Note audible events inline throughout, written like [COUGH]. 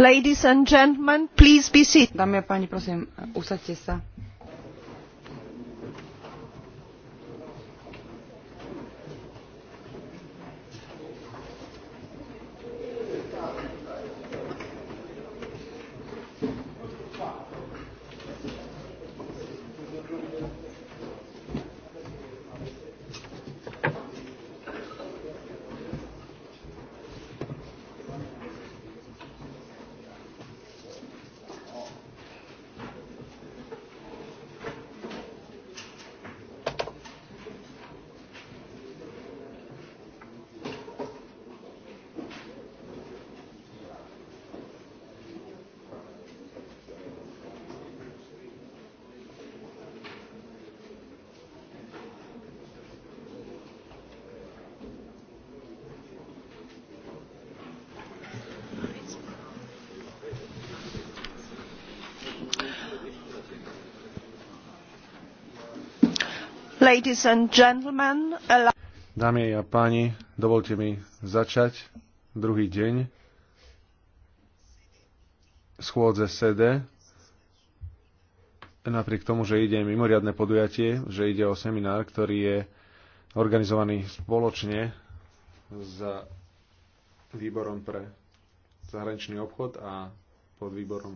Ladies and gentlemen, please be seated. Dámy a páni, prosím, usaďte sa. Dámy a páni, dovolte mi začať druhý deň schôdze sede. Napriek tomu, že ide mimoriadne podujatie, že ide o seminár, ktorý je organizovaný spoločne s výborom pre zahraničný obchod a pod výborom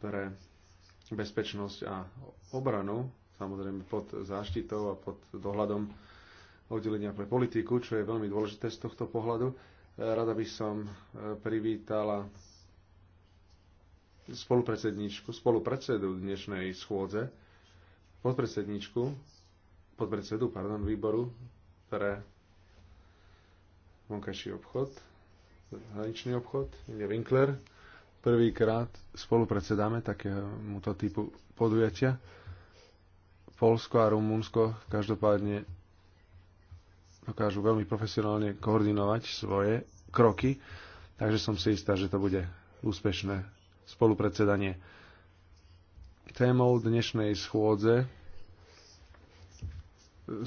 pre bezpečnosť a obranu samozrejme pod záštitou a pod dohľadom oddelenia pre politiku, čo je veľmi dôležité z tohto pohľadu. E, rada by som e, privítala spolupredsedničku, spolupredsedu dnešnej schôdze, podpredsedničku, podpredsedu, pardon, výboru pre vonkajší obchod, hraničný obchod, je Winkler. Prvýkrát spolupredsedáme takémuto typu podujatia Polsko a Rumunsko každopádne dokážu veľmi profesionálne koordinovať svoje kroky, takže som si istá, že to bude úspešné spolupredsedanie. Témou dnešnej schôdze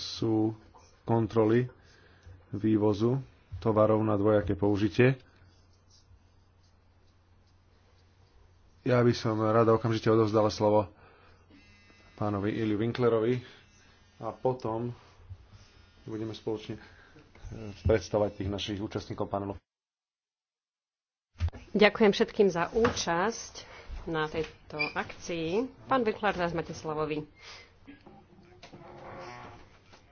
sú kontroly vývozu tovarov na dvojaké použitie. Ja by som rada okamžite odovzdala slovo pánovi Iliu Winklerovi a potom budeme spoločne eh, predstavať tých našich účastníkov panelu. Ďakujem všetkým za účasť na tejto akcii. Pán Winkler, teraz máte slovo vy.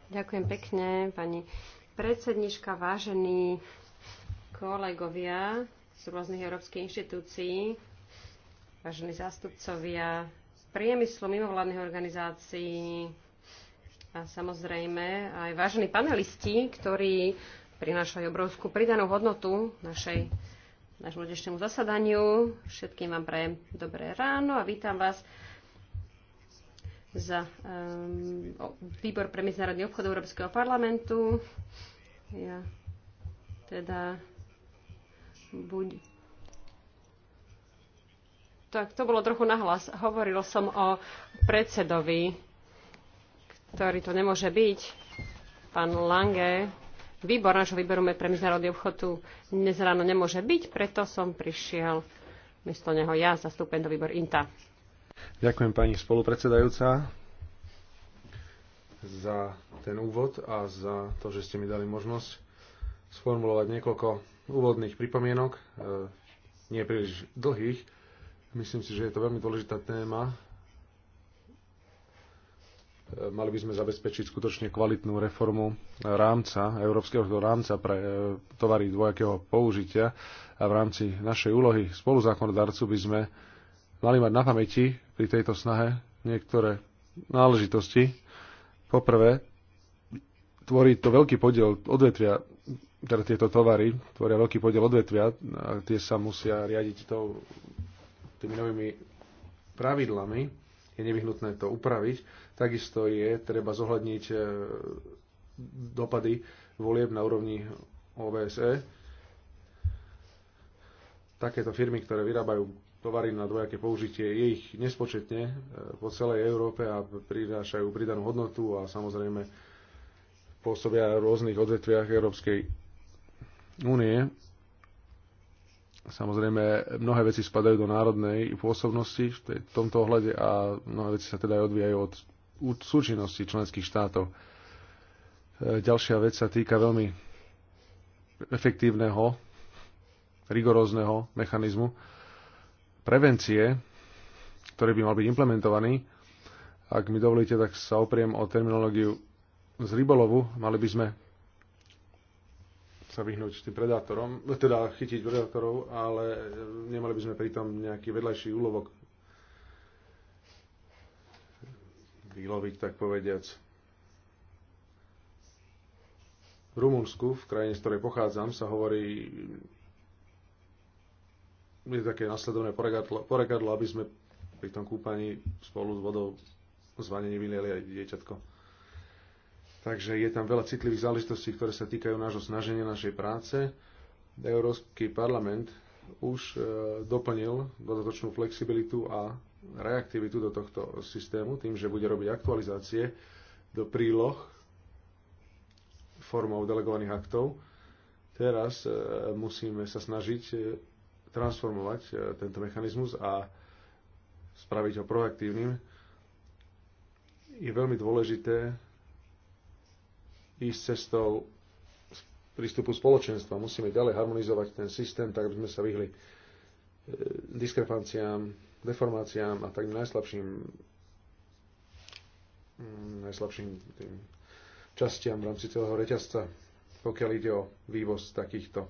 Ďakujem pekne, pani predsednička, vážení kolegovia z rôznych európskych inštitúcií, vážení zástupcovia priemyslu, mimovládnych organizácií a samozrejme aj vážení panelisti, ktorí prinášajú obrovskú pridanú hodnotu našej nášmu dnešnému zasadaniu. Všetkým vám prajem dobré ráno a vítam vás za um, výbor pre medzinárodný obchod Európskeho parlamentu. Ja teda buď, tak to bolo trochu nahlas. Hovoril som o predsedovi, ktorý to nemôže byť, pán Lange. Výbor nášho výberu pre medzinárodný obchod tu dnes ráno nemôže byť, preto som prišiel miesto neho ja, zastúpen do výbor INTA. Ďakujem pani spolupredsedajúca za ten úvod a za to, že ste mi dali možnosť sformulovať niekoľko úvodných pripomienok, eh, nie príliš dlhých, Myslím si, že je to veľmi dôležitá téma. E, mali by sme zabezpečiť skutočne kvalitnú reformu rámca, európskeho rámca pre e, tovary dvojakého použitia a v rámci našej úlohy spoluzákonodárcu by sme mali mať na pamäti pri tejto snahe niektoré náležitosti. Poprvé, tvorí to veľký podiel odvetvia, teda tieto tovary tvoria veľký podiel odvetvia a tie sa musia riadiť tou tými novými pravidlami je nevyhnutné to upraviť. Takisto je treba zohľadniť e, dopady volieb na úrovni OBSE. Takéto firmy, ktoré vyrábajú tovary na dvojaké použitie, je ich nespočetne e, po celej Európe a prinášajú pridanú hodnotu a samozrejme pôsobia v rôznych odvetviach Európskej únie. Samozrejme, mnohé veci spadajú do národnej pôsobnosti v tomto ohľade a mnohé veci sa teda aj odvíjajú od súčinnosti členských štátov. E, ďalšia vec sa týka veľmi efektívneho, rigorózneho mechanizmu prevencie, ktorý by mal byť implementovaný. Ak mi dovolíte, tak sa opriem o terminológiu z rybolovu. Mali by sme sa vyhnúť tým predátorom, teda chytiť predátorov, ale nemali by sme pritom nejaký vedľajší úlovok vyloviť, tak povediac. V Rumunsku, v krajine, z ktorej pochádzam, sa hovorí je také nasledovné porekadlo, porekadlo aby sme pri tom kúpaní spolu s vodou z vanení vyliali aj dieťatko. Takže je tam veľa citlivých záležitostí, ktoré sa týkajú nášho snaženia, našej práce. Európsky parlament už e, doplnil dodatočnú flexibilitu a reaktivitu do tohto systému tým, že bude robiť aktualizácie do príloh formou delegovaných aktov. Teraz e, musíme sa snažiť e, transformovať tento mechanizmus a spraviť ho proaktívnym. Je veľmi dôležité ísť cestou prístupu spoločenstva. Musíme ďalej harmonizovať ten systém, tak aby sme sa vyhli e, diskrepanciám, deformáciám a takým najslabším mm, najslabším tým častiam v rámci celého reťazca, pokiaľ ide o vývoz takýchto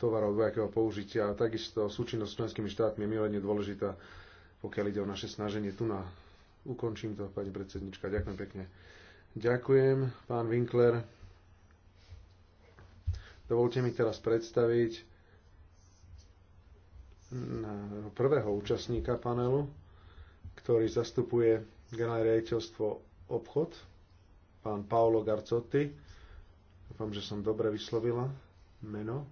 tovarov dvojakého použitia. A takisto súčinnosť s členskými štátmi je mimoriadne dôležitá, pokiaľ ide o naše snaženie tu na... Ukončím to, pani predsednička. Ďakujem pekne. Ďakujem, pán Winkler. Dovolte mi teraz predstaviť prvého účastníka panelu, ktorý zastupuje generálne riaditeľstvo obchod, pán Paolo Garcotti. Dúfam, že som dobre vyslovila meno.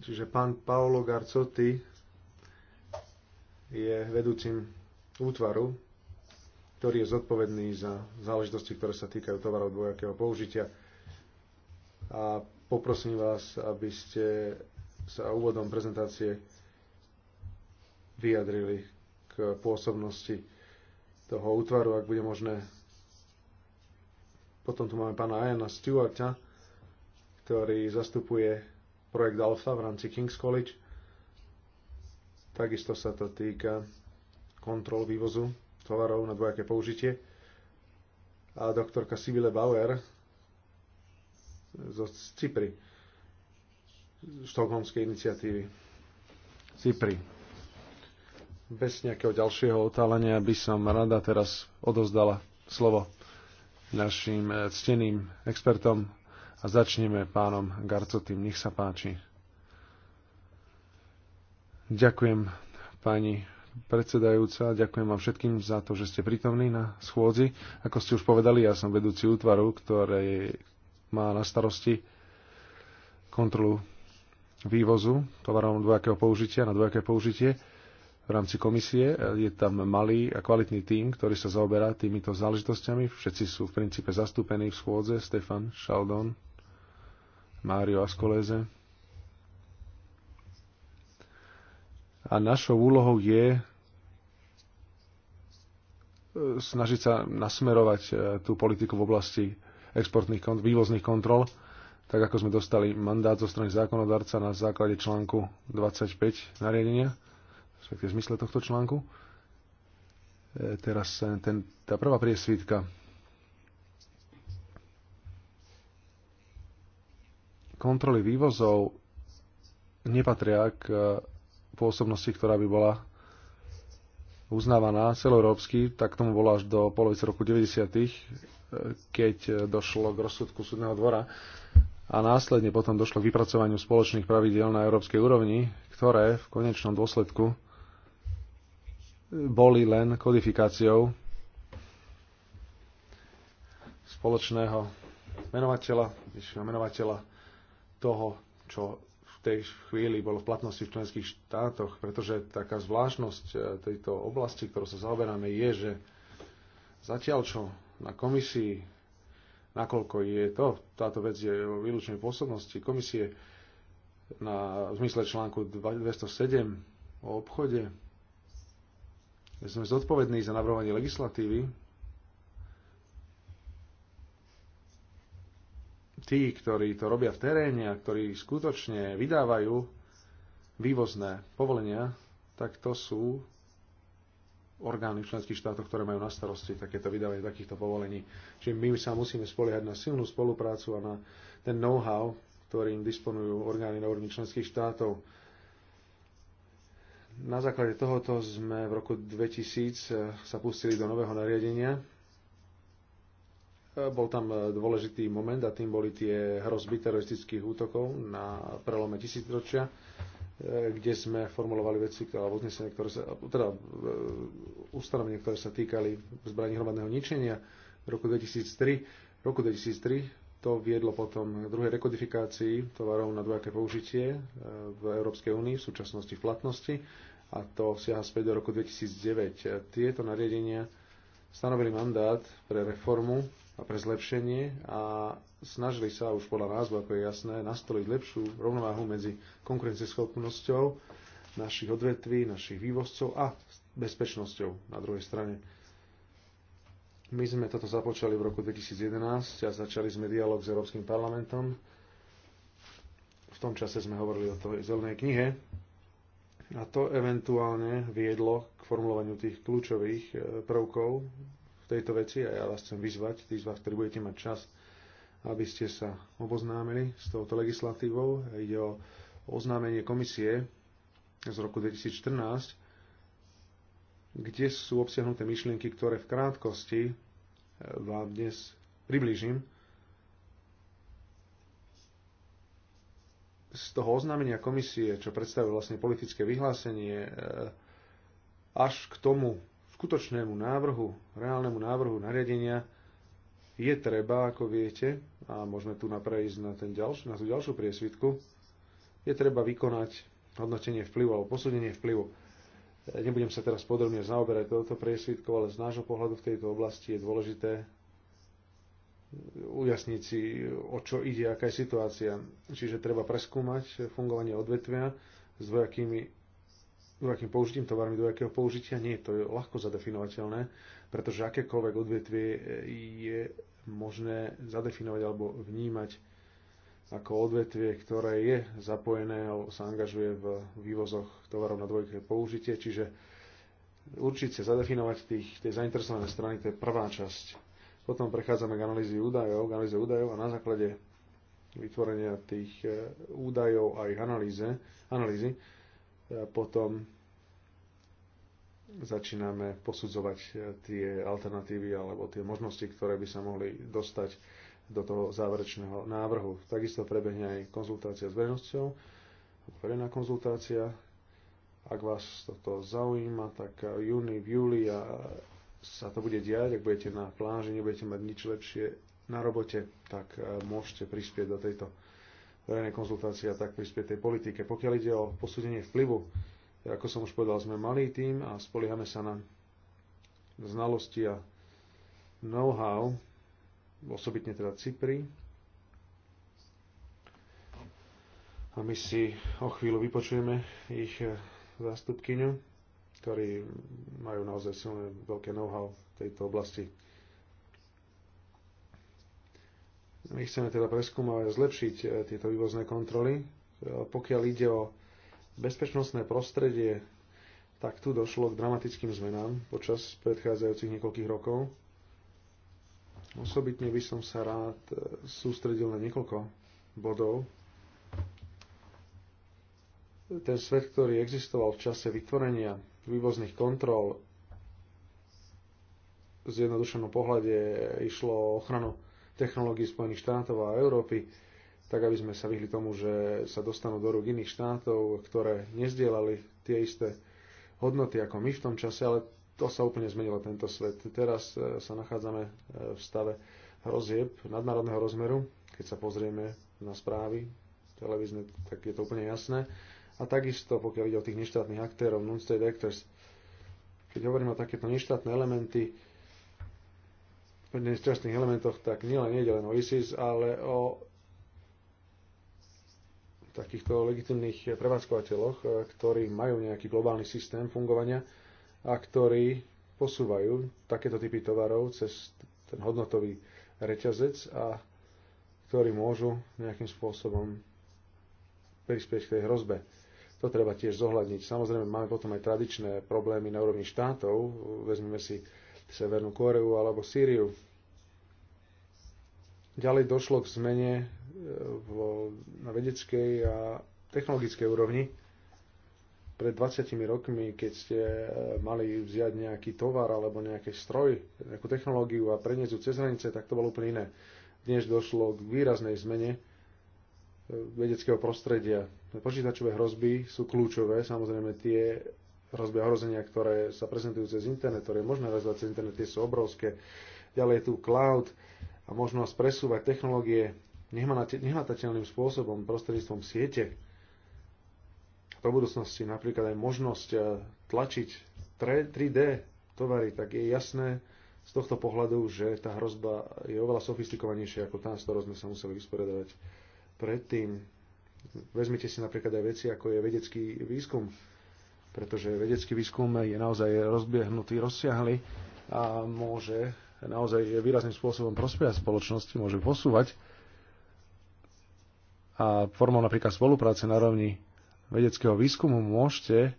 Čiže pán Paolo Garcotti je vedúcim útvaru ktorý je zodpovedný za záležitosti, ktoré sa týkajú tovarov dvojakého použitia. A poprosím vás, aby ste sa úvodom prezentácie vyjadrili k pôsobnosti toho útvaru, ak bude možné. Potom tu máme pána Iana Stewarta, ktorý zastupuje projekt Alpha v rámci King's College. Takisto sa to týka kontrol vývozu tovarov na dvojaké použitie. A doktorka Sibile Bauer zo Cypry, štokholmskej iniciatívy. Cypry. Bez nejakého ďalšieho otálenia by som rada teraz odozdala slovo našim eh, cteným expertom a začneme pánom Garcotým. Nech sa páči. Ďakujem pani predsedajúca. Ďakujem vám všetkým za to, že ste prítomní na schôdzi. Ako ste už povedali, ja som vedúci útvaru, ktorý má na starosti kontrolu vývozu tovarov dvojakého použitia na dvojaké použitie v rámci komisie. Je tam malý a kvalitný tím, ktorý sa zaoberá týmito záležitosťami. Všetci sú v princípe zastúpení v schôdze. Stefan Šaldon, Mário Askoléze. A našou úlohou je e, snažiť sa nasmerovať e, tú politiku v oblasti exportných kont- vývozných kontrol, tak ako sme dostali mandát zo strany zákonodarca na základe článku 25 nariadenia, respektíve zmysle tohto článku. E, teraz ten, tá prvá priesvítka kontroly vývozov nepatria k pôsobnosti, ktorá by bola uznávaná celoeurópsky, tak tomu bolo až do polovice roku 90., keď došlo k rozsudku súdneho dvora a následne potom došlo k vypracovaniu spoločných pravidiel na európskej úrovni, ktoré v konečnom dôsledku boli len kodifikáciou spoločného menovateľa, menovateľa toho, čo tej chvíli bolo v platnosti v členských štátoch, pretože taká zvláštnosť e, tejto oblasti, ktorou sa zaoberáme, je, že zatiaľ čo na komisii, nakoľko je to, táto vec je o výlučnej pôsobnosti komisie na, v zmysle článku 207 o obchode, sme zodpovední za navrhovanie legislatívy, tí, ktorí to robia v teréne a ktorí skutočne vydávajú vývozné povolenia, tak to sú orgány v členských štátoch, ktoré majú na starosti takéto vydávanie takýchto povolení. Čiže my sa musíme spoliehať na silnú spoluprácu a na ten know-how, ktorým disponujú orgány na úrovni členských štátov. Na základe tohoto sme v roku 2000 sa pustili do nového nariadenia, bol tam e, dôležitý moment a tým boli tie hrozby teroristických útokov na prelome tisícročia, e, kde sme formulovali veci, alebo ktoré sa, teda e, ustanovenia, ktoré sa týkali zbraní hromadného ničenia v roku 2003. V roku 2003 to viedlo potom k druhej rekodifikácii tovarov na dvojaké použitie v Európskej únii, v súčasnosti v platnosti, a to siaha späť do roku 2009. Tieto nariadenia stanovili mandát pre reformu pre zlepšenie a snažili sa už podľa názvu, ako je jasné, nastoliť lepšiu rovnováhu medzi konkurencieschopnosťou našich odvetví, našich vývozcov a bezpečnosťou na druhej strane. My sme toto započali v roku 2011 a začali sme dialog s Európskym parlamentom. V tom čase sme hovorili o tej zelenej knihe a to eventuálne viedlo k formulovaniu tých kľúčových e, prvkov tejto veci a ja vás chcem vyzvať, tí z vás, ktorí budete mať čas, aby ste sa oboznámili s touto legislatívou. Ide o oznámenie komisie z roku 2014, kde sú obsiahnuté myšlienky, ktoré v krátkosti eh, vám dnes priblížim. z toho oznámenia komisie, čo predstavuje vlastne politické vyhlásenie, eh, až k tomu skutočnému návrhu, reálnemu návrhu nariadenia je treba, ako viete, a môžeme tu naprejsť na, ten ďalš, na tú ďalšiu priesvitku, je treba vykonať hodnotenie vplyvu alebo posúdenie vplyvu. E, nebudem sa teraz podrobne zaoberať touto priesvitkou, ale z nášho pohľadu v tejto oblasti je dôležité e, ujasniť si, o čo ide, aká je situácia. Čiže treba preskúmať fungovanie odvetvia s dvojakými do akým použitím tovarmi, do akého použitia nie. To je ľahko zadefinovateľné, pretože akékoľvek odvetvie je možné zadefinovať alebo vnímať ako odvetvie, ktoré je zapojené alebo sa angažuje v vývozoch tovarov na dvojké použitie. Čiže určite zadefinovať tých, tie zainteresované strany, to je prvá časť. Potom prechádzame k analýze údajov, k analýze údajov a na základe vytvorenia tých eh, údajov a ich analýze, analýzy E, potom začíname posudzovať e, tie alternatívy alebo tie možnosti, ktoré by sa mohli dostať do toho záverečného návrhu. Takisto prebehne aj konzultácia s verejnosťou, verejná konzultácia. Ak vás toto zaujíma, tak v júni, v júli a sa to bude diať, ak budete na pláži, nebudete mať nič lepšie na robote, tak e, môžete prispieť do tejto verejnej konzultácie a tak prispieť tej politike. Pokiaľ ide o posúdenie vplyvu, ako som už povedal, sme malý tým a spoliehame sa na znalosti a know-how, osobitne teda Cypri. A my si o chvíľu vypočujeme ich eh, zástupkyňu, ktorí majú naozaj silné veľké know-how v tejto oblasti. My chceme teda preskúmať a zlepšiť e, tieto vývozné kontroly. E, pokiaľ ide o bezpečnostné prostredie, tak tu došlo k dramatickým zmenám počas predchádzajúcich niekoľkých rokov. Osobitne by som sa rád e, sústredil na niekoľko bodov. Ten svet, ktorý existoval v čase vytvorenia vývozných kontrol, v zjednodušenom pohľade išlo o ochranu technológií Spojených štátov a Európy, tak aby sme sa vyhli tomu, že sa dostanú do rúk iných štátov, ktoré nezdielali tie isté hodnoty ako my v tom čase, ale to sa úplne zmenilo tento svet. Teraz e, sa nachádzame e, v stave hrozieb nadnárodného rozmeru, keď sa pozrieme na správy televízne, tak je to úplne jasné. A takisto, pokiaľ ide o tých neštátnych aktérov, non-state actors, keď hovorím o takéto neštátne elementy, nešťastných elementoch, tak nielen nejde len o ISIS, ale o takýchto legitimných prevádzkovateľoch, eh, ktorí majú nejaký globálny systém fungovania a ktorí posúvajú takéto typy tovarov cez ten hodnotový reťazec a ktorí môžu nejakým spôsobom prispieť k tej hrozbe. To treba tiež zohľadniť. Samozrejme, máme potom aj tradičné problémy na úrovni štátov. Vezmeme si Severnú Koreu alebo Sýriu. Ďalej došlo k zmene e, vo, na vedeckej a technologickej úrovni. Pred 20 rokmi, keď ste e, mali vziať nejaký tovar alebo nejaký stroj, nejakú technológiu a preniesť ju cez hranice, tak to bolo úplne iné. Dnes došlo k výraznej zmene e, vedeckého prostredia. Počítačové hrozby sú kľúčové, samozrejme tie hrozby a hrozenia, ktoré sa prezentujú cez internet, ktoré je možné realizovať cez internet, tie sú obrovské. Ďalej je tu cloud a možnosť presúvať technológie nehmatateľným spôsobom prostredníctvom siete. A do budúcnosti napríklad aj možnosť e, tlačiť 3D tovary, tak je jasné z tohto pohľadu, že tá hrozba je oveľa sofistikovanejšia ako tá, s ktorou sme sa museli vysporiadať predtým. Vezmite si napríklad aj veci, ako je vedecký výskum pretože vedecký výskum je naozaj rozbiehnutý, rozsiahly a môže naozaj výrazným spôsobom prospiať spoločnosti, môže posúvať. A formou napríklad spolupráce na rovni vedeckého výskumu môžete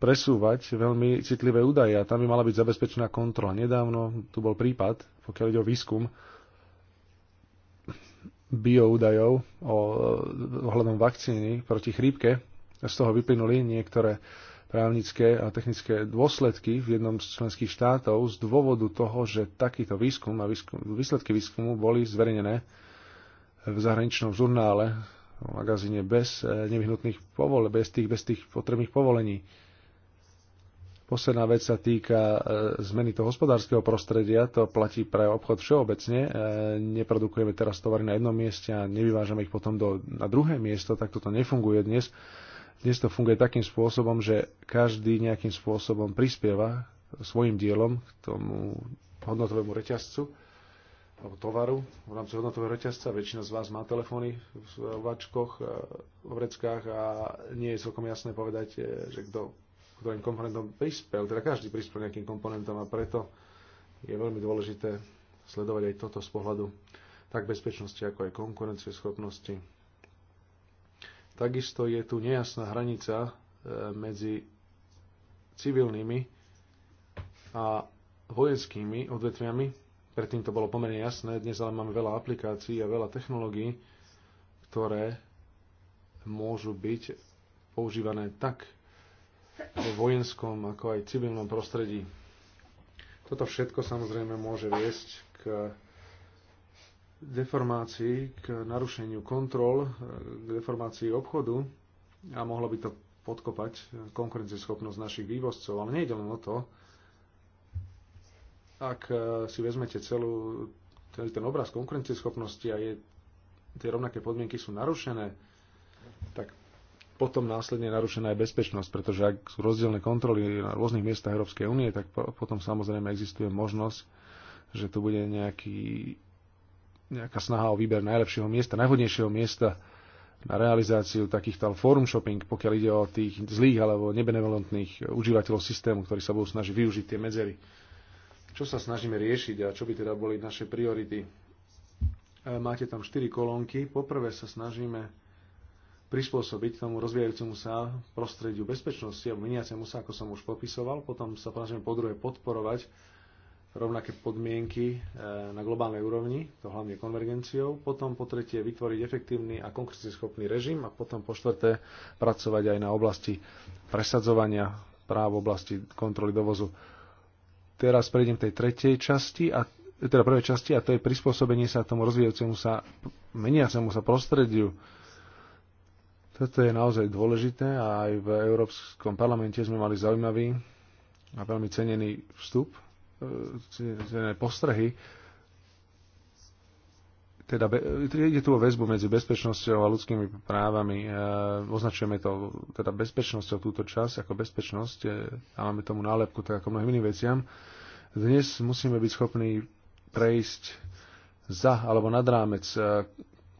presúvať veľmi citlivé údaje a tam by mala byť zabezpečená kontrola. Nedávno tu bol prípad, pokiaľ ide o výskum bioúdajov o, ohľadom vakcíny proti chrípke, z toho vyplynuli niektoré právnické a technické dôsledky v jednom z členských štátov z dôvodu toho, že takýto výskum a výskum, výsledky výskumu boli zverejnené v zahraničnom žurnále, v magazíne bez eh, nevyhnutných povol, bez tých, bez tých potrebných povolení. Posledná vec sa týka eh, zmeny toho hospodárskeho prostredia. To platí pre obchod všeobecne. Eh, neprodukujeme teraz tovary na jednom mieste a nevyvážame ich potom do, na druhé miesto, tak toto nefunguje dnes. Dnes to funguje takým spôsobom, že každý nejakým spôsobom prispieva svojim dielom k tomu hodnotovému reťazcu alebo tovaru v rámci hodnotového reťazca. Väčšina z vás má telefóny v vačkoch, e, v vreckách a nie je celkom jasné povedať, e, že kto ktorým komponentom prispel, teda každý prispel nejakým komponentom a preto je veľmi dôležité sledovať aj toto z pohľadu tak bezpečnosti, ako aj schopnosti Takisto je tu nejasná hranica e, medzi civilnými a vojenskými odvetviami. Predtým to bolo pomerne jasné, dnes ale máme veľa aplikácií a veľa technológií, ktoré môžu byť používané tak vo vojenskom, ako aj civilnom prostredí. Toto všetko samozrejme môže viesť k deformácii, k narušeniu kontrol, e, k deformácii obchodu a mohlo by to podkopať konkurencieschopnosť našich vývozcov. Ale nejde len o to, ak e, si vezmete celú ten, ten obraz konkurencieschopnosti a je, tie rovnaké podmienky sú narušené, tak potom následne narušená je bezpečnosť, pretože ak sú rozdielne kontroly na rôznych miestach Európskej únie, tak po, potom samozrejme existuje možnosť, že tu bude nejaký nejaká snaha o výber najlepšieho miesta, najhodnejšieho miesta na realizáciu takýchto forum shopping, pokiaľ ide o tých zlých alebo nebenevolentných užívateľov systému, ktorí sa budú snažiť využiť tie medzery. Čo sa snažíme riešiť a čo by teda boli naše priority? E, máte tam 4 kolónky. Poprvé sa snažíme prispôsobiť tomu rozvíjajúcemu sa prostrediu bezpečnosti a meniacemu sa, ako som už popisoval. Potom sa snažíme po druhé podporovať rovnaké podmienky e, na globálnej úrovni, to hlavne konvergenciou, potom po tretie vytvoriť efektívny a konkurencieschopný režim a potom po štvrté pracovať aj na oblasti presadzovania práv v oblasti kontroly dovozu. Teraz prejdem k tej tretej časti, a, teda prvej časti a to je prispôsobenie sa tomu rozvíjajúcemu sa, meniacemu sa prostrediu. Toto je naozaj dôležité a aj v Európskom parlamente sme mali zaujímavý a veľmi cenený vstup E, e, e, postrehy, teda ide tu o väzbu medzi bezpečnosťou a ľudskými právami. Označujeme to teda bezpečnosťou túto časť ako bezpečnosť a máme tomu nálepku tak ako mnohým iným veciam. Dnes musíme byť schopní prejsť za alebo nad rámec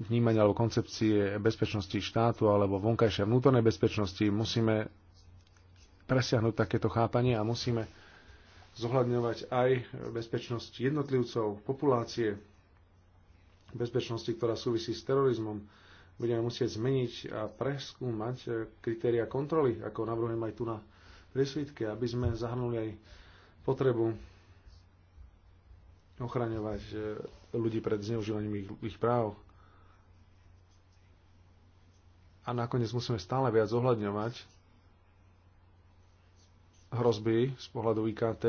vnímania alebo koncepcie bezpečnosti štátu alebo vonkajšia vnútornej bezpečnosti. Musíme presiahnuť takéto chápanie a musíme zohľadňovať aj bezpečnosť jednotlivcov, populácie, bezpečnosti, ktorá súvisí s terorizmom. Budeme musieť zmeniť a preskúmať e, kritéria kontroly, ako navrhujem aj tu na prísvitke, aby sme zahrnuli aj potrebu ochraňovať e, ľudí pred zneužívaním ich, ich práv. A nakoniec musíme stále viac zohľadňovať hrozby z pohľadu IKT.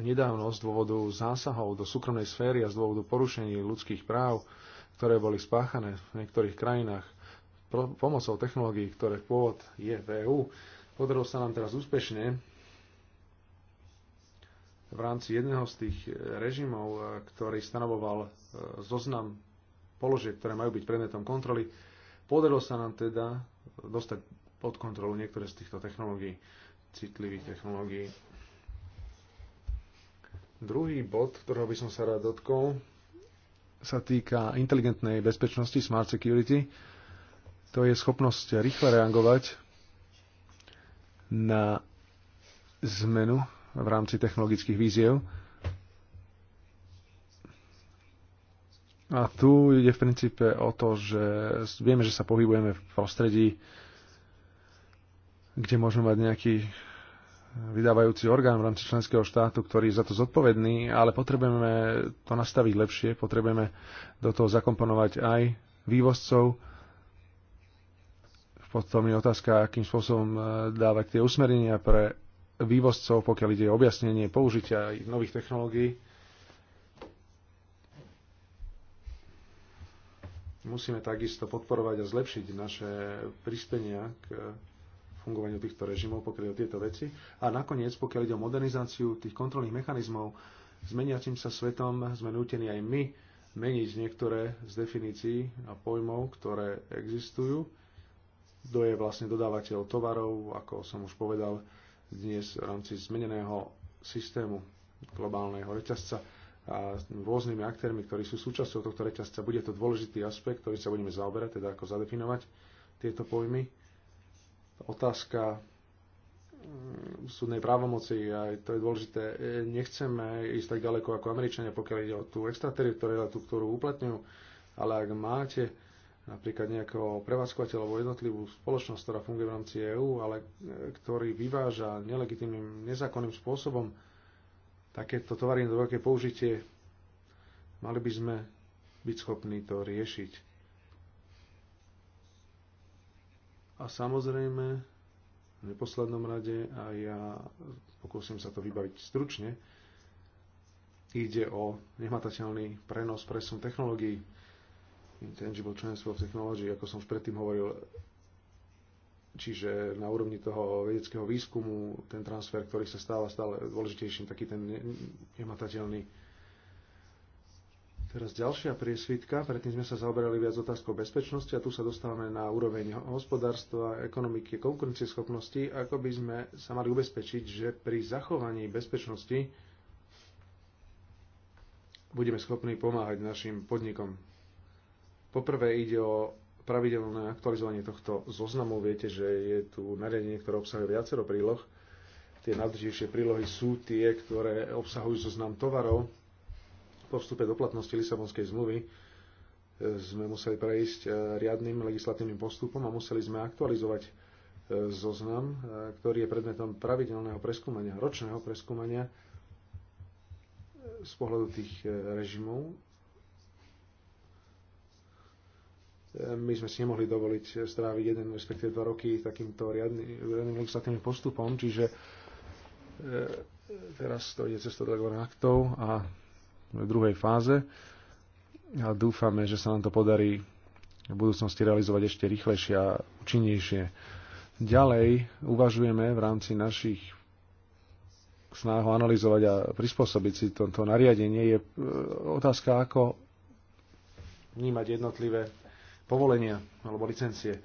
Nedávno z dôvodu zásahov do súkromnej sféry a z dôvodu porušení ľudských práv, ktoré boli spáchané v niektorých krajinách pomocou technológií, ktoré pôvod je v EU, podarilo sa nám teraz úspešne v rámci jedného z tých e, režimov, e, ktorý stanovoval e, zoznam položiek, ktoré majú byť predmetom kontroly, podarilo sa nám teda dostať pod kontrolu niektoré z týchto technológií, citlivých technológií. Druhý bod, ktorého by som sa rád dotkol, sa týka inteligentnej bezpečnosti, smart security. To je schopnosť rýchle reagovať na zmenu v rámci technologických víziev. A tu ide v princípe o to, že vieme, že sa pohybujeme v prostredí, kde môžeme mať nejaký vydávajúci orgán v rámci členského štátu, ktorý je za to zodpovedný, ale potrebujeme to nastaviť lepšie, potrebujeme do toho zakomponovať aj vývozcov. Potom je otázka, akým spôsobom e, dávať tie usmerenia pre vývozcov, pokiaľ ide o objasnenie použitia nových technológií. Musíme takisto podporovať a zlepšiť naše prispenia k fungovaniu týchto režimov, pokiaľ ide o tieto veci. A nakoniec, pokiaľ ide o modernizáciu tých kontrolných mechanizmov, zmeniacím sa svetom sme nútení aj my meniť niektoré z definícií a pojmov, ktoré existujú. Kto je vlastne dodávateľ tovarov, ako som už povedal, dnes v rámci zmeneného systému globálneho reťazca a rôznymi aktérmi, ktorí sú súčasťou tohto reťazca. Bude to dôležitý aspekt, ktorý sa budeme zaoberať, teda ako zadefinovať tieto pojmy otázka mm, súdnej právomoci, aj to je dôležité, e, nechceme ísť tak ďaleko ako Američania, pokiaľ ide o tú extrateritorialitu, ktorú uplatňujú, ale ak máte napríklad nejakého prevádzkovateľa alebo jednotlivú spoločnosť, ktorá funguje v rámci EÚ, ale e, ktorý vyváža nelegitímnym, nezákonným spôsobom takéto tovary na veľké použitie, mali by sme byť schopní to riešiť. A samozrejme, v neposlednom rade, a ja pokúsim sa to vybaviť stručne, ide o nehmatateľný prenos, presun technológií, intangible transfer of technology, ako som už predtým hovoril, čiže na úrovni toho vedeckého výskumu ten transfer, ktorý sa stáva stále dôležitejším, taký ten nehmatateľný Teraz ďalšia priesvitka, predtým sme sa zaoberali viac otázkou bezpečnosti a tu sa dostávame na úroveň hospodárstva, ekonomiky, konkurencieschopnosti, ako by sme sa mali ubezpečiť, že pri zachovaní bezpečnosti budeme schopní pomáhať našim podnikom. Poprvé ide o pravidelné aktualizovanie tohto zoznamu. Viete, že je tu nariadenie, ktoré obsahuje viacero príloh. Tie najdôležitejšie prílohy sú tie, ktoré obsahujú zoznam tovarov, po vstupe do platnosti Lisabonskej zmluvy e, sme museli prejsť e, riadnym legislatívnym postupom a museli sme aktualizovať e, zoznam, ktorý je predmetom pravidelného preskúmania, ročného preskúmania z pohľadu tých režimov. My sme si nemohli dovoliť stráviť jeden, respektíve dva roky takýmto riadnym, legislatívnym postupom, čiže teraz to ide cestou delegovaných aktov a v druhej fáze a dúfame, že sa nám to podarí v budúcnosti realizovať ešte rýchlejšie a účinnejšie. Ďalej uvažujeme v rámci našich snáho analyzovať a prispôsobiť si toto nariadenie je e, otázka, ako vnímať jednotlivé povolenia alebo licencie.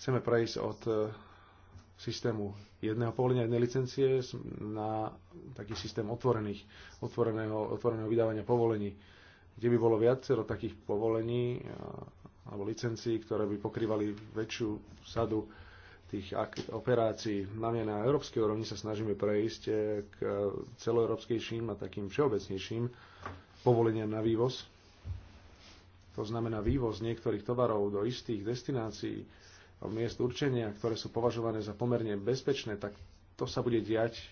Chceme prejsť od e, systému jedného povolenia, jednej licencie na taký systém otvorených, otvoreného, otvoreného vydávania povolení, kde by bolo viacero takých povolení eh, alebo licencií, ktoré by pokrývali väčšiu sadu tých operácií. Na mňa na európskej úrovni sa snažíme prejsť eh, k celoeurópskejším a takým všeobecnejším povoleniam na vývoz. To znamená vývoz niektorých tovarov do istých destinácií, miest určenia, ktoré sú považované za pomerne bezpečné, tak to sa bude diať e,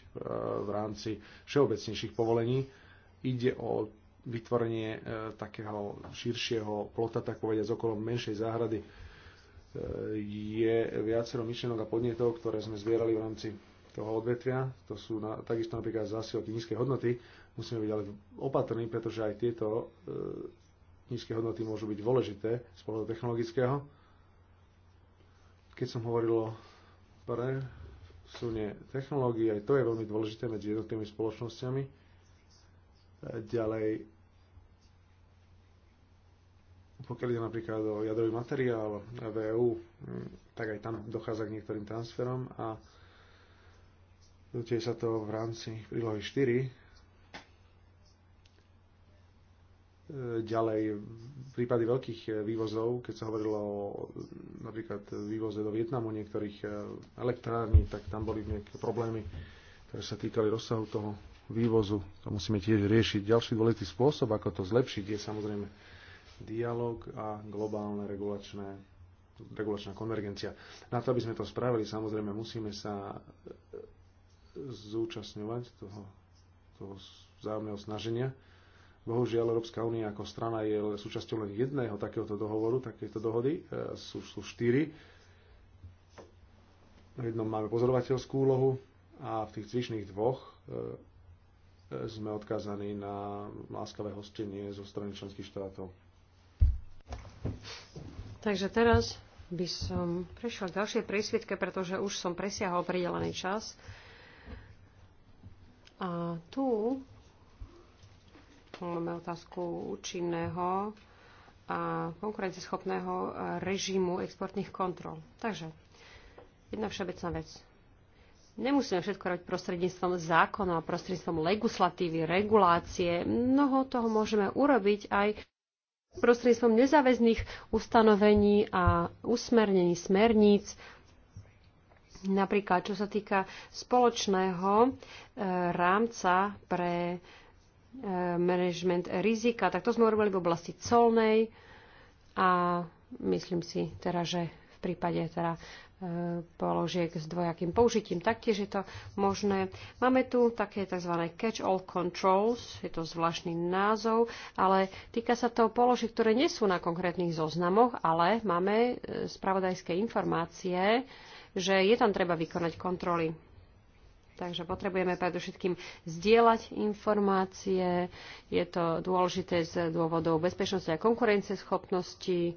v rámci všeobecnejších povolení. Ide o vytvorenie e, takého širšieho plota, tak povediať, z okolo menšej záhrady. E, je viacero myšlenok a podnetov, ktoré sme zvierali v rámci toho odvetvia. To sú na, takisto napríklad zásielky nízkej hodnoty. Musíme byť ale opatrní, pretože aj tieto nízke hodnoty môžu byť dôležité z pohľadu technologického keď som hovoril o presunie technológií, aj to je veľmi dôležité medzi jednotlivými spoločnosťami. Ďalej, pokiaľ ide napríklad o jadrový materiál v EU, tak aj tam dochádza k niektorým transferom a Tiež sa to v rámci prílohy 4. E, ďalej prípady veľkých eh, vývozov, keď sa hovorilo o napríklad vývoze do Vietnamu niektorých eh, elektrární, tak tam boli nejaké problémy, ktoré sa týkali rozsahu toho vývozu. To musíme tiež riešiť. Ďalší dôležitý spôsob, ako to zlepšiť, je samozrejme dialog a globálne regulačné regulačná konvergencia. Na to, aby sme to spravili, samozrejme musíme sa eh, zúčastňovať toho, toho vzájomného snaženia Bohužiaľ, Európska únia ako strana je súčasťou len jedného takéhoto dohovoru, takéto dohody. E, sú, sú štyri. V jednom máme pozorovateľskú úlohu a v tých zvyšných dvoch e, e, sme odkázaní na láskavé hostenie zo strany členských štátov. Takže teraz by som prešla k ďalšej prísvitke, pretože už som presiahol pridelený čas. A tu Máme otázku účinného a konkurenceschopného režimu exportných kontrol. Takže, jedna všeobecná vec. Nemusíme všetko robiť prostredníctvom zákona, prostredníctvom legislatívy, regulácie. Mnoho toho môžeme urobiť aj prostredníctvom nezáväzných ustanovení a usmernení smerníc, napríklad čo sa týka spoločného eh, rámca pre Eh, management rizika, tak to sme urobili v oblasti colnej a myslím si teda, že v prípade teda eh, položiek s dvojakým použitím. Taktiež je to možné. Máme tu také tzv. catch-all controls, je to zvláštny názov, ale týka sa to položiek, ktoré nie sú na konkrétnych zoznamoch, ale máme eh, spravodajské informácie, že je tam treba vykonať kontroly. Takže potrebujeme predovšetkým zdieľať informácie. Je to dôležité z dôvodov bezpečnosti a konkurencieschopnosti,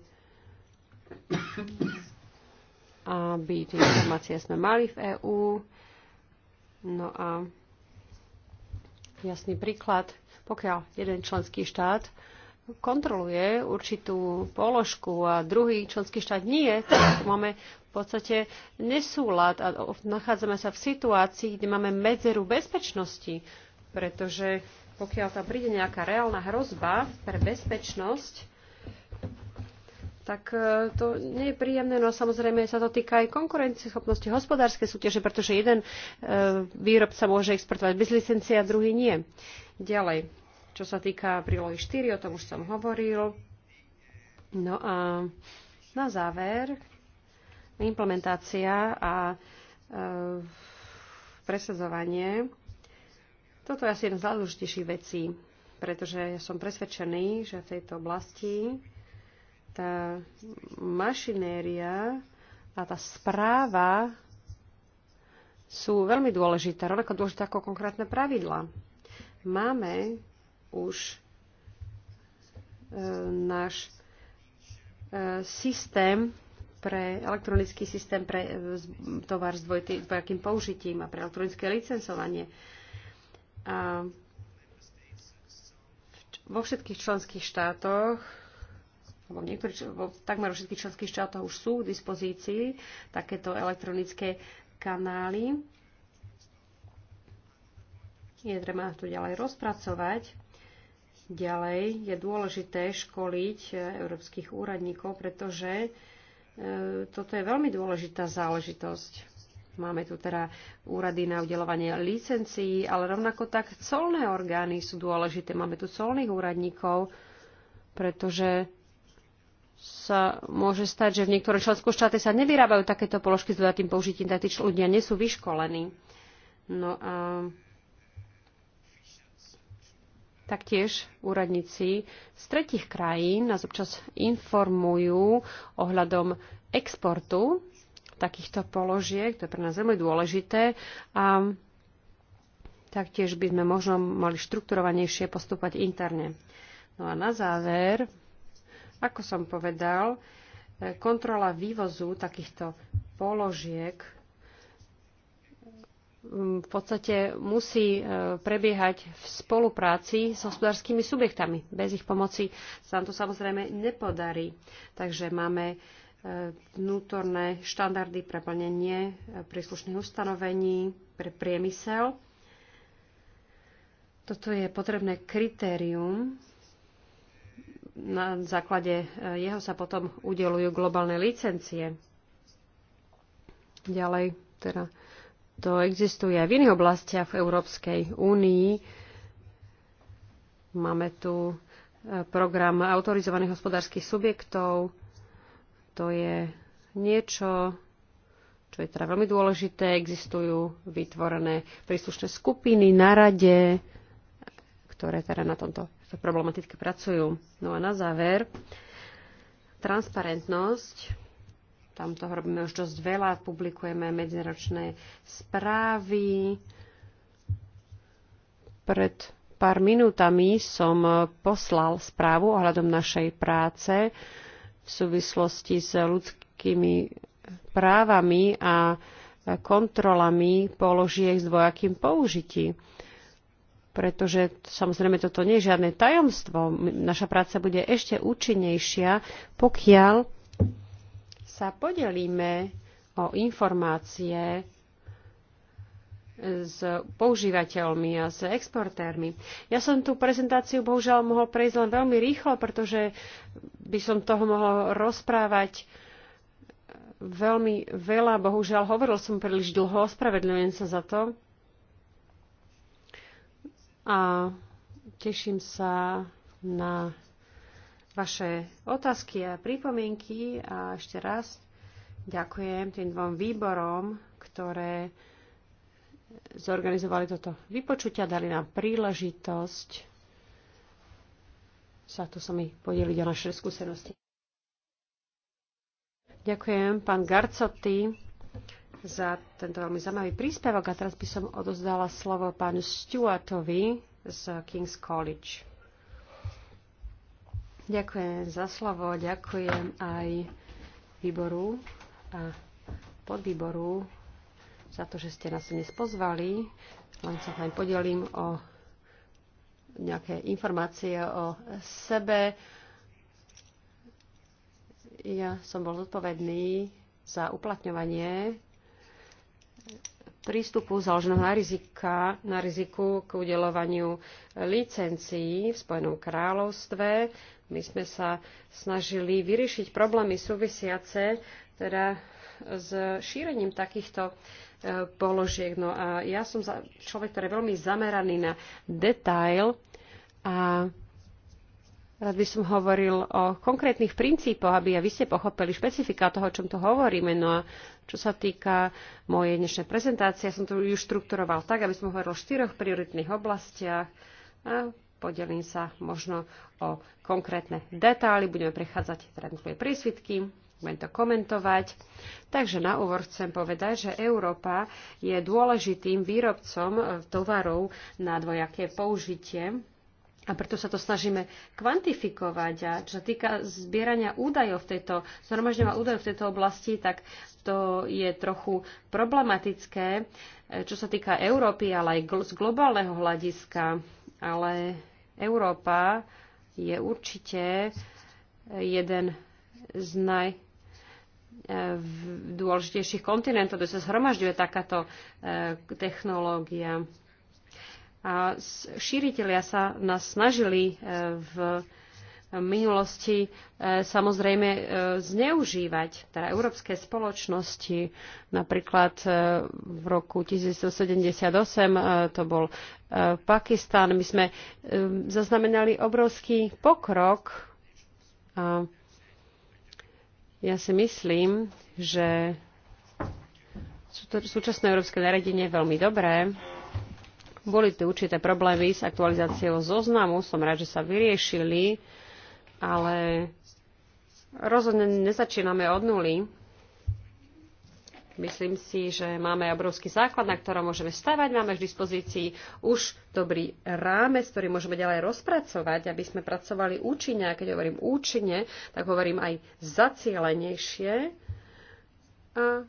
aby tie informácie sme mali v EÚ. No a jasný príklad, pokiaľ jeden členský štát kontroluje určitú položku a druhý členský štát nie, tak máme v podstate nesúlad a nachádzame sa v situácii, kde máme medzeru bezpečnosti, pretože pokiaľ tam príde nejaká reálna hrozba pre bezpečnosť, tak e, to nie je príjemné. No a samozrejme sa to týka aj konkurencieschopnosti hospodárskej súťaže, pretože jeden e, výrobca môže exportovať bez licencie a druhý nie. Ďalej čo sa týka prílohy 4, o tom už som hovoril. No a na záver, implementácia a e, presadzovanie. Toto je asi jedna z najdôležitejších vecí, pretože ja som presvedčený, že v tejto oblasti tá mašinéria a tá správa sú veľmi dôležité, rovnako dôležité ako konkrétne pravidla. Máme už e, náš e, systém pre elektronický systém pre e, tovar s dvojakým použitím a pre elektronické licencovanie. A vo všetkých členských štátoch alebo niektorých, vo takmer všetkých členských štátoch už sú k dispozícii takéto elektronické kanály. Je treba to ďalej rozpracovať Ďalej je dôležité školiť e, európskych úradníkov, pretože e, toto je veľmi dôležitá záležitosť. Máme tu teda úrady na udelovanie licencií, ale rovnako tak colné orgány sú dôležité. Máme tu colných úradníkov, pretože sa môže stať, že v niektorých členských štáte sa nevyrábajú takéto položky s dodatým použitím, tak tí ľudia nie sú vyškolení. No a Taktiež úradníci z tretich krajín nás občas informujú ohľadom exportu takýchto položiek, to je pre nás veľmi dôležité. A taktiež by sme možno mali štrukturovanejšie postupovať interne. No a na záver, ako som povedal, kontrola vývozu takýchto položiek v podstate musí e, prebiehať v spolupráci s hospodárskymi subjektami. Bez ich pomoci sa nám to samozrejme nepodarí. Takže máme e, vnútorné štandardy pre plnenie e, príslušných ustanovení pre priemysel. Toto je potrebné kritérium. Na základe jeho sa potom udelujú globálne licencie. Ďalej, teda to existuje aj v iných oblastiach v Európskej únii. Máme tu e, program autorizovaných hospodárskych subjektov. To je niečo, čo je teda veľmi dôležité. Existujú vytvorené príslušné skupiny na rade, ktoré teda na tomto problematike pracujú. No a na záver, transparentnosť tam to robíme už dosť veľa, publikujeme medziročné správy. Pred pár minútami som poslal správu ohľadom našej práce v súvislosti s ľudskými právami a kontrolami položiek s dvojakým použitím pretože samozrejme toto nie je žiadne tajomstvo. Naša práca bude ešte účinnejšia, pokiaľ sa podelíme o informácie s používateľmi a s exportérmi. Ja som tú prezentáciu bohužiaľ mohol prejsť len veľmi rýchlo, pretože by som toho mohol rozprávať veľmi veľa. Bohužiaľ, hovoril som príliš dlho, ospravedľujem sa za to. A teším sa na vaše otázky a pripomienky a ešte raz ďakujem tým dvom výborom, ktoré zorganizovali toto vypočutia, dali nám príležitosť sa tu sa mi podeliť o naše skúsenosti. Ďakujem pán Garcoty za tento veľmi zaujímavý príspevok a teraz by som odozdala slovo pánu Stuartovi z King's College. Ďakujem za slovo, ďakujem aj výboru a podvýboru za to, že ste nás dnes pozvali. Len sa vám podelím o nejaké informácie o sebe. Ja som bol zodpovedný za uplatňovanie prístupu založeného na, rizika, na riziku k udelovaniu licencií v Spojenom kráľovstve my sme sa snažili vyriešiť problémy súvisiace teda s šírením takýchto e, položiek. No a ja som za, človek, ktorý je veľmi zameraný na detail a rád by som hovoril o konkrétnych princípoch, aby vy ste pochopili špecifika toho, o čom tu hovoríme. No a čo sa týka mojej dnešnej prezentácie, ja som to ju štrukturoval tak, aby som hovoril o štyroch prioritných oblastiach. A podelím sa možno o konkrétne detaily, budeme prechádzať teda prísvitky, budem to komentovať. Takže na úvod chcem povedať, že Európa je dôležitým výrobcom e, tovarov na dvojaké použitie. A preto sa to snažíme kvantifikovať. A čo sa týka zbierania údajov v tejto, zhromažďovania údajov v tejto oblasti, tak to je trochu problematické, e, čo sa týka Európy, ale aj z globálneho hľadiska ale Európa je určite jeden z najdôležitejších e, kontinentov, kde sa zhromažďuje takáto e, technológia. A šíriteľia sa nás snažili e, v minulosti e, samozrejme e, zneužívať. Teda európske spoločnosti, napríklad e, v roku 1978 to bol Pakistan, my sme zaznamenali obrovský pokrok. A ja si myslím, že súčasné európske nariadenie je veľmi dobré. Boli tu určité problémy s aktualizáciou zoznamu, som rád, že sa vyriešili ale rozhodne nezačíname od nuly. Myslím si, že máme obrovský základ, na ktorom môžeme stavať. Máme v dispozícii už dobrý rámec, ktorý môžeme ďalej rozpracovať, aby sme pracovali účinne. A keď hovorím účinne, tak hovorím aj zacielenejšie a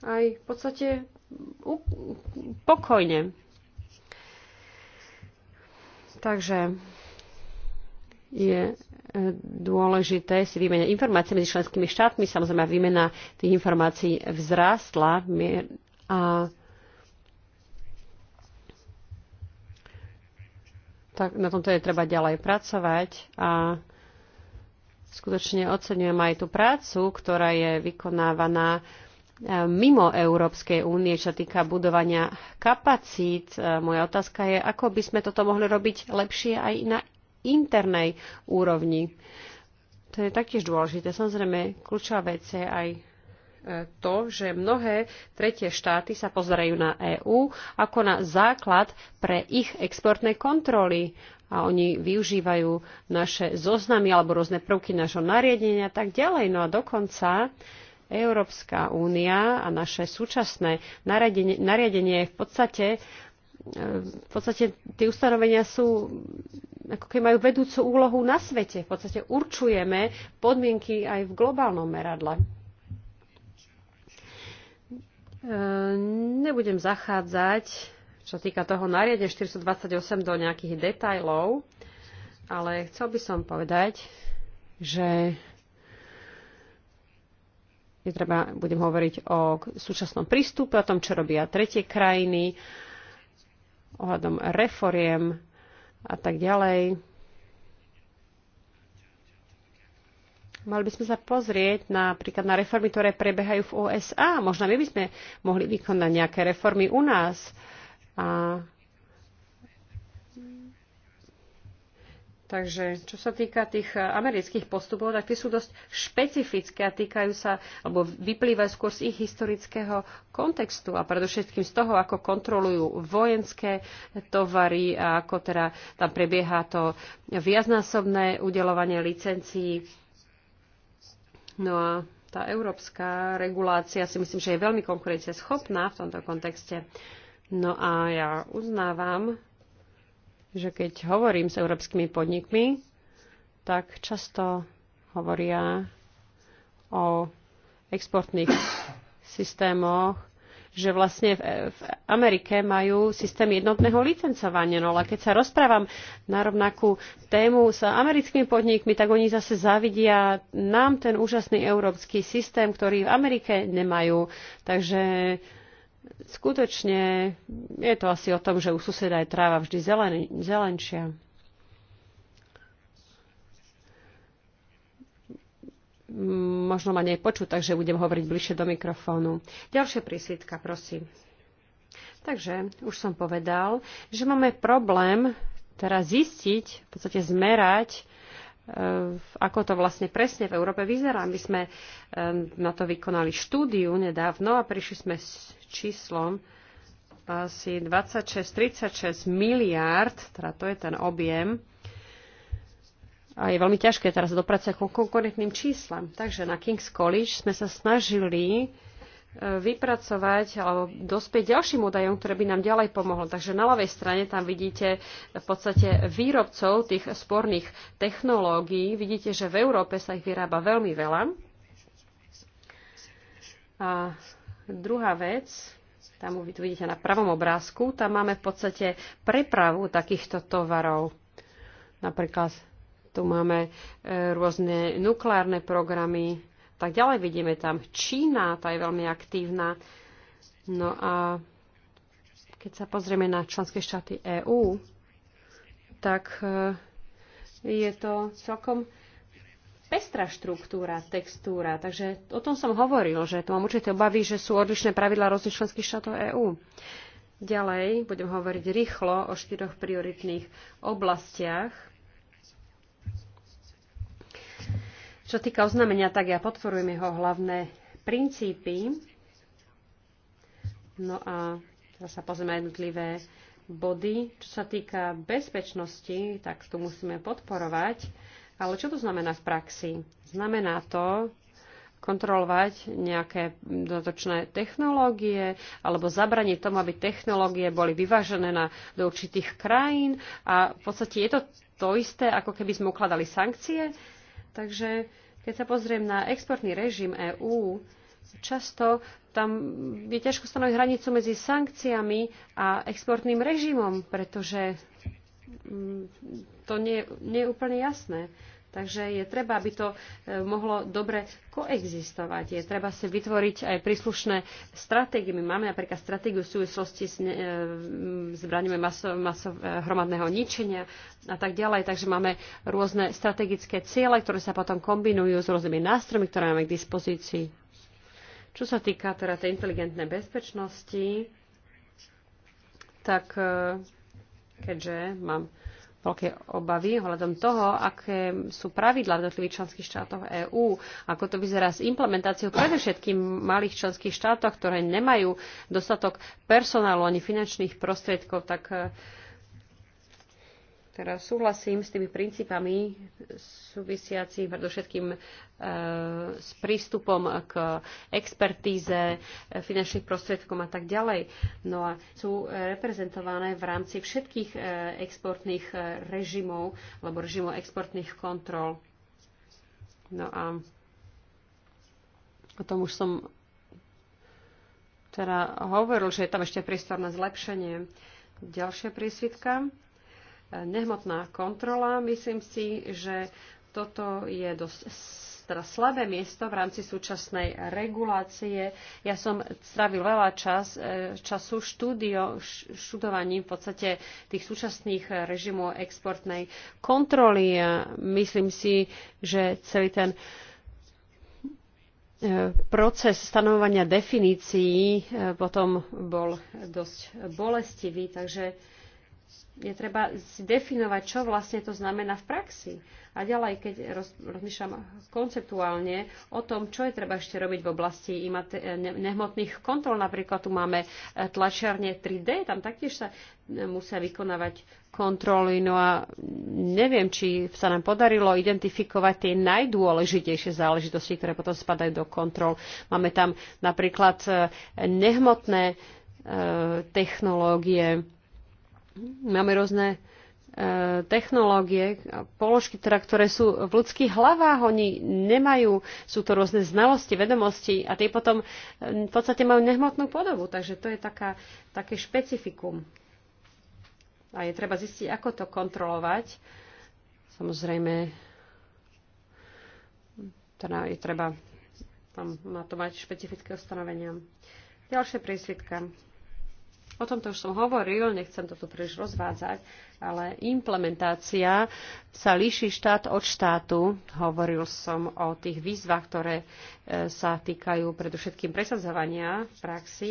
aj v podstate pokojne. Takže je dôležité si vymeniať informácie medzi členskými štátmi. Samozrejme, výmena tých informácií vzrástla a tak na tomto je treba ďalej pracovať a skutočne ocenujem aj tú prácu, ktorá je vykonávaná eh, mimo Európskej únie, čo týka budovania kapacít. Eh, moja otázka je, ako by sme toto mohli robiť lepšie aj na internej úrovni. To je taktiež dôležité. Samozrejme, kľúčová vec je aj e, to, že mnohé tretie štáty sa pozerajú na EÚ ako na základ pre ich exportné kontroly a oni využívajú naše zoznamy alebo rôzne prvky našho nariadenia a tak ďalej. No a dokonca Európska únia a naše súčasné nariadenie, nariadenie je v podstate v podstate tie ustanovenia sú ako keď majú vedúcu úlohu na svete. V podstate určujeme podmienky aj v globálnom meradle. E, nebudem zachádzať, čo týka toho nariadenia 428 do nejakých detajlov, ale chcel by som povedať, že je treba, budem hovoriť o súčasnom prístupe, o tom, čo robia tretie krajiny, ohľadom reforiem a tak ďalej. Mali by sme sa pozrieť napríklad na reformy, ktoré prebiehajú v USA. Možno my by sme mohli vykonať nejaké reformy u nás. A Takže čo sa týka tých eh, amerických postupov, tak tie sú dosť špecifické a týkajú sa, alebo vyplývajú skôr z ich historického kontextu a predovšetkým z toho, ako kontrolujú vojenské tovary a ako teda tam prebieha to viacnásobné udelovanie licencií. No a tá európska regulácia si myslím, že je veľmi konkurencieschopná v tomto kontexte. No a ja uznávam, že keď hovorím s európskymi podnikmi, tak často hovoria o exportných systémoch, že vlastne v, v Amerike majú systém jednotného licencovania. No ale keď sa rozprávam na rovnakú tému s americkými podnikmi, tak oni zase zavidia nám ten úžasný európsky systém, ktorý v Amerike nemajú. Takže skutočne je to asi o tom, že u suseda je tráva vždy zelen, zelenšia. Možno ma nepočuť, takže budem hovoriť bližšie do mikrofónu. Ďalšia prísvitka, prosím. Takže už som povedal, že máme problém teraz zistiť, v podstate zmerať ako to vlastne presne v Európe vyzerá. My sme na to vykonali štúdiu nedávno a prišli sme s číslom asi 26-36 miliárd, teda to je ten objem. A je veľmi ťažké teraz dopracovať ku konkurentným číslam. Takže na King's College sme sa snažili uh, vypracovať alebo dospieť ďalším údajom, ktoré by nám ďalej pomohlo. Takže na ľavej strane tam vidíte v podstate výrobcov tých sporných technológií. Vidíte, že v Európe sa ich vyrába veľmi veľa. A druhá vec, tam tu vidíte na pravom obrázku, tam máme v podstate prepravu takýchto tovarov. Napríklad tu máme e, rôzne nukleárne programy, tak ďalej. Vidíme tam Čína, tá je veľmi aktívna. No a keď sa pozrieme na členské štáty EÚ, tak eh, je to celkom pestrá štruktúra, textúra. Takže o tom som hovoril, že tu mám určité obavy, že sú odlišné pravidlá rôznych členských štátov EÚ. Ďalej budem hovoriť rýchlo o štyroch prioritných oblastiach, Čo týka oznámenia, tak ja podporujem jeho hlavné princípy. No a teraz sa pozrieme jednotlivé body. Čo sa týka bezpečnosti, tak tu musíme podporovať. Ale čo to znamená v praxi? Znamená to kontrolovať nejaké dodatočné technológie alebo zabraniť tomu, aby technológie boli vyvážené na, do určitých krajín. A v podstate je to to isté, ako keby sme ukladali sankcie. Takže keď sa pozriem na exportný režim EÚ, často tam je ťažko stanoviť hranicu medzi sankciami a exportným režimom, pretože mm, to nie, nie je úplne jasné. Takže je treba, aby to e, mohlo dobre koexistovať. Je treba si vytvoriť aj príslušné stratégie. My máme napríklad stratégiu v súvislosti s e, zbraniami maso, maso, e, hromadného ničenia a tak ďalej. Takže máme rôzne strategické ciele, ktoré sa potom kombinujú s rôznymi nástrojmi, ktoré máme k dispozícii. Čo sa týka teda tej inteligentnej bezpečnosti, tak keďže mám veľké obavy ohľadom toho, aké sú pravidla v jednotlivých členských štátoch EÚ, ako to vyzerá s implementáciou predovšetkým malých členských štátoch, ktoré nemajú dostatok personálu ani finančných prostriedkov, tak teda súhlasím s tými princípami súvisiacimi predovšetkým e, s prístupom k expertíze, e, finančných prostriedkom a tak ďalej. No a sú e, reprezentované v rámci všetkých exportných režimov alebo režimov exportných kontrol. No a o tom už som teda hovoril, že je tam ešte priestor na zlepšenie. Ďalšia prísvitka nehmotná kontrola. Myslím si, že toto je dosť teda slabé miesto v rámci súčasnej regulácie. Ja som strávil veľa čas, e, času štúdio, študovaním v podstate tých súčasných režimov exportnej kontroly. A myslím si, že celý ten e, proces stanovovania definícií e, potom bol dosť bolestivý, takže je treba definovať, čo vlastne to znamená v praxi. A ďalej, keď rozmýšľam konceptuálne o tom, čo je treba ešte robiť v oblasti nehmotných kontrol. Napríklad tu máme e, tlačiarne 3D, tam taktiež sa e, musia vykonávať kontroly. No a neviem, či sa nám podarilo identifikovať tie najdôležitejšie záležitosti, ktoré potom spadajú do kontrol. Máme tam napríklad e, nehmotné technológie, Máme rôzne e, technológie, položky, teda, ktoré sú v ľudských hlavách, oni nemajú, sú to rôzne znalosti, vedomosti a tie potom e, v podstate majú nehmotnú podobu, takže to je taká, také špecifikum. A je treba zistiť, ako to kontrolovať. Samozrejme, teda je treba tam na to mať špecifické ustanovenia. Ďalšia prísvitka. O tomto už som hovoril, nechcem to tu príliš rozvádzať, ale implementácia sa líši štát od štátu. Hovoril som o tých výzvach, ktoré e, sa týkajú predovšetkým presadzovania v praxi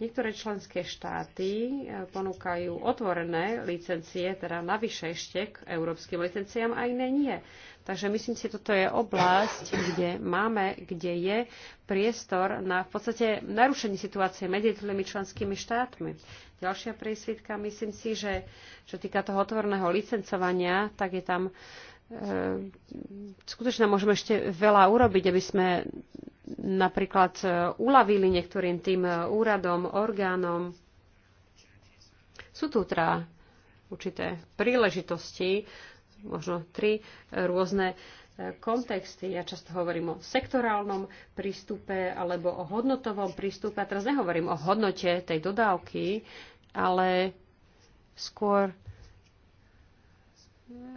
Niektoré členské štáty e, ponúkajú otvorené licencie, teda navyše ešte k európskym licenciám a iné nie. Takže myslím si, toto je oblasť, kde máme, kde je priestor na v podstate narušenie situácie medzi jednotlivými členskými štátmi. Ďalšia prísvitka, myslím si, že čo týka toho otvoreného licencovania, tak je tam E, skutočne môžeme ešte veľa urobiť, aby sme napríklad e, uľavili niektorým tým e, úradom, orgánom. Sú tu teda určité príležitosti, možno tri rôzne kontexty. Ja často hovorím o sektorálnom prístupe alebo o hodnotovom prístupe. A teraz nehovorím o hodnote tej dodávky, ale skôr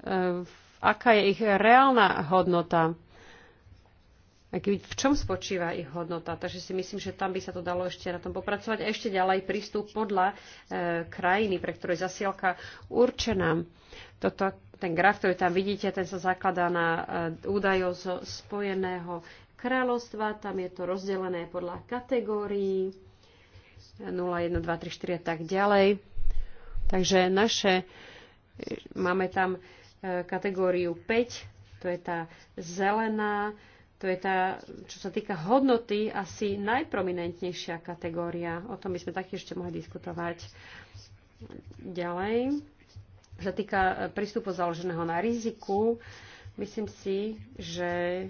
v aká je ich reálna hodnota, v čom spočíva ich hodnota. Takže si myslím, že tam by sa to dalo ešte na tom popracovať a ešte ďalej prístup podľa e, krajiny, pre ktorú je zasielka určená. Toto, ten graf, ktorý tam vidíte, ten sa zakladá na e, údajov zo Spojeného kráľovstva. Tam je to rozdelené podľa kategórií 0, 1, 2, 3, 4 a tak ďalej. Takže naše, e, máme tam kategóriu 5, to je tá zelená, to je tá, čo sa týka hodnoty, asi najprominentnejšia kategória. O tom by sme taktiež ešte mohli diskutovať ďalej. Čo sa týka eh, prístupu založeného na riziku, myslím si, že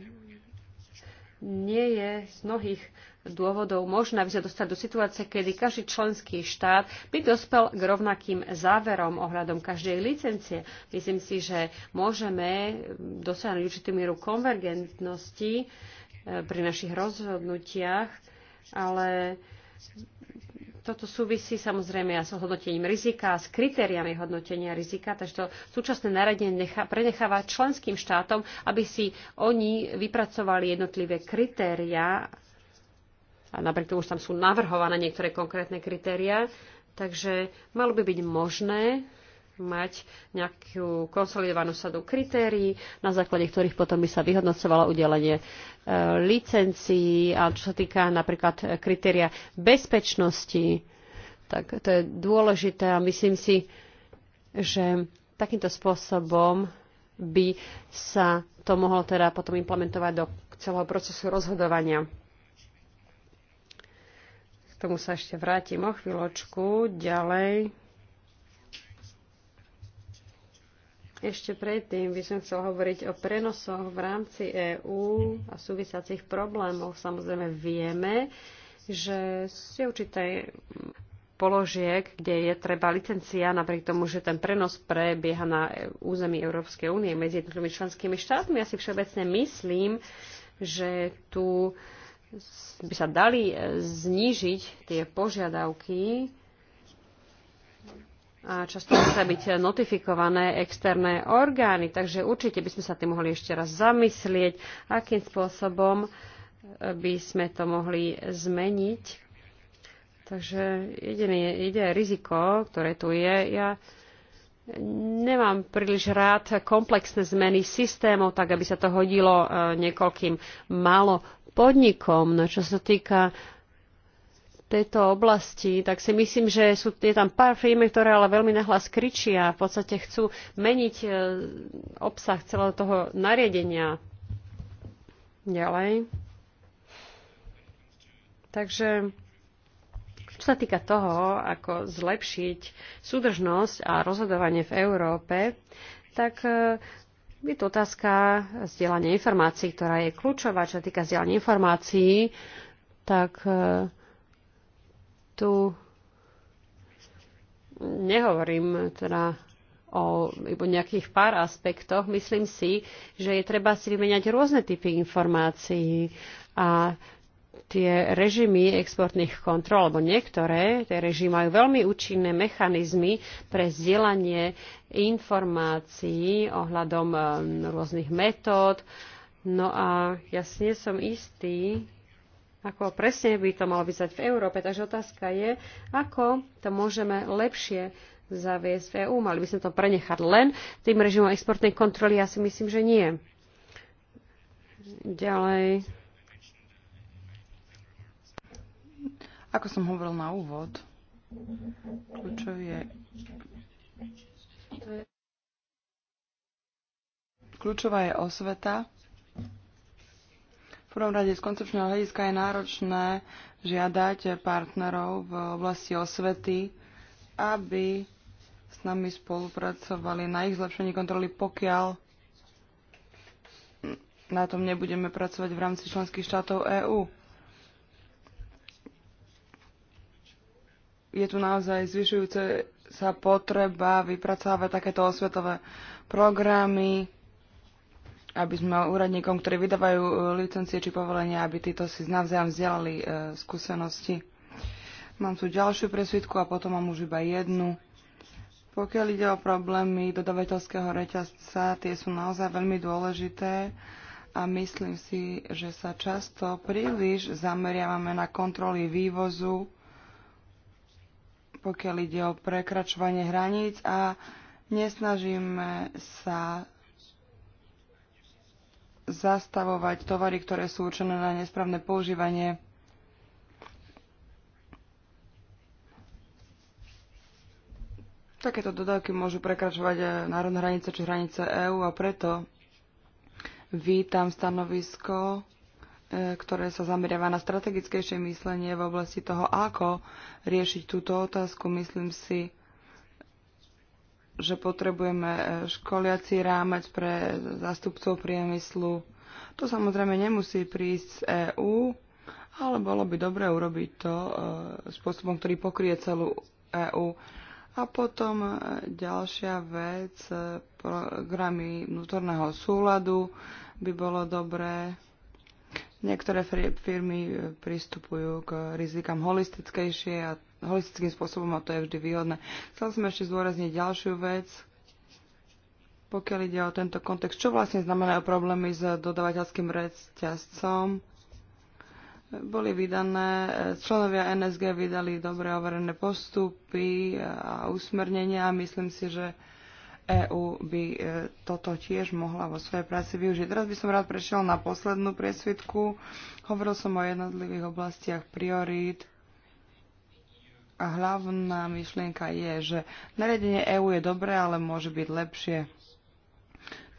nie je z mnohých dôvodov možné, aby sa dostali do situácie, kedy každý členský štát by dospel k rovnakým záverom ohľadom každej licencie. Myslím si, že môžeme dosiahnuť určitú mieru konvergentnosti e, pri našich rozhodnutiach, ale toto súvisí samozrejme aj s hodnotením rizika, a s kritériami hodnotenia rizika, takže to súčasné naradenie prenecháva členským štátom, aby si oni vypracovali jednotlivé kritériá a napriek tomu už tam sú navrhované niektoré konkrétne kritéria, takže malo by byť možné mať nejakú konsolidovanú sadu kritérií, na základe ktorých potom by sa vyhodnocovalo udelenie e, licencií a čo sa týka napríklad kritéria bezpečnosti, tak to je dôležité a myslím si, že takýmto spôsobom by sa to mohlo teda potom implementovať do celého procesu rozhodovania tomu sa ešte vrátim o chvíľočku. Ďalej. Ešte predtým by som chcel hovoriť o prenosoch v rámci EÚ a súvisiacich problémov. Samozrejme vieme, že sú určité položiek, kde je treba licencia, napriek tomu, že ten prenos prebieha na území Európskej únie medzi jednotlivými členskými štátmi. Ja si všeobecne myslím, že tu uh, by sa dali e, znížiť tie požiadavky a často musia byť notifikované externé orgány. Takže určite by sme sa tým mohli ešte raz zamyslieť, akým spôsobom e, by sme to mohli zmeniť. Takže jediné, jediné riziko, ktoré tu je, ja nemám príliš rád komplexné zmeny systémov, tak aby sa to hodilo e, niekoľkým málo podnikom. No čo sa týka tejto oblasti, tak si myslím, že sú, je tam pár firmy, ktoré ale veľmi nahlas kričia a v podstate chcú meniť e, obsah celého toho nariadenia. Ďalej. Takže čo sa týka toho, ako zlepšiť súdržnosť a rozhodovanie v Európe, tak e, je to otázka vzdielania informácií, ktorá je kľúčová, čo týka vzdielania informácií, tak e, tu nehovorím teda o iba nejakých pár aspektoch. Myslím si, že je treba si vymeniať rôzne typy informácií a tie režimy exportných kontrol, alebo niektoré tie režimy majú veľmi účinné mechanizmy pre zdieľanie informácií ohľadom eh, rôznych metód. No a ja si nie som istý, ako presne by to malo vyzať v Európe. Takže otázka je, ako to môžeme lepšie zaviesť v EÚ. Mali by sme to prenechať len tým režimom exportnej kontroly? Ja si myslím, že nie. Ďalej Ako som hovoril na úvod, Kľúčová je osveta. V prvom rade z koncepčného hľadiska je náročné žiadať partnerov v oblasti osvety, aby s nami spolupracovali na ich zlepšení kontroly, pokiaľ na tom nebudeme pracovať v rámci členských štátov EÚ. je tu naozaj zvyšujúce sa potreba vypracovať takéto osvetové programy, aby sme úradníkom, ktorí vydávajú e, licencie či povolenia, aby títo si navzájom vzdielali e, skúsenosti. Mám tu ďalšiu presvitku a potom mám už iba jednu. Pokiaľ ide o problémy dodavateľského reťazca, tie sú naozaj veľmi dôležité a myslím si, že sa často príliš zameriavame na kontroly vývozu, pokiaľ ide o prekračovanie hraníc a nesnažíme sa zastavovať tovary, ktoré sú určené na nesprávne používanie. Takéto dodávky môžu prekračovať eh, národné hranice či hranice EÚ a preto vítam stanovisko E, ktoré sa zameriava na strategickejšie myslenie v oblasti toho, ako riešiť túto otázku. Myslím si, že potrebujeme e, školiaci rámec pre zástupcov priemyslu. To samozrejme nemusí prísť z EÚ, ale bolo by dobré urobiť to e, spôsobom, ktorý pokrie celú EÚ. A potom ďalšia vec, programy vnútorného súladu by bolo dobré Niektoré firmy e, pristupujú k rizikám holistickejšie a holistickým spôsobom a to je vždy výhodné. Chcel som ešte zdôrazniť ďalšiu vec, pokiaľ ide o tento kontext. Čo vlastne znamenajú problémy s dodavateľským reťazcom? Boli vydané, e, členovia NSG vydali dobre overené postupy a usmernenia a myslím si, že EÚ by e, toto tiež mohla vo svojej práci využiť. Teraz by som rád prešiel na poslednú priesvitku. Hovoril som o jednotlivých oblastiach priorít a hlavná myšlienka je, že nariadenie EÚ je dobré, ale môže byť lepšie.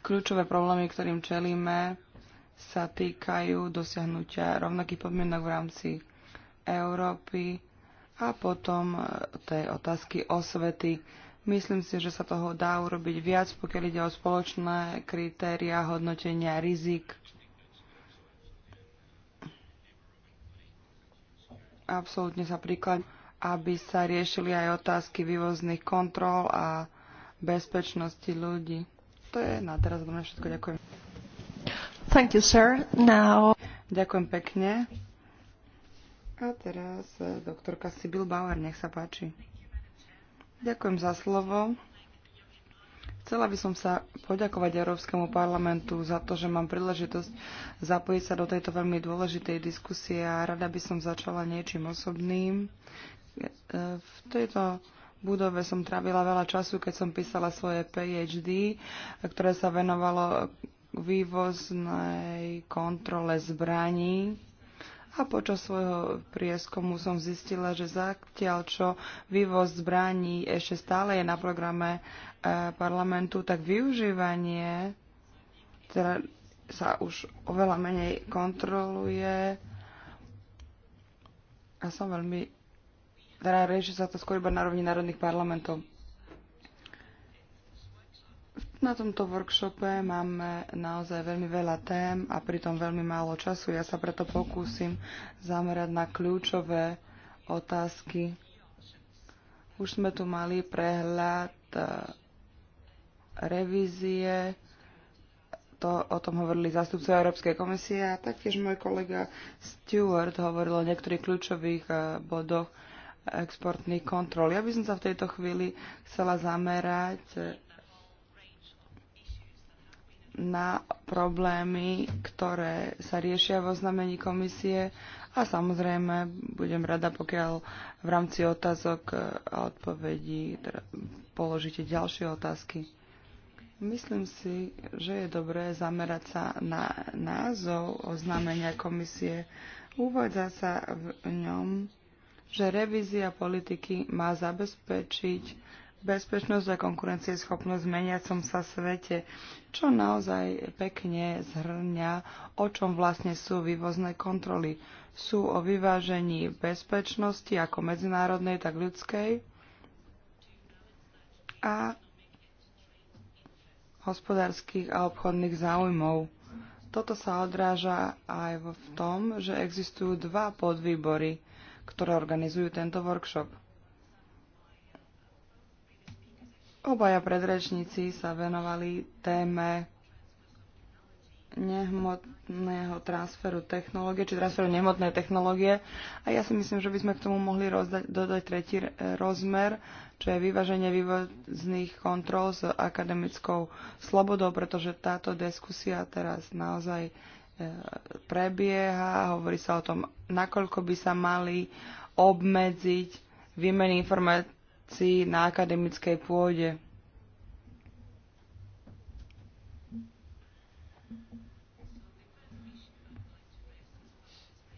Kľúčové problémy, ktorým čelíme, sa týkajú dosiahnutia rovnakých podmienok v rámci Európy a potom e, tej otázky osvety Myslím si, že sa toho dá urobiť viac, pokiaľ ide o spoločné kritéria hodnotenia rizik. Absolútne sa príklad, aby sa riešili aj otázky vývozných kontrol a bezpečnosti ľudí. To je na teraz veľmi všetko. Ďakujem. Thank you, sir. Now... Ďakujem pekne. A teraz eh, doktorka Sibyl Bauer, nech sa páči. Ďakujem za slovo. Chcela by som sa poďakovať Európskemu parlamentu za to, že mám príležitosť zapojiť sa do tejto veľmi dôležitej diskusie a rada by som začala niečím osobným. V tejto budove som trávila veľa času, keď som písala svoje PhD, ktoré sa venovalo vývoznej kontrole zbraní a počas svojho prieskumu som zistila, že zatiaľ čo vývoz zbraní ešte stále je na programe e, parlamentu, tak využívanie teda sa už oveľa menej kontroluje a som veľmi teda rieši sa to skôr iba na rovni národných parlamentov. Na tomto workshope máme naozaj veľmi veľa tém a pritom veľmi málo času. Ja sa preto pokúsim zamerať na kľúčové otázky. Už sme tu mali prehľad e, revízie, to, o tom hovorili zástupcovia Európskej komisie a taktiež môj kolega Stewart hovoril o niektorých kľúčových e, bodoch exportných kontrol. Ja by som sa v tejto chvíli chcela zamerať e, na problémy, ktoré sa riešia vo znamení komisie a samozrejme budem rada, pokiaľ v rámci otázok a odpovedí teda položíte ďalšie otázky. Myslím si, že je dobré zamerať sa na názov oznámenia komisie. Uvádza sa v ňom, že revízia politiky má zabezpečiť bezpečnosť a konkurencieschopnosť v meniacom sa svete, čo naozaj pekne zhrňa, o čom vlastne sú vývozné kontroly. Sú o vyvážení bezpečnosti ako medzinárodnej, tak ľudskej a hospodárskych a obchodných záujmov. Toto sa odráža aj v tom, že existujú dva podvýbory, ktoré organizujú tento workshop. Obaja predrečníci sa venovali téme nehmotného transferu technológie, či transferu nehmotnej technológie. A ja si myslím, že by sme k tomu mohli rozdať, dodať tretí rozmer, čo je vyváženie vývozných kontrol s akademickou slobodou, pretože táto diskusia teraz naozaj e, prebieha, hovorí sa o tom, nakoľko by sa mali obmedziť výmeny informácií práci na akademickej pôde.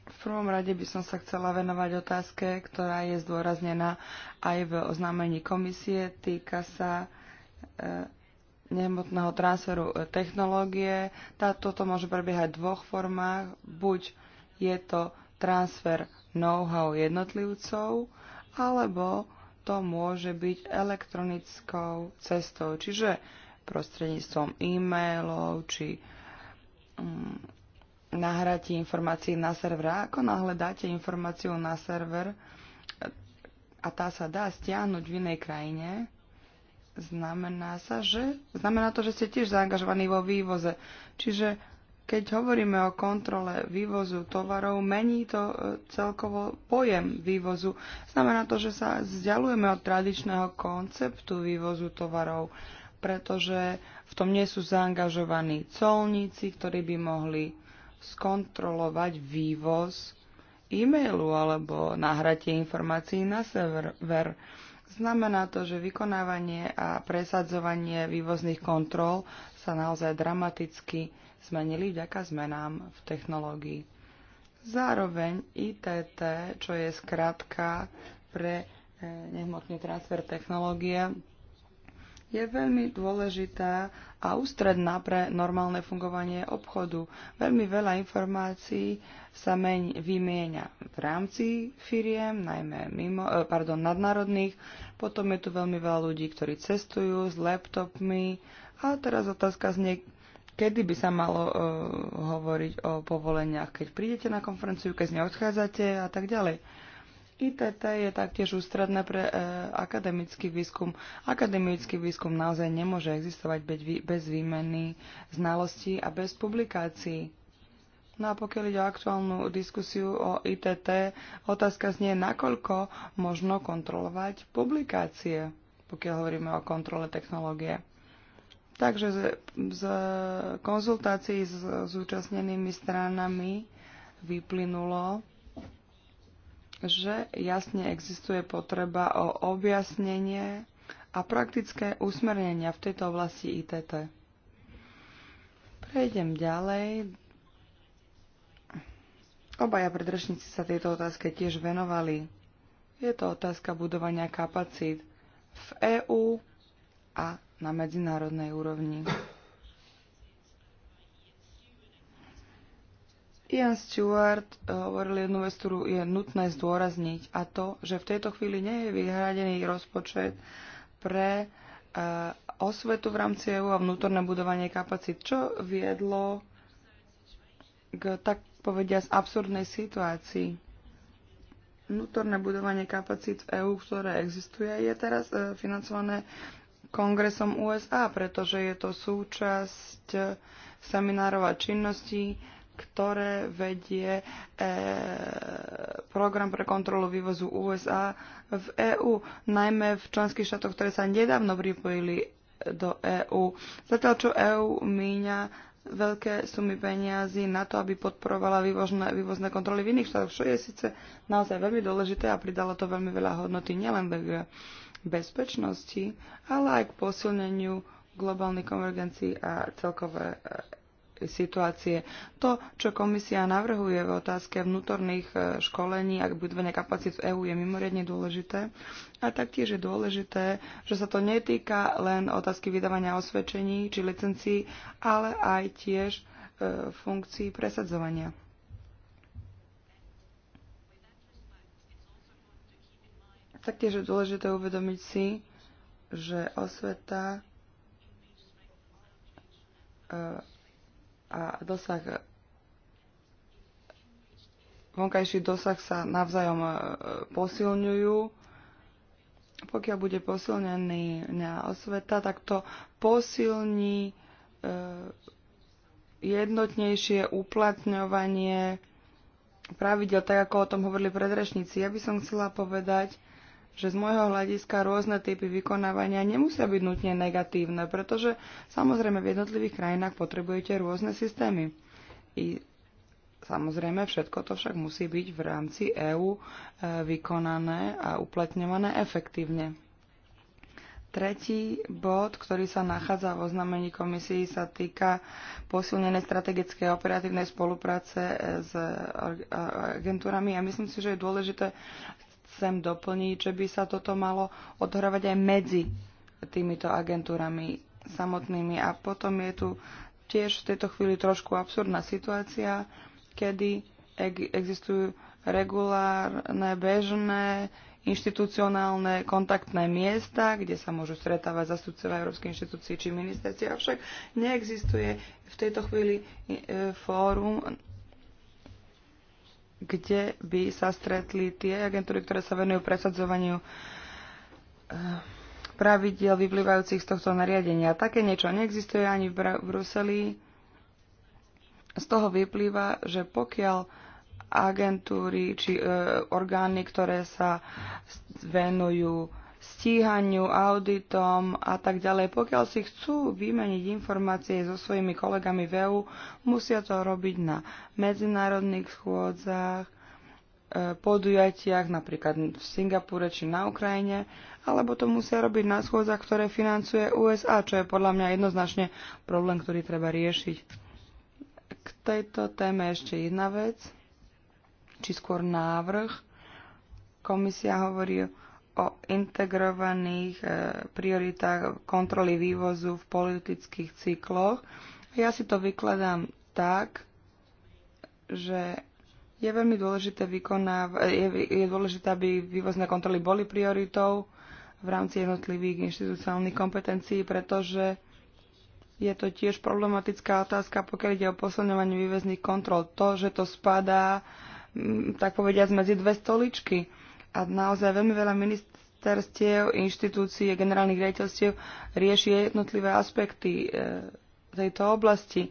V prvom rade by som sa chcela venovať otázke, ktorá je zdôraznená aj v oznámení komisie. Týka sa e, nehmotného transferu e, technológie. Tá, toto môže prebiehať v dvoch formách. Buď je to transfer know-how jednotlivcov, alebo to môže byť elektronickou cestou, čiže prostredníctvom e-mailov či um, mm, nahratí informácií na server. Ako náhle dáte informáciu na server a tá sa dá stiahnuť v inej krajine, znamená, sa, že, znamená to, že ste tiež zaangažovaní vo vývoze. Čiže keď hovoríme o kontrole vývozu tovarov, mení to e, celkovo pojem vývozu. Znamená to, že sa vzdialujeme od tradičného konceptu vývozu tovarov, pretože v tom nie sú zaangažovaní colníci, ktorí by mohli skontrolovať vývoz e-mailu alebo nahratie informácií na server. Znamená to, že vykonávanie a presadzovanie vývozných kontrol sa naozaj dramaticky zmenili vďaka zmenám v technológii. Zároveň ITT, čo je skratka pre eh, nehmotný transfer technológie, je veľmi dôležitá a ústredná pre normálne fungovanie obchodu. Veľmi veľa informácií sa meň vymieňa v rámci firiem, najmä mimo, eh, pardon, nadnárodných. Potom je tu veľmi veľa ľudí, ktorí cestujú s laptopmi. A teraz otázka znie, kedy by sa malo uh, hovoriť o povoleniach, keď prídete na konferenciu, keď z nej odchádzate a tak ďalej. ITT je taktiež ústredné pre e, akademický výskum. Akademický výskum naozaj nemôže existovať bez, bez výmeny znalostí a bez publikácií. No a pokiaľ ide o aktuálnu diskusiu o ITT, otázka znie, nakoľko možno kontrolovať publikácie, pokiaľ hovoríme o kontrole technológie. Takže z, z konzultácií s zúčastnenými stranami vyplynulo, že jasne existuje potreba o objasnenie a praktické usmernenia v tejto oblasti ITT. Prejdem ďalej. Obaja predrečníci sa tejto otázke tiež venovali. Je to otázka budovania kapacít v EÚ a na medzinárodnej úrovni. Ian Stewart eh, hovoril jednu vec, ktorú je nutné zdôrazniť, a to, že v tejto chvíli nie je vyhradený rozpočet pre eh, osvetu v rámci EU a vnútorné budovanie kapacít, čo viedlo k, tak z absurdnej situácii. Vnútorné budovanie kapacít v EÚ, ktoré existuje, je teraz eh, financované kongresom USA, pretože je to súčasť eh, seminárov a činností, ktoré vedie e, program pre kontrolu vývozu USA v EÚ, najmä v členských štátoch, ktoré sa nedávno pripojili eh, do EÚ. Zatiaľ, čo EÚ míňa veľké sumy peniazy na to, aby podporovala vývozné, vývozné kontroly v iných štátoch, čo je síce naozaj veľmi dôležité a pridalo to veľmi veľa hodnoty nielen v e bezpečnosti, ale aj k posilneniu globálnej konvergencii a celkové e, situácie. To, čo komisia navrhuje v otázke vnútorných e, školení a budovania kapacít v EÚ je mimoriadne dôležité. A taktiež je dôležité, že sa to netýka len otázky vydávania osvedčení či licencií, ale aj tiež e, funkcií presadzovania. Taktiež je dôležité uvedomiť si, že osveta eh, a dosah vonkajší dosah sa navzájom eh, posilňujú. Pokiaľ bude posilnený na osveta, tak to posilní eh, jednotnejšie uplatňovanie pravidel, tak ako o tom hovorili predrešníci. Ja by som chcela povedať, že z môjho hľadiska rôzne typy vykonávania nemusia byť nutne negatívne, pretože samozrejme v jednotlivých krajinách potrebujete rôzne systémy. I samozrejme všetko to však musí byť v rámci EÚ e, vykonané a uplatňované efektívne. Tretí bod, ktorý sa nachádza v oznamení komisii, sa týka posilnenej strategickej a operatívnej spolupráce s agentúrami. A ja myslím si, že je dôležité chcem doplniť, že by sa toto malo odhrávať aj medzi týmito agentúrami samotnými. A potom je tu tiež v tejto chvíli trošku absurdná situácia, kedy existujú regulárne, bežné, inštitucionálne kontaktné miesta, kde sa môžu stretávať zastupcovia Európskej inštitúcie či ministerstie, avšak neexistuje v tejto chvíli e, fórum kde by sa stretli tie agentúry, ktoré sa venujú presadzovaniu eh, pravidiel vyplývajúcich z tohto nariadenia. Také niečo neexistuje ani v Bruseli. Z toho vyplýva, že pokiaľ agentúry či e, orgány, ktoré sa venujú e, stíhaniu, auditom a tak ďalej. Pokiaľ si chcú vymeniť informácie so svojimi kolegami v EU, musia to robiť na medzinárodných schôdzach, e, podujatiach, napríklad v Singapúre či na Ukrajine, alebo to musia robiť na schôdzach, ktoré financuje USA, čo je podľa mňa jednoznačne problém, ktorý treba riešiť. K tejto téme ešte jedna vec, či skôr návrh. Komisia hovorí o o integrovaných e, prioritách kontroly vývozu v politických cykloch. Ja si to vykladám tak, že je veľmi dôležité, vykonáv- e, je, je dôležité, aby vývozné kontroly boli prioritou v rámci jednotlivých inštitucionálnych kompetencií, pretože je to tiež problematická otázka, pokiaľ ide o posilňovanie vývozných kontrol. To, že to spadá, tak povediať, medzi dve stoličky a naozaj veľmi veľa ministerstiev, inštitúcií, generálnych riaditeľstiev rieši jednotlivé aspekty e, tejto oblasti.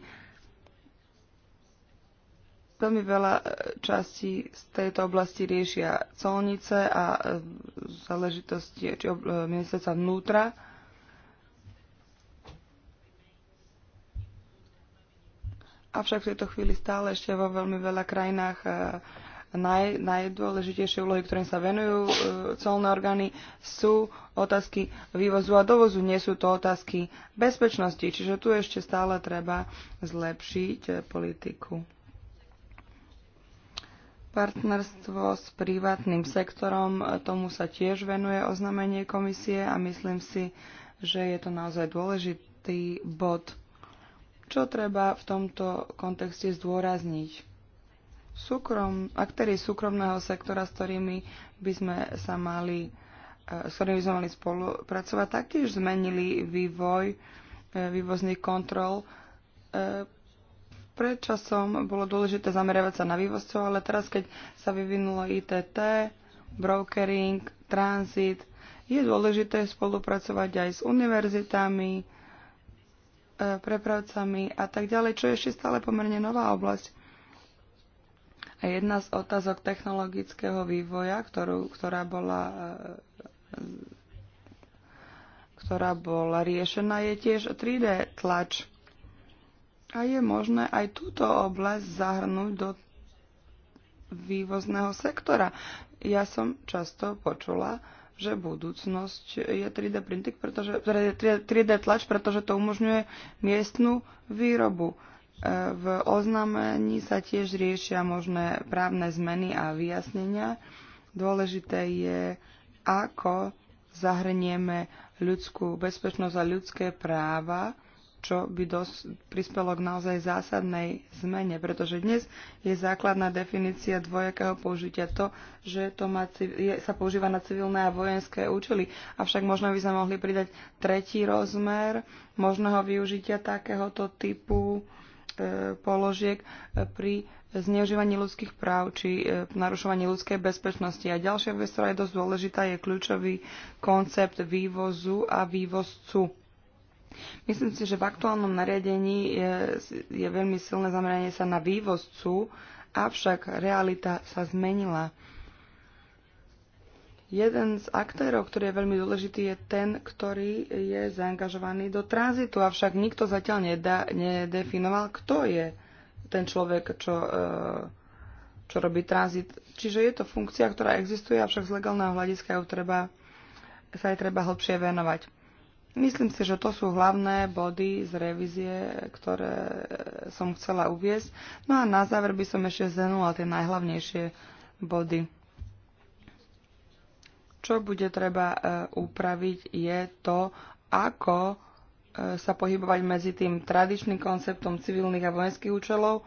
Veľmi veľa e, častí z tejto oblasti riešia colnice a e, záležitosti či ministerstva vnútra. Avšak v tejto chvíli stále ešte vo veľmi veľa krajinách naj, najdôležitejšie úlohy, ktorým sa venujú e, colné orgány, sú otázky vývozu a dovozu, nie sú to otázky bezpečnosti. Čiže tu ešte stále treba zlepšiť e, politiku. Partnerstvo s privátnym sektorom, e, tomu sa tiež venuje oznámenie komisie a myslím si, že je to naozaj dôležitý bod. Čo treba v tomto kontexte zdôrazniť? súkrom, aktéry súkromného sektora, s ktorými by sme sa mali, e, s ktorými by sme mali spolupracovať, taktiež zmenili vývoj e, vývozných kontrol. E, Pred časom bolo dôležité zameriavať sa na vývozcov, ale teraz, keď sa vyvinulo ITT, brokering, tranzit, je dôležité spolupracovať aj s univerzitami, prepravcami a tak ďalej, čo je ešte stále pomerne nová oblasť. A jedna z otázok technologického vývoja, ktorú, ktorá bola e, ktorá bola riešená, je tiež 3D tlač. A je možné aj túto oblasť zahrnúť do vývozného sektora. Ja som často počula, že budúcnosť je 3D printing, pretože, 3D, tlač, pretože to umožňuje miestnú výrobu. V oznámení sa tiež riešia možné právne zmeny a vyjasnenia. Dôležité je, ako zahrnieme ľudskú bezpečnosť a ľudské práva, čo by dos- prispelo k naozaj zásadnej zmene, pretože dnes je základná definícia dvojakého použitia to, že to má je, sa používa na civilné a vojenské účely. Avšak možno by sme mohli pridať tretí rozmer možného využitia takéhoto typu E, položiek e, pri zneužívaní ľudských práv či e, narušovaní ľudskej bezpečnosti. A ďalšia vec, ktorá je dosť dôležitá, je kľúčový koncept vývozu a vývozcu. Myslím si, že v aktuálnom nariadení je, je veľmi silné zameranie sa na vývozcu, avšak realita sa zmenila. Jeden z aktérov, ktorý je veľmi dôležitý, je ten, ktorý je zaangažovaný do tranzitu, avšak nikto zatiaľ nedá, nedefinoval, kto je ten človek, čo, eh, čo robí tranzit. Čiže je to funkcia, ktorá existuje, avšak z legálneho hľadiska ju treba, sa jej treba hlbšie venovať. Myslím si, že to sú hlavné body z revízie, ktoré eh, som chcela uviezť. No a na záver by som ešte zhrnula tie najhlavnejšie body. Čo bude treba e, upraviť je to, ako e, sa pohybovať medzi tým tradičným konceptom civilných a vojenských účelov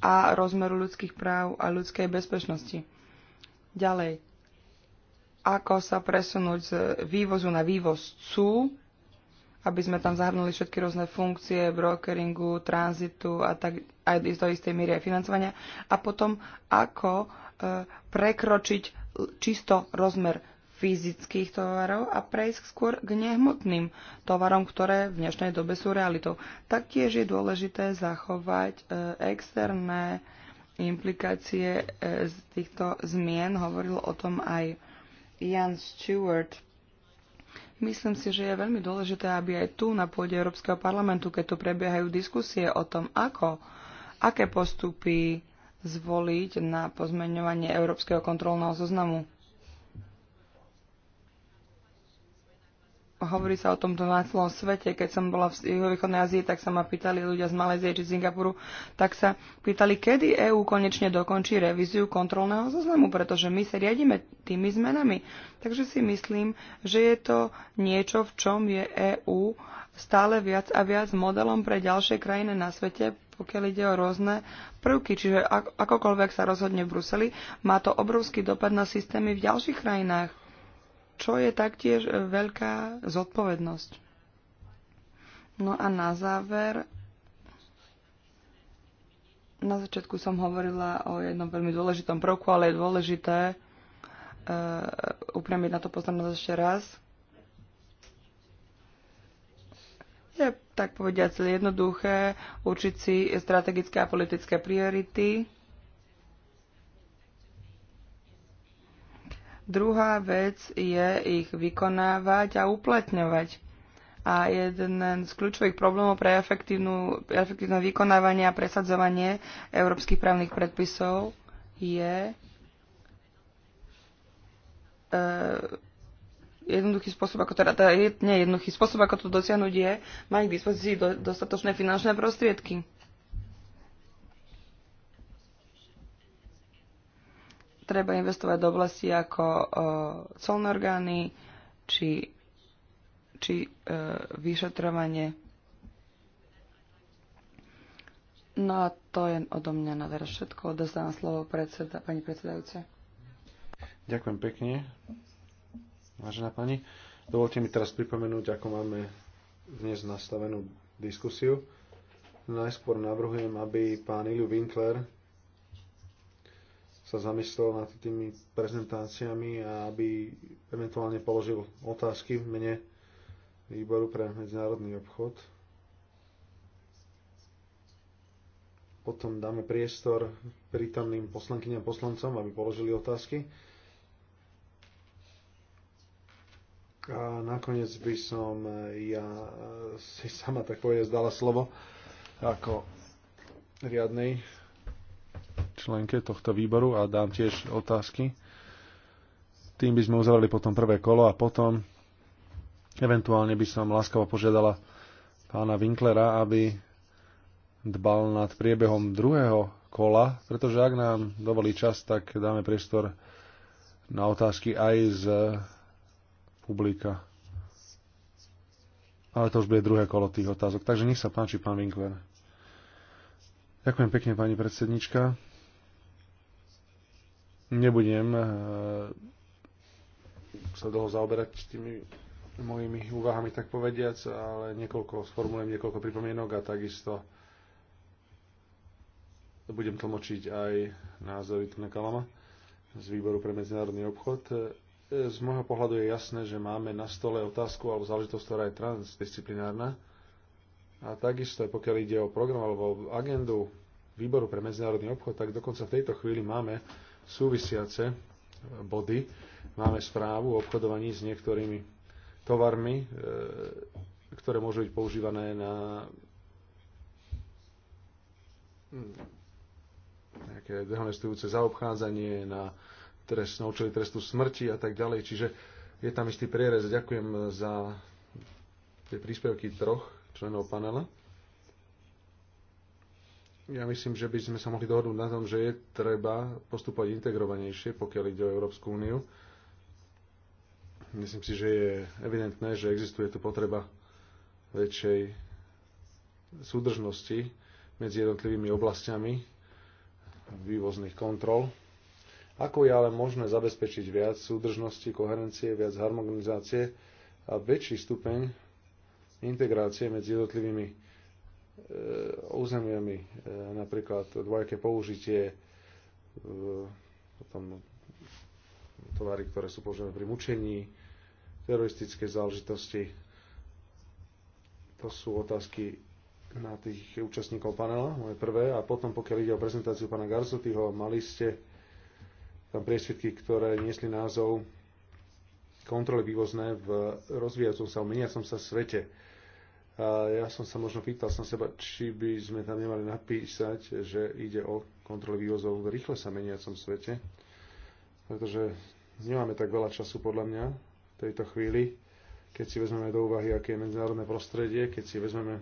a rozmeru ľudských práv a ľudskej bezpečnosti. Ďalej, ako sa presunúť z vývozu na vývozcu, aby sme tam zahrnuli všetky rôzne funkcie brokeringu, tranzitu a tak aj do istej miery aj financovania. A potom, ako e, prekročiť čisto rozmer fyzických tovarov a prejsť skôr k nehmotným tovarom, ktoré v dnešnej dobe sú realitou. Taktiež je dôležité zachovať e, externé implikácie e, z týchto zmien. Hovoril o tom aj Jan Stewart. Myslím si, že je veľmi dôležité, aby aj tu na pôde Európskeho parlamentu, keď tu prebiehajú diskusie o tom, ako, aké postupy zvoliť na pozmeňovanie Európskeho kontrolného zoznamu hovorí sa o tomto na celom svete. Keď som bola v juhovýchodnej Ázii, tak sa ma pýtali ľudia z Malézie či Singapuru, tak sa pýtali, kedy EÚ konečne dokončí revíziu kontrolného zoznamu, pretože my sa riadíme tými zmenami. Takže si myslím, že je to niečo, v čom je EÚ stále viac a viac modelom pre ďalšie krajiny na svete, pokiaľ ide o rôzne prvky. Čiže akokoľvek sa rozhodne v Bruseli, má to obrovský dopad na systémy v ďalších krajinách čo je taktiež e, veľká zodpovednosť. No a na záver, na začiatku som hovorila o jednom veľmi dôležitom proku, ale je dôležité uh, upriamiť na to pozornosť ešte raz. Je tak povediať jednoduché učiť si strategické a politické priority Druhá vec je ich vykonávať a uplatňovať. A jeden z kľúčových problémov pre efektívne vykonávanie a presadzovanie európskych právnych predpisov je e, jednoduchý spôsob, ako teda, teda nie jednoduchý spôsob, ako to dosiahnuť je, mať k dispozícii do, dostatočné finančné prostriedky. treba investovať do oblasti ako uh, colné orgány či, či uh, vyšetrovanie. No a to je odo mňa na teraz všetko. Odozdávam slovo predseda, pani predsedajúce. Ďakujem pekne. Vážená pani, dovolte mi teraz pripomenúť, ako máme dnes nastavenú diskusiu. Najskôr navrhujem, aby pán Iliu Winkler sa zamyslel nad tými prezentáciami a aby eventuálne položil otázky v mene výboru pre medzinárodný obchod. Potom dáme priestor prítomným poslankyňam poslancom, aby položili otázky. A nakoniec by som eh, ja eh, si sama tak povedať zdala slovo ako riadnej členke tohto výboru a dám tiež otázky. Tým by sme uzavreli potom prvé kolo a potom eventuálne by som láskavo požiadala pána Winklera, aby dbal nad priebehom druhého kola, pretože ak nám dovolí čas, tak dáme priestor na otázky aj z publika. Ale to už bude druhé kolo tých otázok. Takže nech sa páči, pán Winkler. Ďakujem pekne, pani predsednička. Nebudem eh, sa dlho zaoberať s tými mojimi úvahami, tak povediac, ale niekoľko, sformulujem niekoľko pripomienok a takisto budem tlmočiť aj názory Tuna Kalama z výboru pre medzinárodný obchod. Eh, z môjho pohľadu je jasné, že máme na stole otázku alebo záležitosť, ktorá je transdisciplinárna. A takisto, pokiaľ ide o program alebo agendu výboru pre medzinárodný obchod, tak dokonca v tejto chvíli máme súvisiace body. Máme správu o obchodovaní s niektorými tovarmi, e, ktoré môžu byť používané hm, na nejaké dehonestujúce zaobchádzanie, na trest, na účely trestu smrti a tak ďalej. Čiže je tam istý prierez. Ďakujem za tie príspevky troch členov panela. Ja myslím, že by sme sa mohli dohodnúť na tom, že je treba postupovať integrovanejšie, pokiaľ ide o Európsku úniu. Myslím si, že je evidentné, že existuje tu potreba väčšej súdržnosti medzi jednotlivými oblastiami vývozných kontrol. Ako je ale možné zabezpečiť viac súdržnosti, koherencie, viac harmonizácie a väčší stupeň integrácie medzi jednotlivými územiami, e, e, napríklad dvojaké použitie e, potom tovary, ktoré sú používané pri mučení, teroristické záležitosti. To sú otázky na tých účastníkov panela, moje prvé. A potom, pokiaľ ide o prezentáciu pána Garzotyho, mali ste tam priesvitky, ktoré niesli názov kontroly vývozné v rozvíjacom sa, meniacom sa svete ja som sa možno pýtal som seba, či by sme tam nemali napísať, že ide o kontrolu vývozov v rýchle sa meniacom svete, pretože nemáme tak veľa času podľa mňa v tejto chvíli, keď si vezmeme do úvahy, aké je medzinárodné prostredie, keď si vezmeme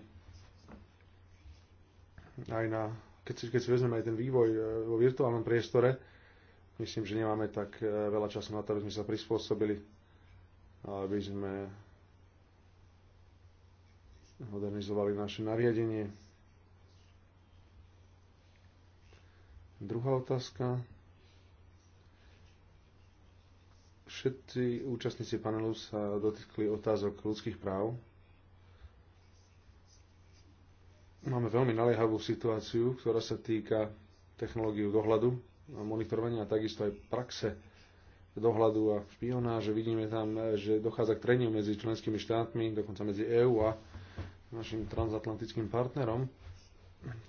aj na, keď si, keď si vezmeme aj ten vývoj e, vo virtuálnom priestore, myslím, že nemáme tak e, veľa času na to, aby sme sa prispôsobili, aby sme modernizovali naše nariadenie. Druhá otázka. Všetci účastníci panelu sa dotýkli otázok ľudských práv. Máme veľmi naliehavú situáciu, ktorá sa týka technológiu dohľadu a monitorovania a takisto aj praxe dohľadu a špionáže. Vidíme tam, že dochádza k treniu medzi členskými štátmi, dokonca medzi EÚ a našim transatlantickým partnerom.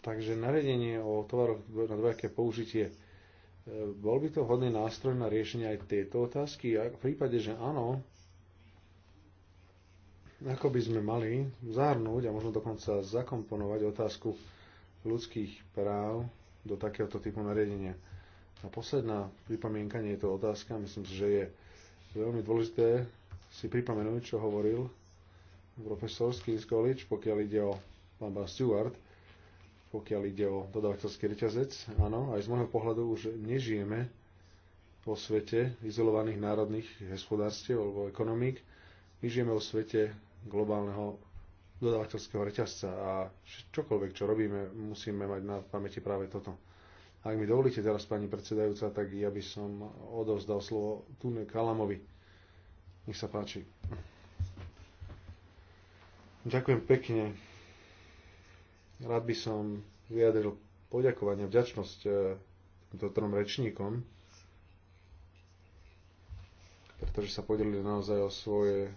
Takže nariadenie o tovaroch na dvojaké použitie, e, bol by to vhodný nástroj na riešenie aj tejto otázky? A v prípade, že áno, ako by sme mali zahrnúť a možno dokonca zakomponovať otázku ľudských práv do takéhoto typu nariadenia. A posledná pripomienka, nie je to otázka, myslím si, že je veľmi dôležité si pripomenúť, čo hovoril profesor z King's College, pokiaľ ide o Lamba Stewart, pokiaľ ide o dodavateľský reťazec. Áno, aj z môjho pohľadu už nežijeme vo svete izolovaných národných hospodárstiev alebo ekonomík. My žijeme vo svete globálneho dodávateľského reťazca a čokoľvek, čo robíme, musíme mať na pamäti práve toto. Ak mi dovolíte teraz, pani predsedajúca, tak ja by som odovzdal slovo Tune Kalamovi. Nech sa páči. Ďakujem pekne. Rád by som vyjadril poďakovanie, vďačnosť e, týmto trom rečníkom, pretože sa podelili naozaj o svoje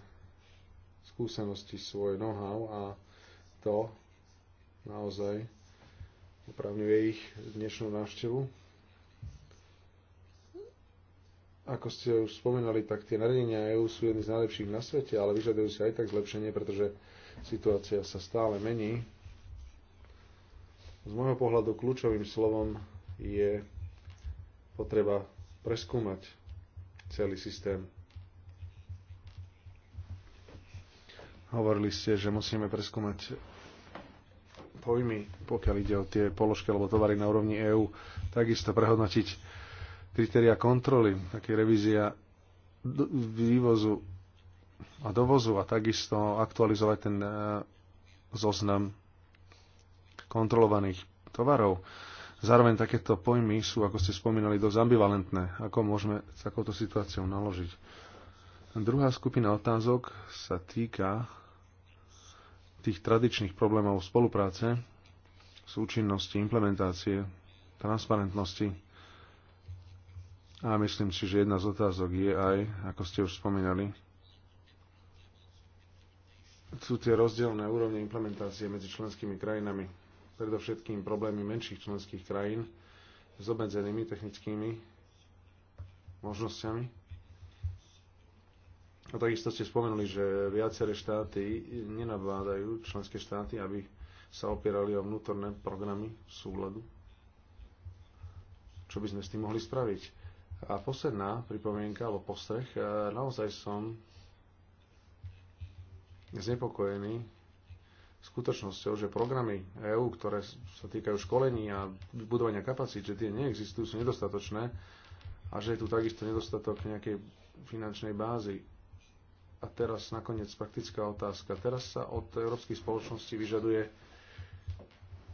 skúsenosti, svoje know-how a to naozaj opravňuje ich dnešnú návštevu. Ako ste už spomínali, tak tie nariadenia EU sú jedny z najlepších na svete, ale vyžadujú si aj tak zlepšenie, pretože Situácia sa stále mení. Z môjho pohľadu kľúčovým slovom je potreba preskúmať celý systém. Hovorili ste, že musíme preskúmať pojmy, pokiaľ ide o tie položky alebo tovary na úrovni EÚ, takisto prehodnotiť kritéria kontroly, také revízia vývozu a dovozu a takisto aktualizovať ten e, zoznam kontrolovaných tovarov. Zároveň takéto pojmy sú, ako ste spomínali, dosť ambivalentné. Ako môžeme s takouto situáciou naložiť? Druhá skupina otázok sa týka tých tradičných problémov spolupráce, súčinnosti, implementácie, transparentnosti. A myslím si, že jedna z otázok je aj, ako ste už spomínali, sú tie rozdielne úrovne implementácie medzi členskými krajinami, predovšetkým problémy menších členských krajín s obmedzenými technickými možnosťami. A takisto ste spomenuli, že viaceré štáty nenabádajú členské štáty, aby sa opierali o vnútorné programy súladu. Čo by sme s tým mohli spraviť? A posledná pripomienka alebo postreh, naozaj som znepokojení skutočnosťou, že programy EÚ, ktoré sa týkajú školení a budovania kapacít, že tie neexistujú, sú nedostatočné a že je tu takisto nedostatok nejakej finančnej bázy. A teraz nakoniec praktická otázka. Teraz sa od európskej spoločnosti vyžaduje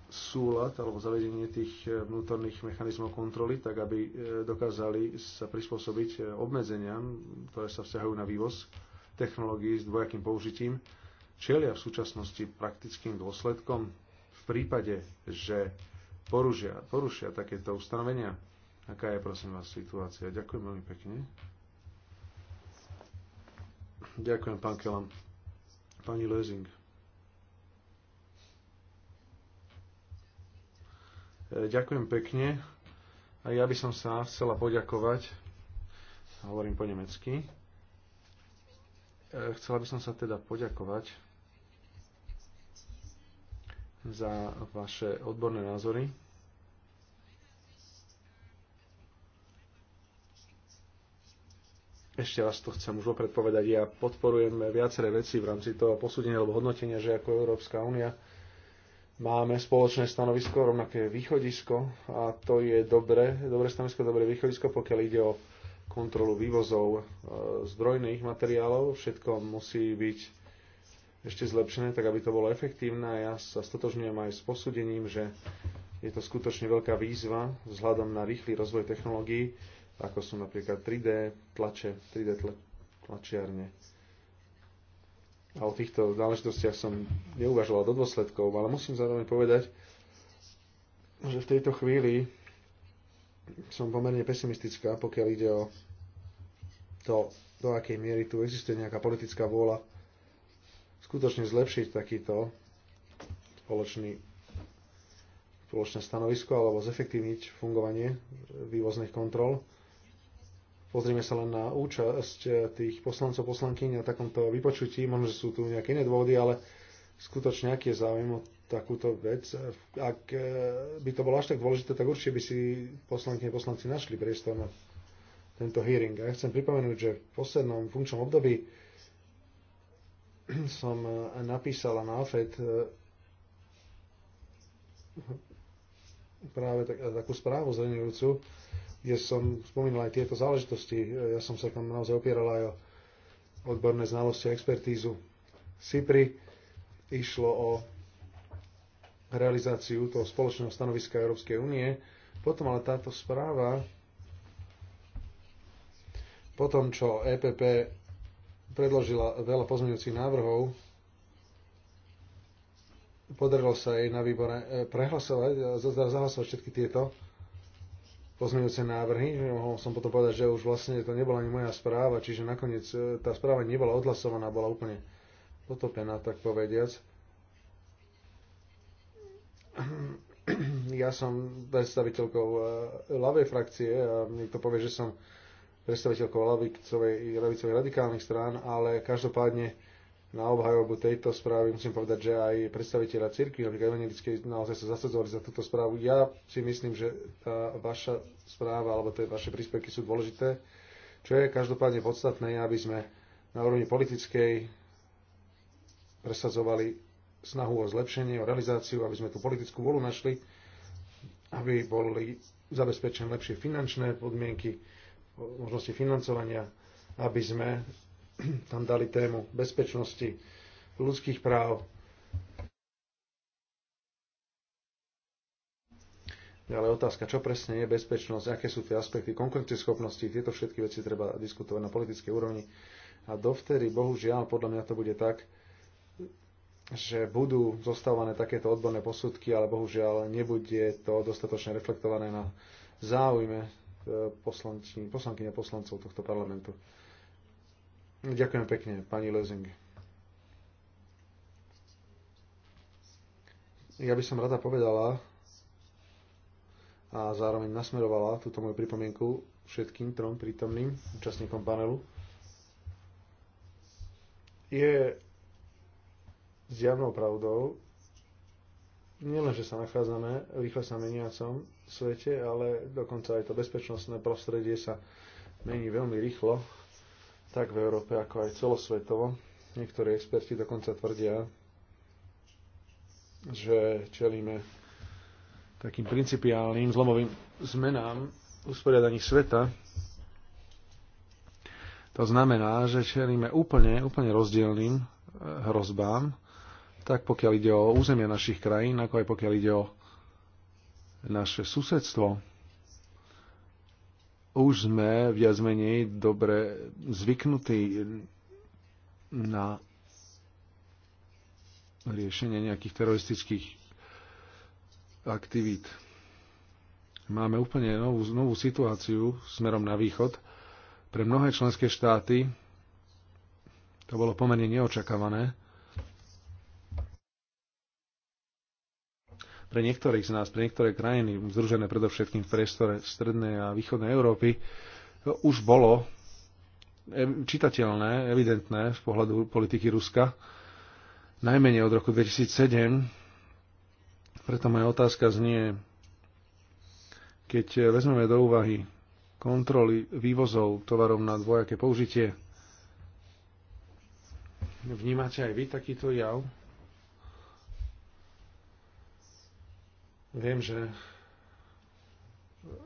súlad alebo zavedenie tých vnútorných mechanizmov kontroly, tak aby e, dokázali sa prispôsobiť e, obmedzeniam, ktoré sa vzťahujú na vývoz technológií s dvojakým použitím čelia v súčasnosti praktickým dôsledkom v prípade, že porušia, porušia takéto ustanovenia? Aká je, prosím vás, situácia? Ďakujem veľmi pekne. Ďakujem, pán Kelam. Pani Lezing. Ďakujem pekne. A ja by som sa chcela poďakovať, hovorím po nemecky, E, chcela by som sa teda poďakovať za vaše odborné názory. Ešte raz to chcem už vopred povedať. Ja podporujem viaceré veci v rámci toho posúdenia alebo hodnotenia, že ako Európska únia máme spoločné stanovisko, rovnaké východisko a to je dobre, dobre stanovisko, dobré východisko, pokiaľ ide o kontrolu vývozov e, zdrojných materiálov. Všetko musí byť ešte zlepšené, tak aby to bolo efektívne. Ja sa stotožňujem aj s posúdením, že je to skutočne veľká výzva vzhľadom na rýchly rozvoj technológií, ako sú napríklad 3D tlače, 3D tlačiarne. A o týchto záležitostiach som neuvažoval do dôsledkov, ale musím zároveň povedať, že v tejto chvíli som pomerne pesimistická, pokiaľ ide o to, do akej miery tu existuje nejaká politická vôľa skutočne zlepšiť takýto spoločný, spoločné stanovisko alebo zefektívniť fungovanie vývozných kontrol. Pozrime sa len na účasť eh, tých poslancov, poslankyň na takomto vypočutí. Možno, že sú tu nejaké iné dôvody, ale skutočne aký je záujem o takúto vec. Ak e, by to bolo až tak dôležité, tak určite by si poslanky a poslanci našli priestor na tento hearing. A ja chcem pripomenúť, že v poslednom funkčnom období [CLEARS THROAT] som e, napísala na AFED e, práve tak, takú správu zrenujúcu, kde som spomínal aj tieto záležitosti. Ja som sa tam naozaj opieral aj o odborné znalosti a expertízu. SIPRI išlo o realizáciu toho spoločného stanoviska Európskej únie. Potom ale táto správa, potom čo EPP predložila veľa pozmeňujúcich návrhov, podarilo sa jej na výbore e, prehlasovať, e, zahlasovať všetky tieto pozmeňujúce návrhy. Mohol som potom povedať, že už vlastne to nebola ani moja správa, čiže nakoniec e, tá správa nebola odhlasovaná, bola úplne potopená, tak povediac ja som predstaviteľkou eh, ľavej frakcie a niekto povie, že som predstaviteľkou ľavicovej radikálnych strán, ale každopádne na obhajobu tejto správy musím povedať, že aj predstaviteľa cirkvi, napríklad evangelickej, naozaj sa zasadzovali za túto správu. Ja si myslím, že tá vaša správa alebo tie vaše príspevky sú dôležité. Čo je každopádne podstatné, aby sme na úrovni politickej presadzovali snahu o zlepšenie, o realizáciu, aby sme tú politickú volu našli, aby boli zabezpečené lepšie finančné podmienky, možnosti financovania, aby sme [CLEARS THROAT] tam dali tému bezpečnosti, ľudských práv. Ďalej otázka, čo presne je bezpečnosť, aké sú tie aspekty konkurencieschopnosti, tieto všetky veci treba diskutovať na politickej úrovni. A dovtedy, bohužiaľ, podľa mňa to bude tak, že budú zostávané takéto odborné posudky, ale bohužiaľ nebude to dostatočne reflektované na záujme e, a poslancov tohto parlamentu. Ďakujem pekne, pani Lezing. Ja by som rada povedala a zároveň nasmerovala túto moju pripomienku všetkým trom prítomným účastníkom panelu. Je s javnou pravdou, nielen, že sa nachádzame v rýchle sa meniacom svete, ale dokonca aj to bezpečnostné prostredie sa mení veľmi rýchlo, tak v Európe, ako aj celosvetovo. Niektorí experti dokonca tvrdia, že čelíme takým principiálnym zlomovým zmenám usporiadaní sveta, to znamená, že čelíme úplne, úplne rozdielným hrozbám tak pokiaľ ide o územia našich krajín, ako aj pokiaľ ide o naše susedstvo. Už sme viac menej dobre zvyknutí na riešenie nejakých teroristických aktivít. Máme úplne novú, novú situáciu smerom na východ. Pre mnohé členské štáty to bolo pomerne neočakávané. pre niektorých z nás, pre niektoré krajiny, združené predovšetkým v priestore strednej a východnej Európy, už bolo čitateľné, evidentné z pohľadu politiky Ruska, najmenej od roku 2007. Preto moja otázka znie, keď vezmeme do úvahy kontroly vývozov tovarov na dvojaké použitie, vnímate aj vy takýto jav? Viem, že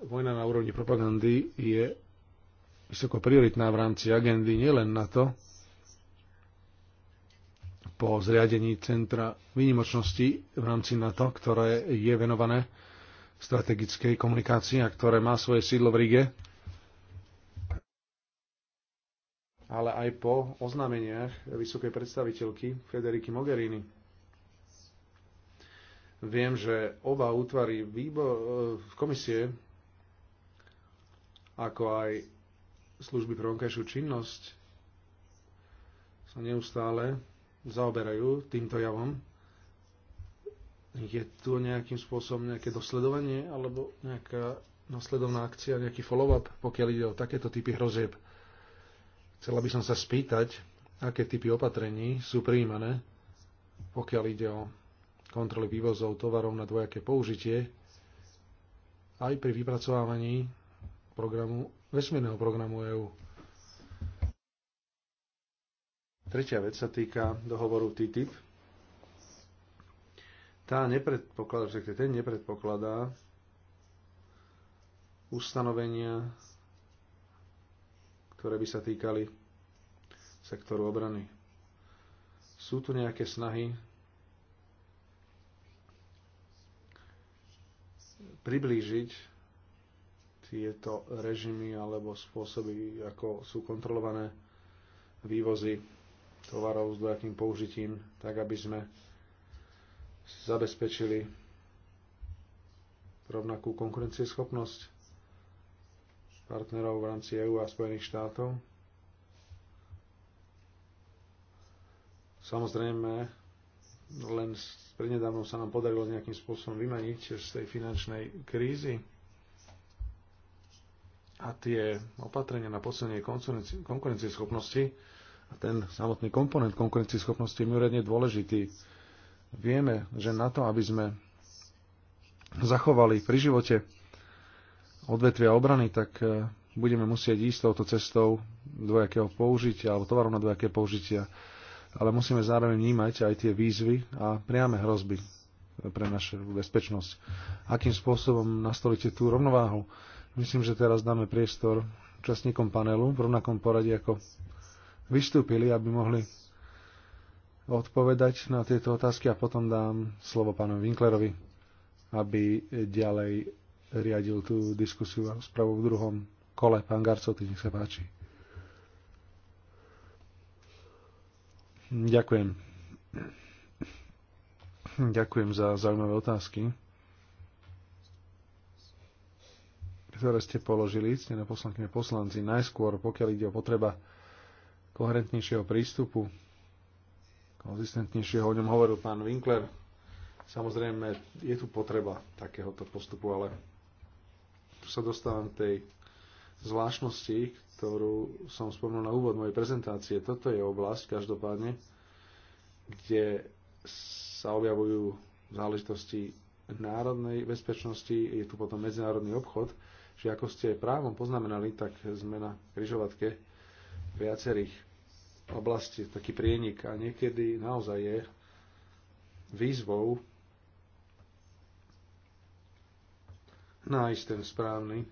vojna na úrovni propagandy je vysoko prioritná v rámci agendy nielen na to, po zriadení Centra výnimočnosti v rámci NATO, ktoré je venované strategickej komunikácii a ktoré má svoje sídlo v Rige, ale aj po oznámeniach vysokej predstaviteľky Federiky Mogherini Viem, že oba útvary výbo- eh, komisie, ako aj služby pre vonkajšiu činnosť, sa neustále zaoberajú týmto javom. Je tu nejakým spôsobom nejaké dosledovanie alebo nejaká nasledovná akcia, nejaký follow-up, pokiaľ ide o takéto typy hrozieb. Chcela by som sa spýtať, aké typy opatrení sú prijímané, pokiaľ ide o kontroly vývozov tovarov na dvojaké použitie aj pri vypracovávaní programu, vesmírneho programu EÚ. Tretia vec sa týka dohovoru TTIP. Tá nepredpokladá, ten nepredpokladá ustanovenia, ktoré by sa týkali sektoru obrany. Sú tu nejaké snahy priblížiť tieto režimy alebo spôsoby, ako sú kontrolované vývozy tovarov s dvojakým použitím, tak aby sme zabezpečili rovnakú konkurencieschopnosť partnerov v rámci EÚ a Spojených štátov. Samozrejme, len prednedávno sa nám podarilo nejakým spôsobom vymaniť z tej finančnej krízy a tie opatrenia na posilnenie konkurencieschopnosti a ten samotný komponent konkurencieschopnosti je mimoriadne dôležitý. Vieme, že na to, aby sme zachovali pri živote odvetvia obrany, tak e, budeme musieť ísť touto cestou dvojakého použitia alebo tovaru na dvojaké použitia ale musíme zároveň vnímať aj tie výzvy a priame hrozby pre našu bezpečnosť. Akým spôsobom nastolíte tú rovnováhu? Myslím, že teraz dáme priestor účastníkom panelu v rovnakom poradí, ako vystúpili, aby mohli odpovedať na tieto otázky a potom dám slovo pánovi Winklerovi, aby ďalej riadil tú diskusiu a spravu v druhom kole. Pán Garcov, nech sa páči. Ďakujem. Ďakujem za zaujímavé otázky, ktoré ste položili, ste na poslankyne poslanci. Najskôr, pokiaľ ide o potreba koherentnejšieho prístupu, konzistentnejšieho, o ňom hovoril pán Winkler. Samozrejme, je tu potreba takéhoto postupu, ale tu sa dostávam k tej zvláštnosti, ktorú som spomenul na úvod mojej prezentácie. Toto je oblasť každopádne, kde sa objavujú záležitosti národnej bezpečnosti, je tu potom medzinárodný obchod, že ako ste právom poznamenali, tak sme na križovatke viacerých oblastí, taký prienik a niekedy naozaj je výzvou nájsť ten správny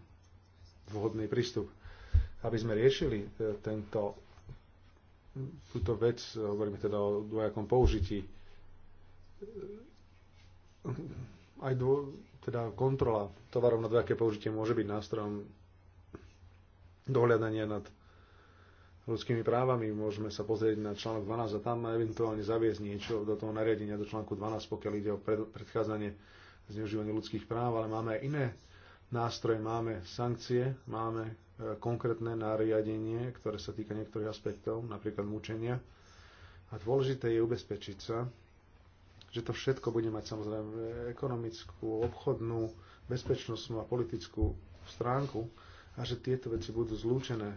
vhodný prístup. Aby sme riešili e, tento, túto vec, hovoríme teda o dvojakom použití, e, aj dvo, teda kontrola tovarov na dvojaké použitie môže byť nástrojom dohľadania nad ľudskými právami. Môžeme sa pozrieť na článok 12 a tam eventuálne zaviesť niečo do toho nariadenia, do článku 12, pokiaľ ide o predchádzanie zneužívania ľudských práv, ale máme aj iné nástroj, máme sankcie, máme e, konkrétne nariadenie, ktoré sa týka niektorých aspektov, napríklad mučenia. A dôležité je ubezpečiť sa, že to všetko bude mať samozrejme ekonomickú, obchodnú, bezpečnostnú a politickú stránku a že tieto veci budú zlúčené.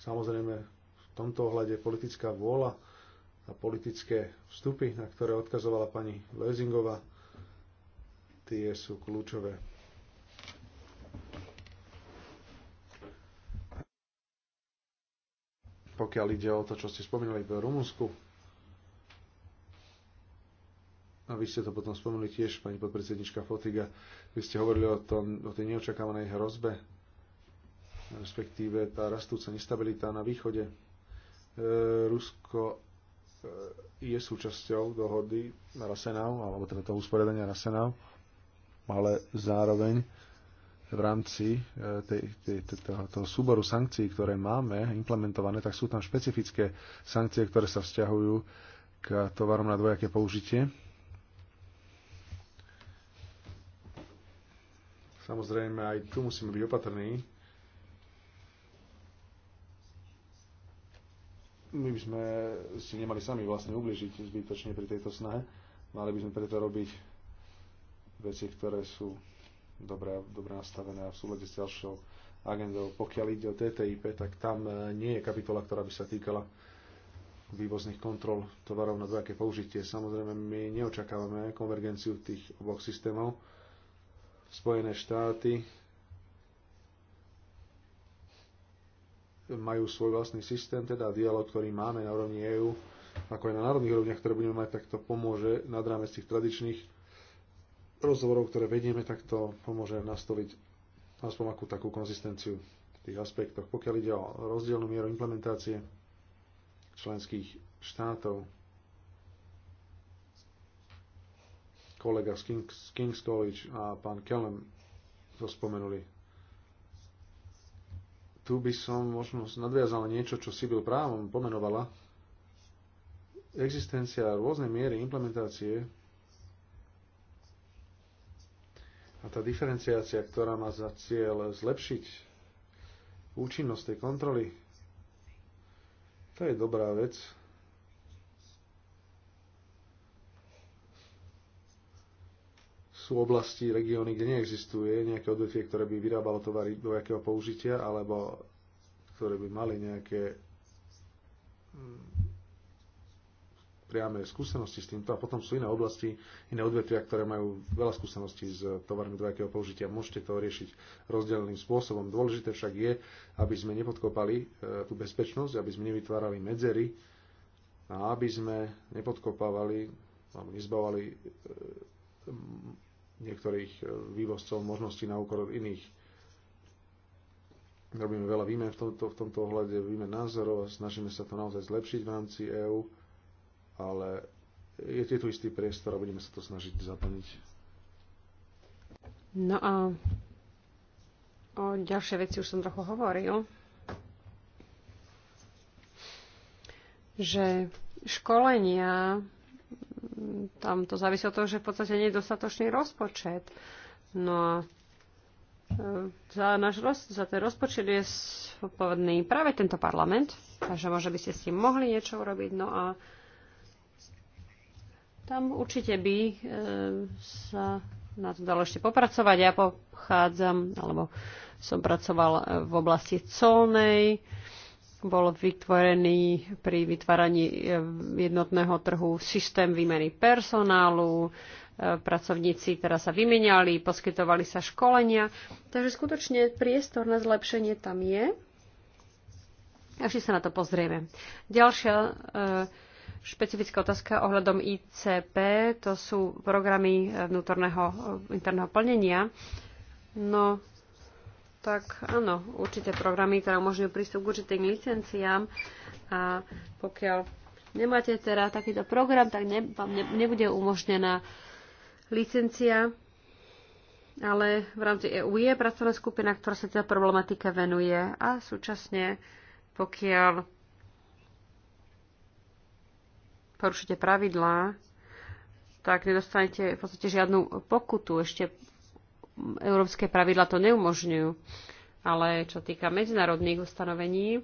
Samozrejme, v tomto ohľade politická vôľa a politické vstupy, na ktoré odkazovala pani Lezingova, tie sú kľúčové. pokiaľ ide o to, čo ste spomínali v Rumunsku. A vy ste to potom spomenuli tiež, pani podpredsednička Fotiga. Vy ste hovorili o, tom, o tej neočakávanej hrozbe, respektíve tá rastúca nestabilita na východe. E, Rusko e, je súčasťou dohody na Rasenau, alebo teda toho usporiadania Rasenau, ale zároveň v rámci e, tej, tej, toho, toho súboru sankcií, ktoré máme implementované, tak sú tam špecifické sankcie, ktoré sa vzťahujú k tovarom na dvojaké použitie. Samozrejme, aj tu musíme byť opatrní. My by sme si nemali sami vlastne ubližiť zbytočne pri tejto snahe. Mali by sme preto robiť veci, ktoré sú dobre nastavené a v súlade s ďalšou agendou. Pokiaľ ide o TTIP, tak tam e, nie je kapitola, ktorá by sa týkala vývozných kontrol tovarov na dvojaké použitie. Samozrejme, my neočakávame konvergenciu tých oboch systémov. Spojené štáty majú svoj vlastný systém, teda dialog, ktorý máme na úrovni EÚ, ako aj na národných úrovniach, ktoré budeme mať, tak to pomôže nad rámec tých tradičných rozhovorov, ktoré vedieme, tak to pomôže nastoliť aspoň akú takú konzistenciu v tých aspektoch. Pokiaľ ide o rozdielnú mieru implementácie členských štátov, kolega z King's, King's College a pán Kellen to spomenuli. Tu by som možno nadviazal niečo, čo Sibyl právom pomenovala. Existencia rôznej miery implementácie A tá diferenciácia, ktorá má za cieľ zlepšiť účinnosť tej kontroly, to je dobrá vec. Sú oblasti, regióny, kde neexistuje nejaké odvetvie, ktoré by vyrábalo tovary do jakého použitia, alebo ktoré by mali nejaké hm, priame skúsenosti s týmto a potom sú iné oblasti, iné odvetvia, ktoré majú veľa skúseností s tovarmi dvojakého použitia. Môžete to riešiť rozdeleným spôsobom. Dôležité však je, aby sme nepodkopali e, tú bezpečnosť, aby sme nevytvárali medzery a aby sme nepodkopávali alebo nezbavali e, niektorých e, vývozcov možností na úkor iných. Robíme veľa výmen v tomto, v tomto ohľade, výmen názorov a snažíme sa to naozaj zlepšiť v rámci EÚ ale je, je tu istý priestor a budeme sa to snažiť zaplniť. No a o ďalšie veci už som trochu hovoril. Že školenia, tam to závisí od toho, že v podstate nie je dostatočný rozpočet. No a e, za, náš roz, za ten rozpočet je odpovedný práve tento parlament, takže možno by ste s tým mohli niečo urobiť. No a tam určite by e, sa na to dalo ešte popracovať. Ja pochádzam, alebo som pracoval e, v oblasti colnej, bol vytvorený pri vytváraní e, jednotného trhu systém výmeny personálu, pracovníci teraz sa vymeniali, poskytovali sa školenia. Takže skutočne priestor na zlepšenie tam je. Ešte sa na to pozrieme. Ďalšia e, špecifická otázka ohľadom ICP, to sú programy eh, vnútorného eh, interného plnenia. No, tak áno, určité programy, ktoré umožňujú prístup k určitým licenciám a pokiaľ nemáte teda takýto program, tak ne, vám ne, nebude umožnená licencia, ale v rámci EU je pracovná skupina, ktorá sa teda problematika venuje a súčasne, pokiaľ porušíte pravidlá, tak nedostanete v podstate žiadnu pokutu. Ešte európske pravidlá to neumožňujú. Ale čo týka medzinárodných ustanovení,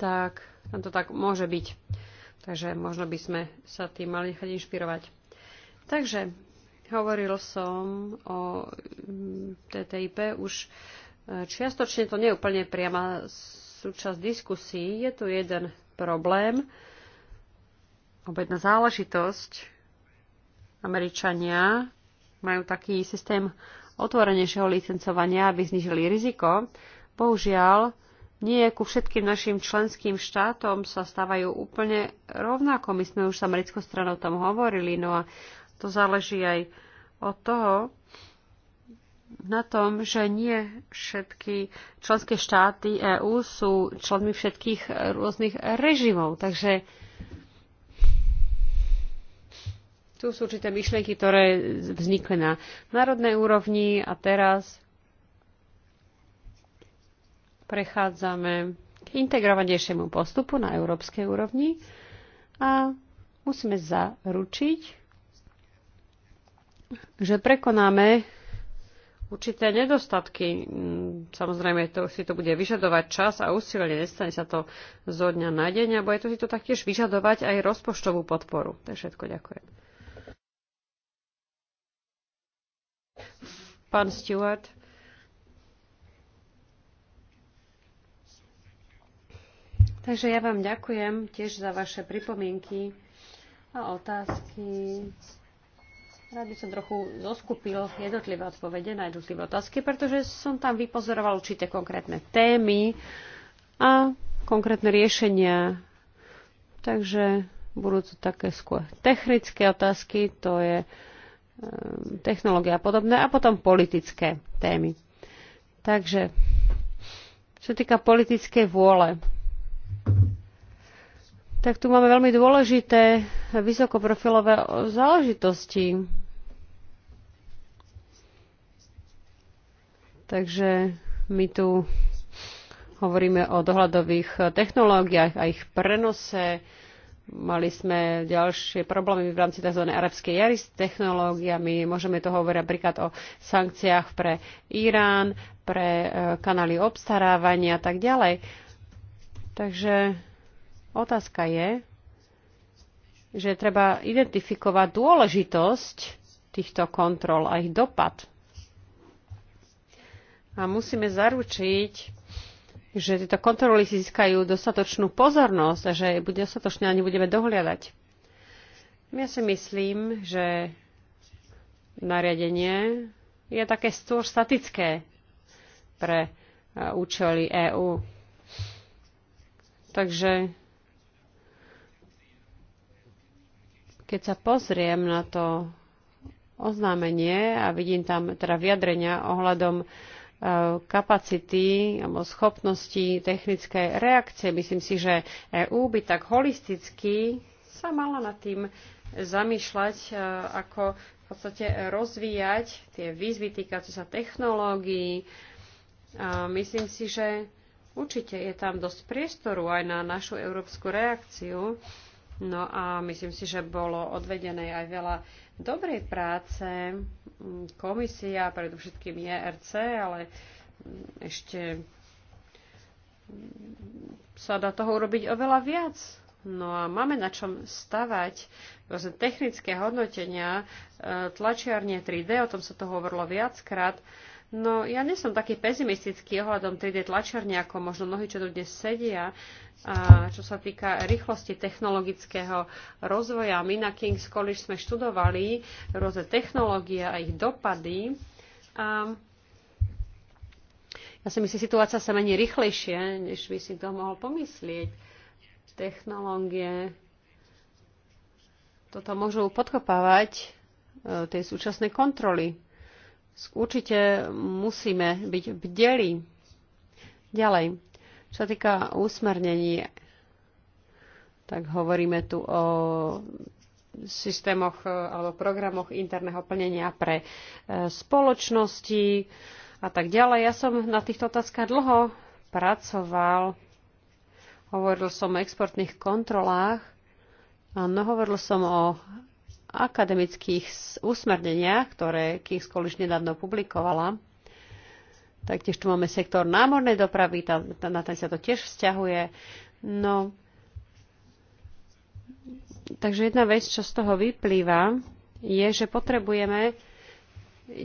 tak tam to tak môže byť. Takže možno by sme sa tým mali nechať inšpirovať. Takže hovoril som o mm, TTIP už e, čiastočne to nie je úplne priama súčasť diskusí. Je tu jeden problém, obedná záležitosť. Američania majú taký systém otvorenejšieho licencovania, aby znižili riziko. Bohužiaľ, nie ku všetkým našim členským štátom sa stávajú úplne rovnako. My sme už s americkou stranou tam hovorili, no a to záleží aj od toho, na tom, že nie všetky členské štáty EÚ sú členmi všetkých rôznych režimov. Takže Tu sú určité myšlienky, ktoré vznikli na národnej úrovni a teraz prechádzame k integrovanejšiemu postupu na európskej úrovni a musíme zaručiť, že prekonáme určité nedostatky. Samozrejme, to si to bude vyžadovať čas a úsilie, nestane sa to zo dňa na deň a bude to si to taktiež vyžadovať aj rozpočtovú podporu. To je všetko, ďakujem. pán Stewart. Takže ja vám ďakujem tiež za vaše pripomienky a otázky. Rád by som trochu zoskupil jednotlivé odpovede na jednotlivé otázky, pretože som tam vypozoroval určité konkrétne témy a konkrétne riešenia. Takže budú to také skôr technické otázky, to je Ehm, technológie a podobné a potom politické témy. Takže, čo týka politickej vôle, tak tu máme veľmi dôležité vysokoprofilové záležitosti. Takže my tu hovoríme o dohľadových technológiách a ich prenose, Mali sme ďalšie problémy v rámci tzv. arabskej jary s technológiami. Môžeme to hovoriť napríklad o sankciách pre Irán, pre e, kanály obstarávania a tak ďalej. Takže otázka je, že treba identifikovať dôležitosť týchto kontrol a ich dopad. A musíme zaručiť, že tieto kontroly si získajú dostatočnú pozornosť a že bude dostatočne na ne budeme dohliadať. Ja si myslím, že nariadenie je také stôr statické pre e, účely EÚ. Takže keď sa pozriem na to oznámenie a vidím tam teda vyjadrenia ohľadom uh, kapacity alebo schopnosti technické reakcie. Myslím si, že EÚ by tak holisticky sa mala nad tým zamýšľať, e, ako v podstate rozvíjať tie výzvy týkajúce sa technológií. myslím si, že určite je tam dosť priestoru aj na našu európsku reakciu. No a myslím si, že bolo odvedené aj veľa dobrej práce. Komisia, predovšetkým JRC, e ale ešte sa dá toho urobiť oveľa viac. No a máme na čom stavať vlastne technické hodnotenia, e, tlačiarne 3D, o tom sa to hovorilo viackrát. No ja nie som taký pesimistický ohľadom 3D tlačiarne, ako možno mnohí, čo tu dnes sedia, a čo sa týka rýchlosti technologického rozvoja. My na King's College sme študovali rôzne technológie a ich dopady. A ja si myslím, situácia sa mení rýchlejšie, než by si to mohol pomyslieť. Technológie toto môžu podkopávať e, tej súčasnej kontroly Určite musíme byť bdeli. Ďalej, čo sa týka usmernení, tak hovoríme tu o systémoch e, alebo programoch interného plnenia pre e, spoločnosti a tak ďalej. Ja som na týchto otázkach dlho pracoval. Hovoril som o exportných kontrolách. No, hovoril som o akademických usmerneniach, ktoré King's College nedávno publikovala. Taktiež tu máme sektor námornej dopravy, tá, tá, na ten sa to tiež vzťahuje. No, takže jedna vec, čo z toho vyplýva, je, že potrebujeme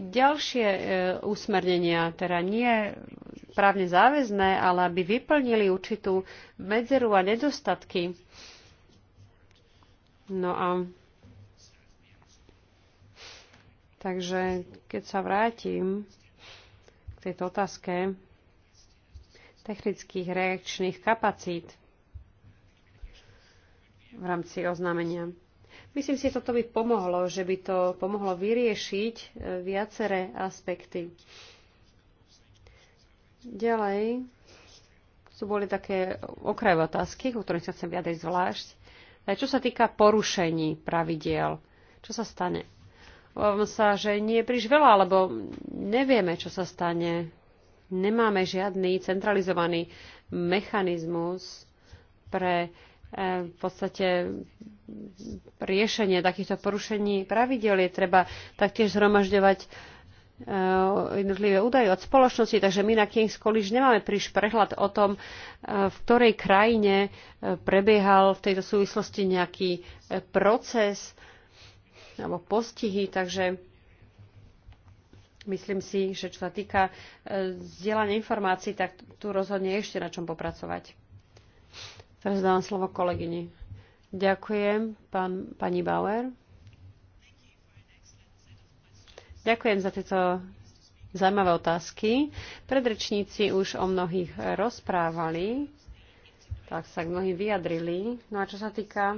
ďalšie e, usmernenia, teda nie právne záväzné, ale aby vyplnili určitú medzeru a nedostatky. No a Takže keď sa vrátim k tejto otázke technických reakčných kapacít v rámci oznámenia. Myslím si, že toto by pomohlo, že by to pomohlo vyriešiť e, viaceré aspekty. Ďalej sú boli také okrajové otázky, o ktorých sa chcem vyjadriť zvlášť. E, čo sa týka porušení pravidiel, čo sa stane? Obávam sa, že nie je príliš veľa, lebo nevieme, čo sa stane. Nemáme žiadny centralizovaný mechanizmus pre e, v podstate riešenie takýchto porušení pravidel je treba taktiež zhromažďovať e, jednotlivé údaje od spoločnosti, takže my na King's College nemáme príliš prehľad o tom, e, v ktorej krajine prebiehal v tejto súvislosti nejaký proces alebo postihy, takže myslím si, že čo sa týka e, zdieľania informácií, tak tu rozhodne ešte na čom popracovať. Teraz dávam slovo kolegyni. Ďakujem, pán, pani Bauer. Ďakujem za tieto zaujímavé otázky. Predrečníci už o mnohých rozprávali, tak sa k mnohým vyjadrili. No a čo sa týka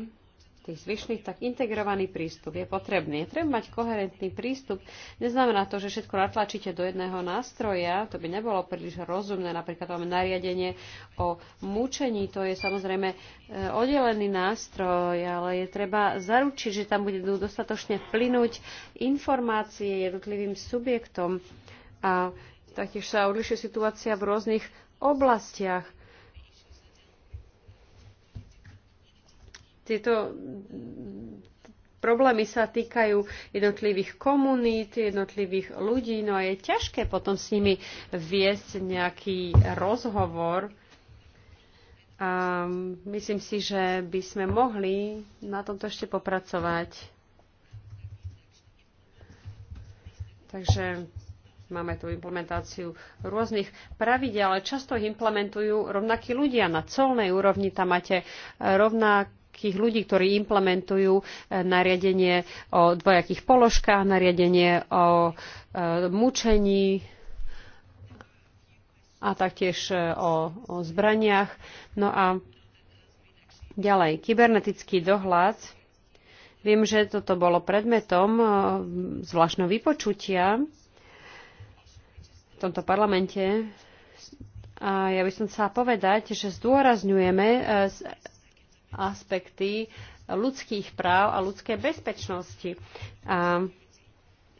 tých zvyšných, tak integrovaný prístup je potrebný. Treba mať koherentný prístup. Neznamená to, že všetko natlačíte do jedného nástroja, to by nebolo príliš rozumné. Napríklad máme nariadenie o mučení, to je samozrejme e, oddelený nástroj, ale je treba zaručiť, že tam budú dostatočne plynúť informácie jednotlivým subjektom. A taktiež sa odlišuje situácia v rôznych oblastiach. tieto problémy sa týkajú jednotlivých komunít, jednotlivých ľudí, no a je ťažké potom s nimi viesť nejaký rozhovor. A myslím si, že by sme mohli na tomto ešte popracovať. Takže máme tu implementáciu rôznych pravidel, ale často ich implementujú rovnakí ľudia. Na colnej úrovni tam máte rovnak všetkých ľudí, ktorí implementujú eh, nariadenie o dvojakých položkách, nariadenie o eh, mučení a taktiež eh, o, o zbraniach. No a ďalej, kybernetický dohľad. Viem, že toto bolo predmetom zvláštneho vypočutia v tomto parlamente. A ja by som chcela povedať, že zdôrazňujeme aspekty ľudských práv a ľudskej bezpečnosti. A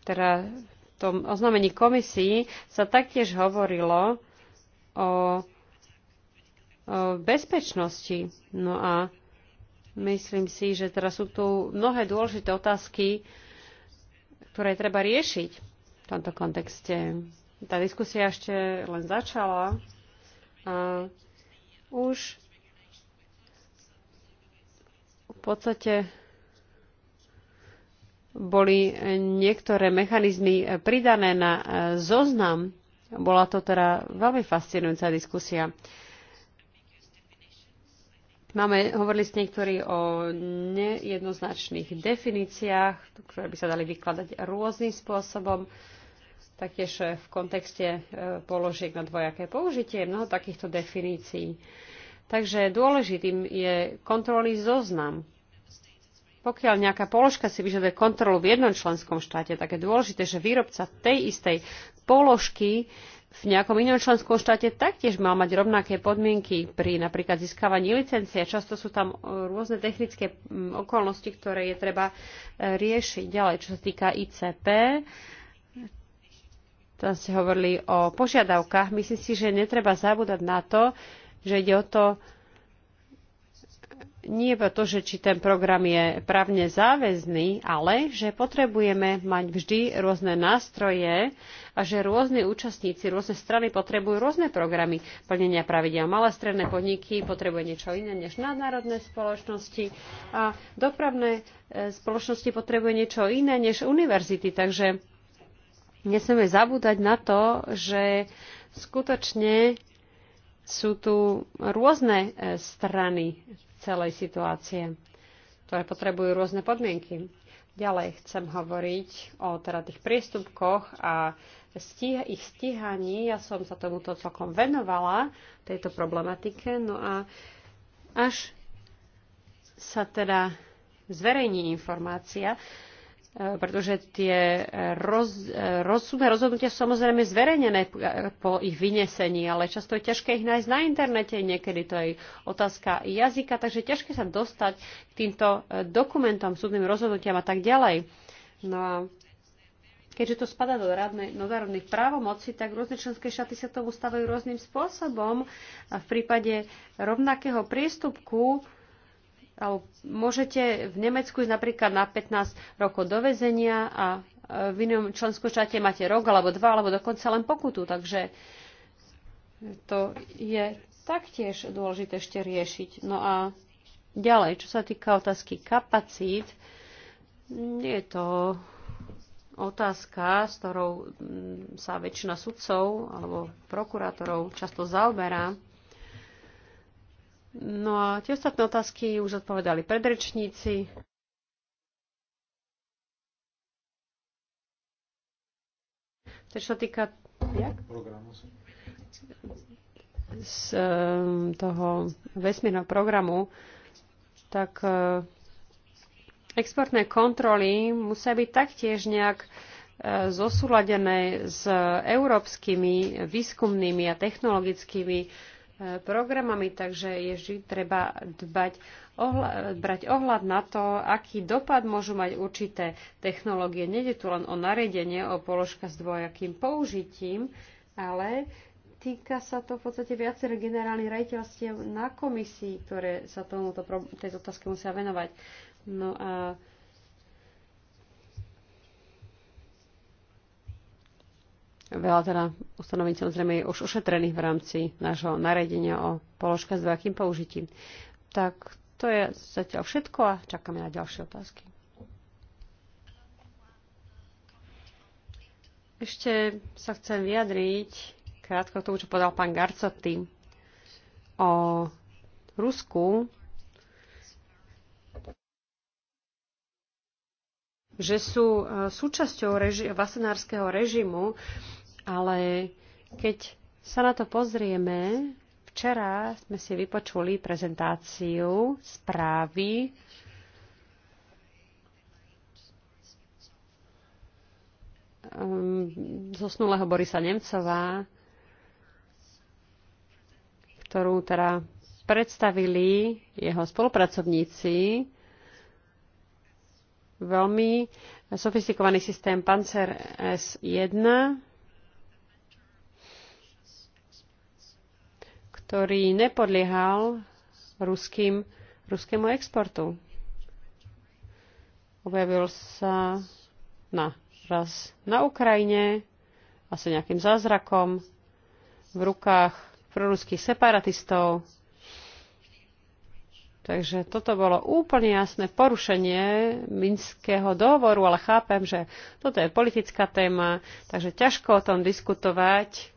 teda v tom oznámení komisii sa taktiež hovorilo o, o bezpečnosti. No a myslím si, že teraz sú tu mnohé dôležité otázky, ktoré treba riešiť v tomto kontexte. Tá diskusia ešte len začala a už podstate boli niektoré mechanizmy pridané na e, zoznam. Bola to teda veľmi fascinujúca diskusia. Máme, hovorili ste niektorí o nejednoznačných definíciách, ktoré by sa dali vykladať rôznym spôsobom. Taktiež v kontexte e, položiek na dvojaké použitie je mnoho takýchto definícií. Takže dôležitým je kontrolný zoznam pokiaľ nejaká položka si vyžaduje kontrolu v jednom členskom štáte, tak je dôležité, že výrobca tej istej položky v nejakom inom členskom štáte taktiež mal mať rovnaké podmienky pri napríklad získavaní licencie. Často sú tam e, rôzne technické okolnosti, ktoré je treba e, riešiť. Ďalej, čo sa týka ICP, tam ste hovorili o požiadavkách. Myslím si, že netreba zabúdať na to, že ide o to, nie iba to, že či ten program je právne záväzný, ale že potrebujeme mať vždy rôzne nástroje a že rôzne účastníci, rôzne strany potrebujú rôzne programy plnenia pravidel. Malé stredné podniky potrebujú niečo iné než nadnárodné spoločnosti a dopravné e, spoločnosti potrebujú niečo iné než univerzity. Takže nesmieme zabúdať na to, že skutočne sú tu rôzne e, strany celej situácie, ktoré potrebujú rôzne podmienky. Ďalej chcem hovoriť o teda tých priestupkoch a stíha, ich stíhaní. Ja som sa tomuto celkom venovala, tejto problematike. No a až sa teda zverejní informácia, Eh, pretože tie eh, roz, eh, rozsudné rozhodnutia sú samozrejme zverejnené po ich vynesení, ale často je ťažké ich nájsť na internete, niekedy to je otázka jazyka, takže ťažké sa dostať k týmto dokumentom, súdnym rozhodnutiam a tak ďalej. No a keďže to spada do národných právomocí, tak rôzne členské štáty sa tomu stavajú rôznym spôsobom a v prípade rovnakého priestupku alebo môžete v Nemecku ísť napríklad na 15 rokov do vezenia a e, v inom členskom štáte máte rok alebo dva alebo dokonca len pokutu. Takže to je taktiež dôležité ešte riešiť. No a ďalej, čo sa týka otázky kapacít, nie je to otázka, s ktorou mm, sa väčšina sudcov alebo prokurátorov často zaoberá. No a tie ostatné otázky už odpovedali predrečníci. To čo týka jak? z ehm, toho vesmírneho programu, tak ehm, exportné kontroly musia byť taktiež nejak ehm, zosúladené s európskymi výskumnými a technologickými programami, takže je vždy treba dbať, ohľad, brať ohľad na to, aký dopad môžu mať určité technológie. Nede tu len o naredenie, o položka s dvojakým použitím, ale týka sa to v podstate viacerých generálnych rejiteľstiev na komisii, ktoré sa tomuto, tejto otázke musia venovať. No a Veľa teda ustanoviteľ samozrejme je už ošetrených v rámci nášho nariadenia o položka s dvojakým použitím. Tak to je zatiaľ všetko a čakáme na ďalšie otázky. Ešte sa chcem vyjadriť krátko k tomu, čo povedal pán Garcotti o Rusku, že sú e, súčasťou reži- vasenárskeho režimu ale keď sa na to pozrieme, včera sme si vypočuli prezentáciu správy um, zosnulého Borisa Nemcová, ktorú teda predstavili jeho spolupracovníci. Veľmi sofistikovaný systém Panzer S1 ktorý nepodliehal ruským, ruskému exportu. Objavil sa na, raz na Ukrajine, asi nejakým zázrakom, v rukách proruských separatistov. Takže toto bolo úplne jasné porušenie Minského dohovoru, ale chápem, že toto je politická téma, takže ťažko o tom diskutovať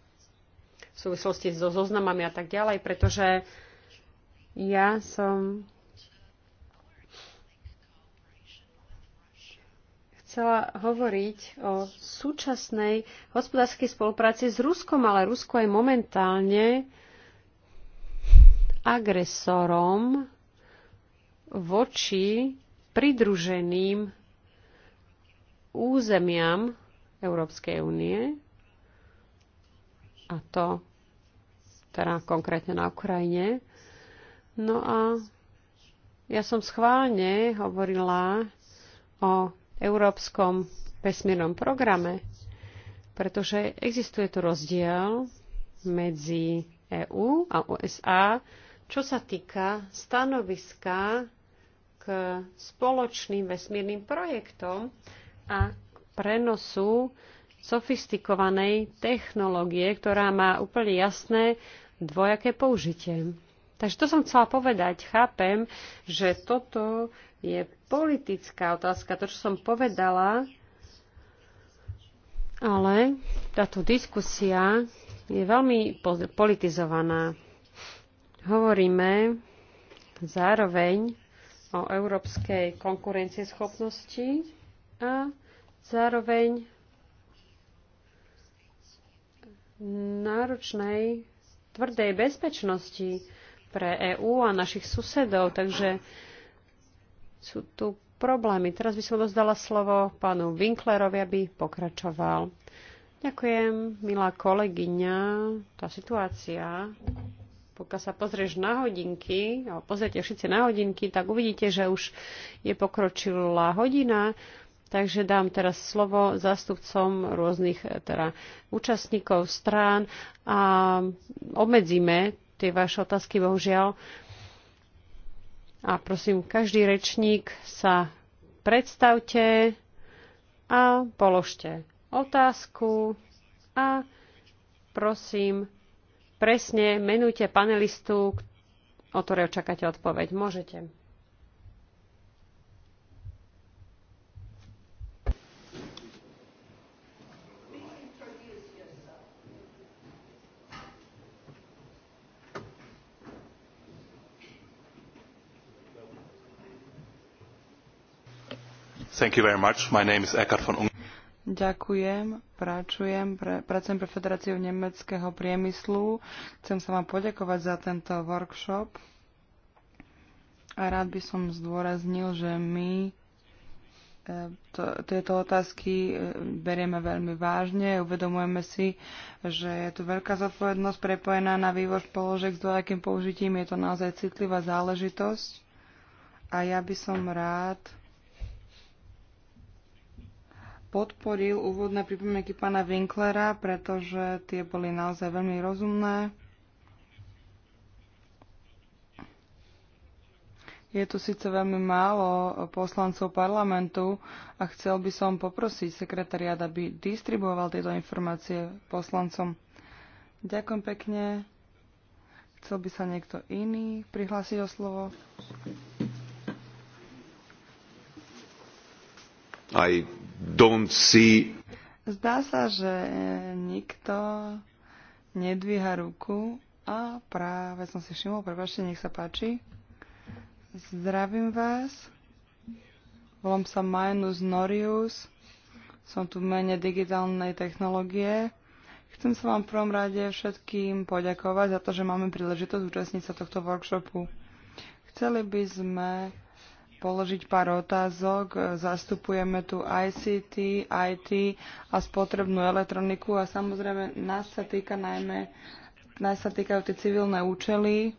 v súvislosti so zoznamami a tak ďalej, pretože ja som chcela hovoriť o súčasnej hospodárskej spolupráci s Ruskom, ale Rusko je momentálne agresorom voči pridruženým územiam Európskej únie a to teda konkrétne na Ukrajine. No a ja som schválne hovorila o európskom vesmírnom programe, pretože existuje tu rozdiel medzi EÚ a USA, čo sa týka stanoviska k spoločným vesmírnym projektom a prenosu sofistikovanej technológie, ktorá má úplne jasné dvojaké použitie. Takže to som chcela povedať. Chápem, že toto je politická otázka, to, čo som povedala, ale táto diskusia je veľmi politizovaná. Hovoríme zároveň o európskej konkurencieschopnosti a zároveň náročnej, tvrdej bezpečnosti pre EÚ a našich susedov, takže sú tu problémy. Teraz by som dozdala slovo pánu Winklerovi, aby pokračoval. Ďakujem, milá kolegyňa. Tá situácia, pokiaľ sa pozrieš na hodinky, alebo pozriete všetci na hodinky, tak uvidíte, že už je pokročila hodina Takže dám teraz slovo zástupcom rôznych eh, teda, účastníkov strán a obmedzíme tie vaše otázky, bohužiaľ. A prosím, každý rečník sa predstavte a položte otázku a prosím, presne menujte panelistu, o ktorého čakáte odpoveď. Môžete. Ďakujem, pracujem, pre, pracujem pre Federáciu nemeckého priemyslu. Chcem sa vám poďakovať za tento workshop. A rád by som zdôraznil, že my e, tieto otázky e, berieme veľmi vážne. Uvedomujeme si, že je tu veľká zodpovednosť prepojená na vývoz položiek s dvojakým použitím. Je to naozaj citlivá záležitosť. A ja by som rád podporil úvodné pripomienky pána Winklera, pretože tie boli naozaj veľmi rozumné. Je tu síce veľmi málo poslancov parlamentu a chcel by som poprosiť sekretariát, aby distribuoval tieto informácie poslancom. Ďakujem pekne. Chcel by sa niekto iný prihlásiť o slovo? Aj don't see... Zdá sa, že eh, nikto nedvíha ruku a práve som si všimol, prepačte, nech sa páči. Zdravím vás. Volám sa Minus Norius. Som tu v mene digitálnej technológie. Chcem sa vám v prvom rade všetkým poďakovať za to, že máme príležitosť účastniť sa tohto workshopu. Chceli by sme položiť pár otázok. Zastupujeme tu ICT, IT a spotrebnú elektroniku a samozrejme nás sa týka najmä nás sa týkajú tie civilné účely.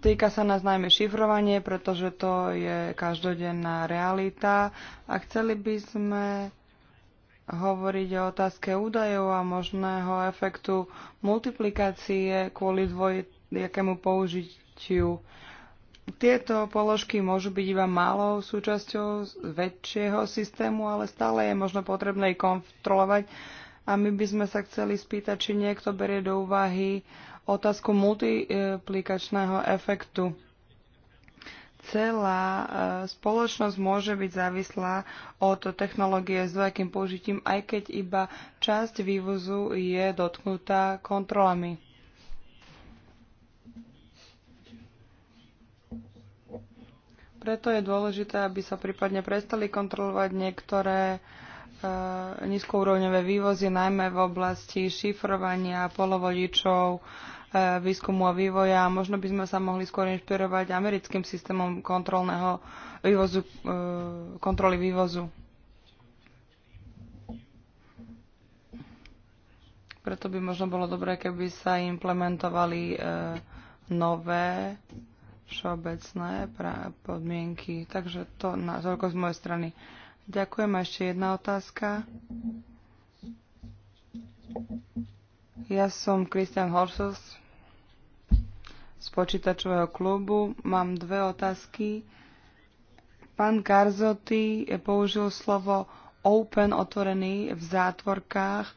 Týka sa nás najmä šifrovanie, pretože to je každodenná realita a chceli by sme hovoriť o otázke údajov a možného efektu multiplikácie kvôli dvoj, jakému použitiu. Tieto položky môžu byť iba malou súčasťou väčšieho systému, ale stále je možno potrebné ich kontrolovať. A my by sme sa chceli spýtať, či niekto berie do úvahy otázku multiplikačného efektu. Celá e, spoločnosť môže byť závislá od technológie s dvojakým použitím, aj keď iba časť vývozu je dotknutá kontrolami. Preto je dôležité, aby sa prípadne prestali kontrolovať niektoré e, nízkourovňové vývozy, najmä v oblasti šifrovania polovodičov, e, výskumu a vývoja. Možno by sme sa mohli skôr inšpirovať americkým systémom kontrolného vývozu, e, kontroly vývozu. Preto by možno bolo dobré, keby sa implementovali e, nové všeobecné podmienky. Takže to na toľko z mojej strany. Ďakujem. A ešte jedna otázka. Ja som Christian Horsos z počítačového klubu. Mám dve otázky. Pán Karzoty použil slovo open, otvorený v zátvorkách,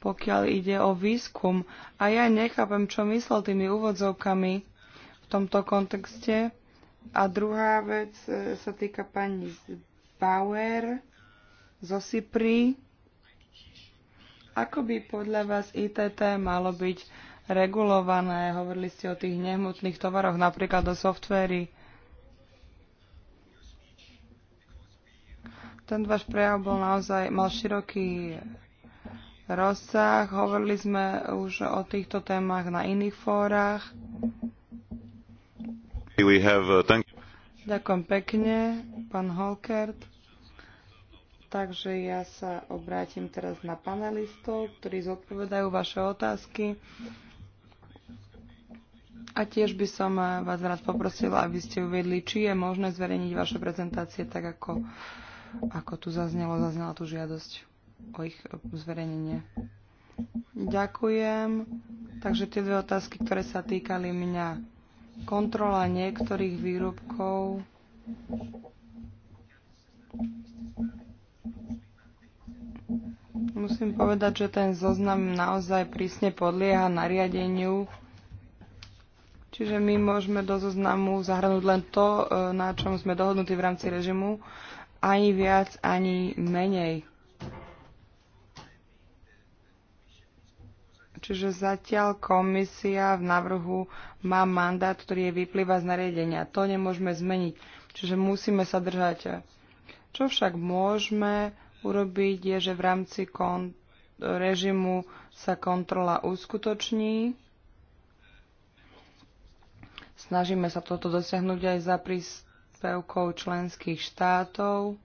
pokiaľ ide o výskum. A ja nechápem, čo myslel tými úvodzovkami v tomto kontexte. A druhá vec e, sa týka pani Bauer zo Sipry. Ako by podľa vás ITT malo byť regulované? Hovorili ste o tých nehmutných tovaroch, napríklad o softvéri. Ten váš prejav bol naozaj, mal široký rozsah. Hovorili sme už o týchto témach na iných fórach. Uh, Ďakujem pekne, pán Holkert. Takže ja sa obrátim teraz na panelistov, ktorí zodpovedajú vaše otázky. A tiež by som eh, vás rád poprosila, aby ste uvedli, či je možné zverejniť vaše prezentácie tak, ako, ako tu zaznelo, zaznela tu žiadosť o ich zverejnenie. Ďakujem. Takže tie dve otázky, ktoré sa týkali mňa kontrola niektorých výrobkov Musím povedať, že ten zoznam naozaj prísne podlieha nariadeniu. Čiže my môžeme do zoznamu zahrnúť len to, e, na čom sme dohodnutí v rámci režimu, ani viac, ani menej. Čiže zatiaľ komisia v návrhu má mandát, ktorý je vyplýva z nariadenia. To nemôžeme zmeniť. Čiže musíme sa držať. Čo však môžeme urobiť, je, že v rámci kon- režimu sa kontrola uskutoční. Snažíme sa toto dosiahnuť aj za príspevkou členských štátov.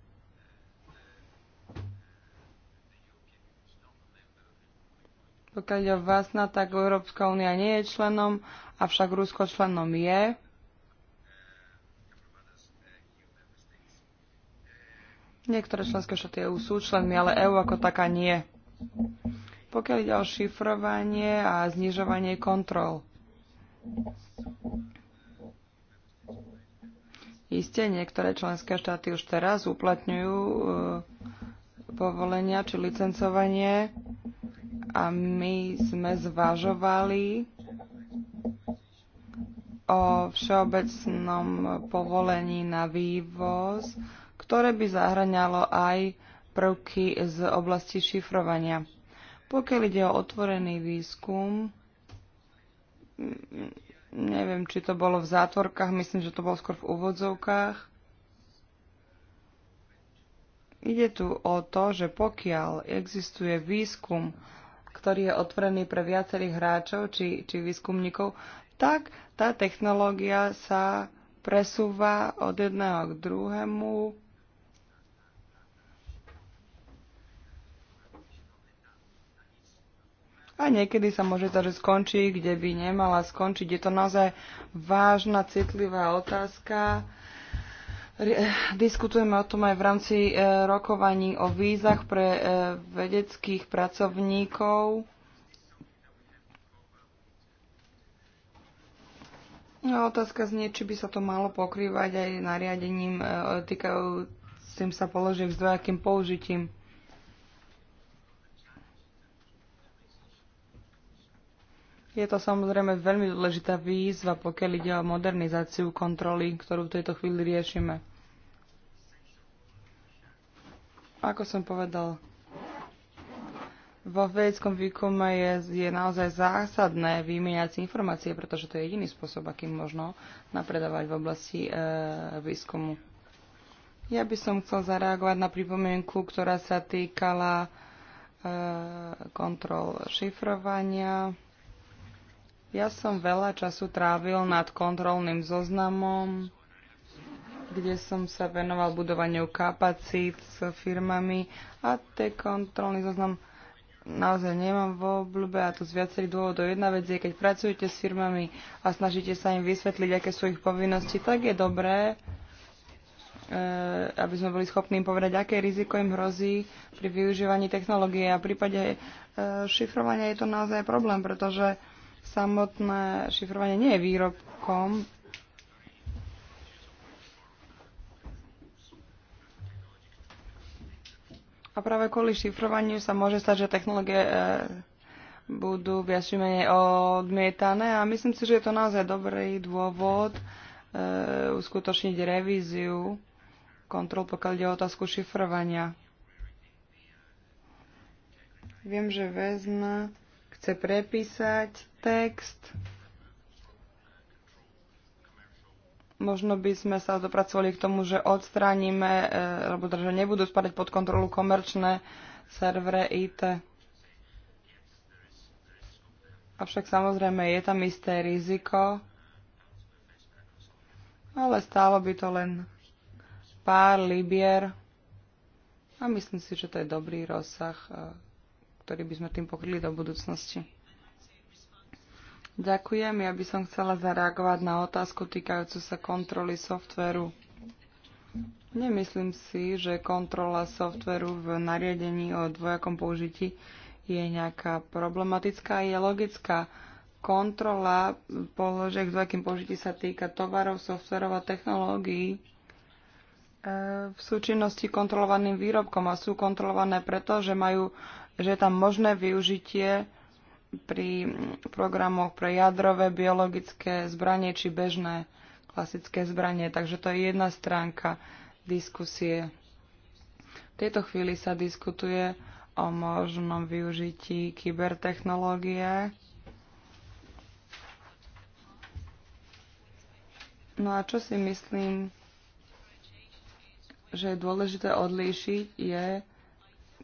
Pokiaľ je o tak Európska únia nie je členom, avšak Rusko členom je. Niektoré členské štáty EU sú členmi, ale EU ako taká nie. Pokiaľ ide o šifrovanie a znižovanie kontrol. Isté, niektoré členské štáty už teraz uplatňujú e, povolenia či licencovanie a my sme zvažovali o všeobecnom povolení na vývoz, ktoré by zahraňalo aj prvky z oblasti šifrovania. Pokiaľ ide o otvorený výskum, neviem, či to bolo v zátvorkách, myslím, že to bolo skôr v úvodzovkách. Ide tu o to, že pokiaľ existuje výskum, ktorý je otvorený pre viacerých hráčov či, či výskumníkov, tak tá technológia sa presúva od jedného k druhému. A niekedy sa môže to, že skončí, kde by nemala skončiť. Je to naozaj vážna, citlivá otázka Eh, diskutujeme o tom aj v rámci eh, rokovaní o vízach pre eh, vedeckých pracovníkov. No, otázka znie, či by sa to malo pokrývať aj nariadením týkajúcim sa položiek s dvojakým použitím. Je to samozrejme veľmi dôležitá výzva, pokiaľ ide o modernizáciu kontroly, ktorú v tejto chvíli riešime. Ako som povedal, vo vedeckom výkume je, je naozaj zásadné vymieňať si informácie, pretože to je jediný spôsob, akým možno napredovať v oblasti e, výskumu. Ja by som chcel zareagovať na pripomienku, ktorá sa týkala e, kontrol šifrovania. Ja som veľa času trávil nad kontrolným zoznamom, kde som sa venoval budovaniu kapacít s firmami a ten kontrolný zoznam naozaj nemám v obľúbe a to z viacerých dôvodov. Jedna vec je, keď pracujete s firmami a snažíte sa im vysvetliť, aké sú ich povinnosti, tak je dobré, e, aby sme boli schopní im povedať, aké riziko im hrozí pri využívaní technológie. A v prípade e, šifrovania je to naozaj problém, pretože samotné šifrovanie nie je výrobkom. A práve kvôli šifrovaniu sa môže stať, že technológie e, budú viac či menej odmietané a myslím si, že je to naozaj dobrý dôvod e, uskutočniť revíziu kontrol, pokiaľ ide o otázku šifrovania. Viem, že väzna chce prepísať text. Možno by sme sa dopracovali k tomu, že odstránime, e, alebo teda, že nebudú spadať pod kontrolu komerčné servere IT. Avšak samozrejme je tam isté riziko, ale stálo by to len pár libier a myslím si, že to je dobrý rozsah e, ktorý by sme tým pokryli do budúcnosti. Ďakujem. Ja by som chcela zareagovať na otázku týkajúcu sa kontroly softveru. Nemyslím si, že kontrola softveru v nariadení o dvojakom použití je nejaká problematická, je logická. Kontrola položiek v dvojakým použití sa týka tovarov, softverov a technológií e, v súčinnosti kontrolovaným výrobkom a sú kontrolované preto, že majú že je tam možné využitie pri programoch pre jadrové, biologické zbranie či bežné klasické zbranie. Takže to je jedna stránka diskusie. V tejto chvíli sa diskutuje o možnom využití kybertechnológie. No a čo si myslím, že je dôležité odlíšiť, je,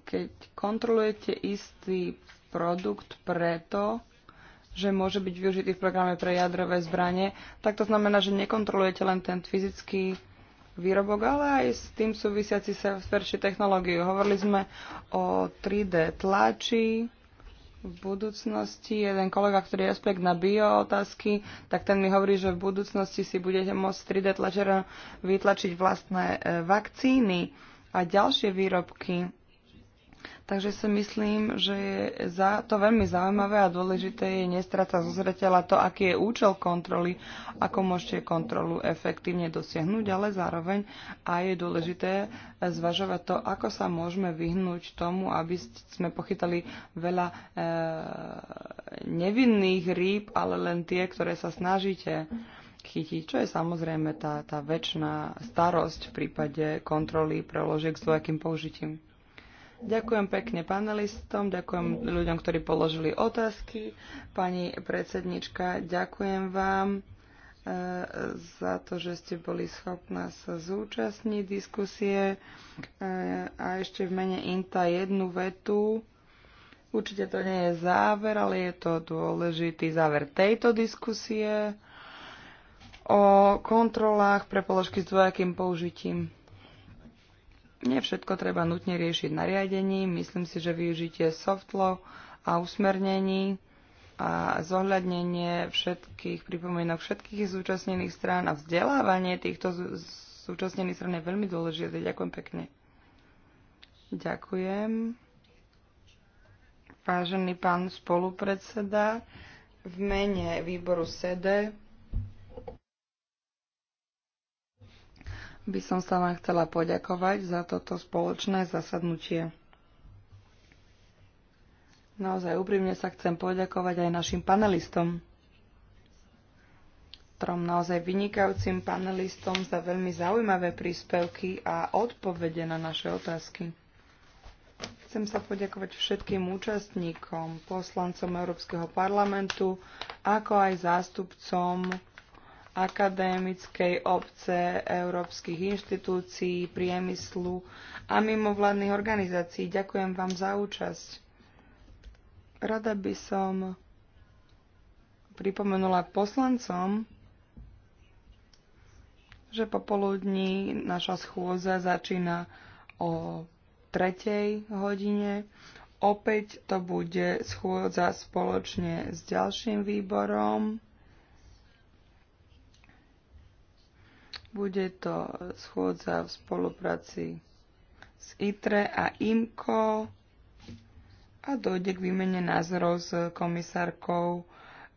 keď kontrolujete istý produkt preto, že môže byť využitý v programe pre jadrové zbranie, tak to znamená, že nekontrolujete len ten fyzický výrobok, ale aj s tým súvisiaci software či technológiu. Hovorili sme o 3D tlači, v budúcnosti jeden kolega, ktorý je aspekt na bio otázky, tak ten mi hovorí, že v budúcnosti si budete môcť 3D tlačerom vytlačiť vlastné e, vakcíny a ďalšie výrobky. Takže si myslím, že je za, to veľmi zaujímavé a dôležité je nestrácať zo zreteľa to, aký je účel kontroly, ako môžete kontrolu efektívne dosiahnuť, ale zároveň a je dôležité zvažovať to, ako sa môžeme vyhnúť tomu, aby sme pochytali veľa e, nevinných rýb, ale len tie, ktoré sa snažíte chytiť, čo je samozrejme tá, tá väčšiná starosť v prípade kontroly preložiek s dvojakým použitím. Ďakujem pekne panelistom, ďakujem ľuďom, ktorí položili otázky. Pani predsednička, ďakujem vám e, za to, že ste boli schopná sa zúčastniť diskusie. E, a ešte v mene INTA jednu vetu. Určite to nie je záver, ale je to dôležitý záver tejto diskusie o kontrolách pre položky s dvojakým použitím. Nie všetko treba nutne riešiť nariadením. Myslím si, že využitie softlo a usmernení a zohľadnenie všetkých pripomienok všetkých zúčastnených strán a vzdelávanie týchto zúčastnených strán je veľmi dôležité. Ďakujem pekne. Ďakujem. Vážený pán spolupredseda, v mene výboru SEDE by som sa vám chcela poďakovať za toto spoločné zasadnutie. Naozaj úprimne sa chcem poďakovať aj našim panelistom. Trom naozaj vynikajúcim panelistom za veľmi zaujímavé príspevky a odpovede na naše otázky. Chcem sa poďakovať všetkým účastníkom, poslancom Európskeho parlamentu, ako aj zástupcom akadémickej obce, európskych inštitúcií, priemyslu a mimovládnych organizácií. Ďakujem vám za účasť. Rada by som pripomenula poslancom, že popoludní naša schôza začína o tretej hodine. Opäť to bude schôdza spoločne s ďalším výborom Bude to schôdza v spolupráci s ITRE a IMCO a dojde k výmene názorov s komisárkou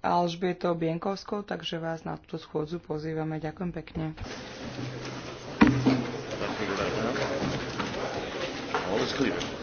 Alžbietou Bienkovskou, takže vás na túto schôdzu pozývame. Ďakujem pekne. All is clear.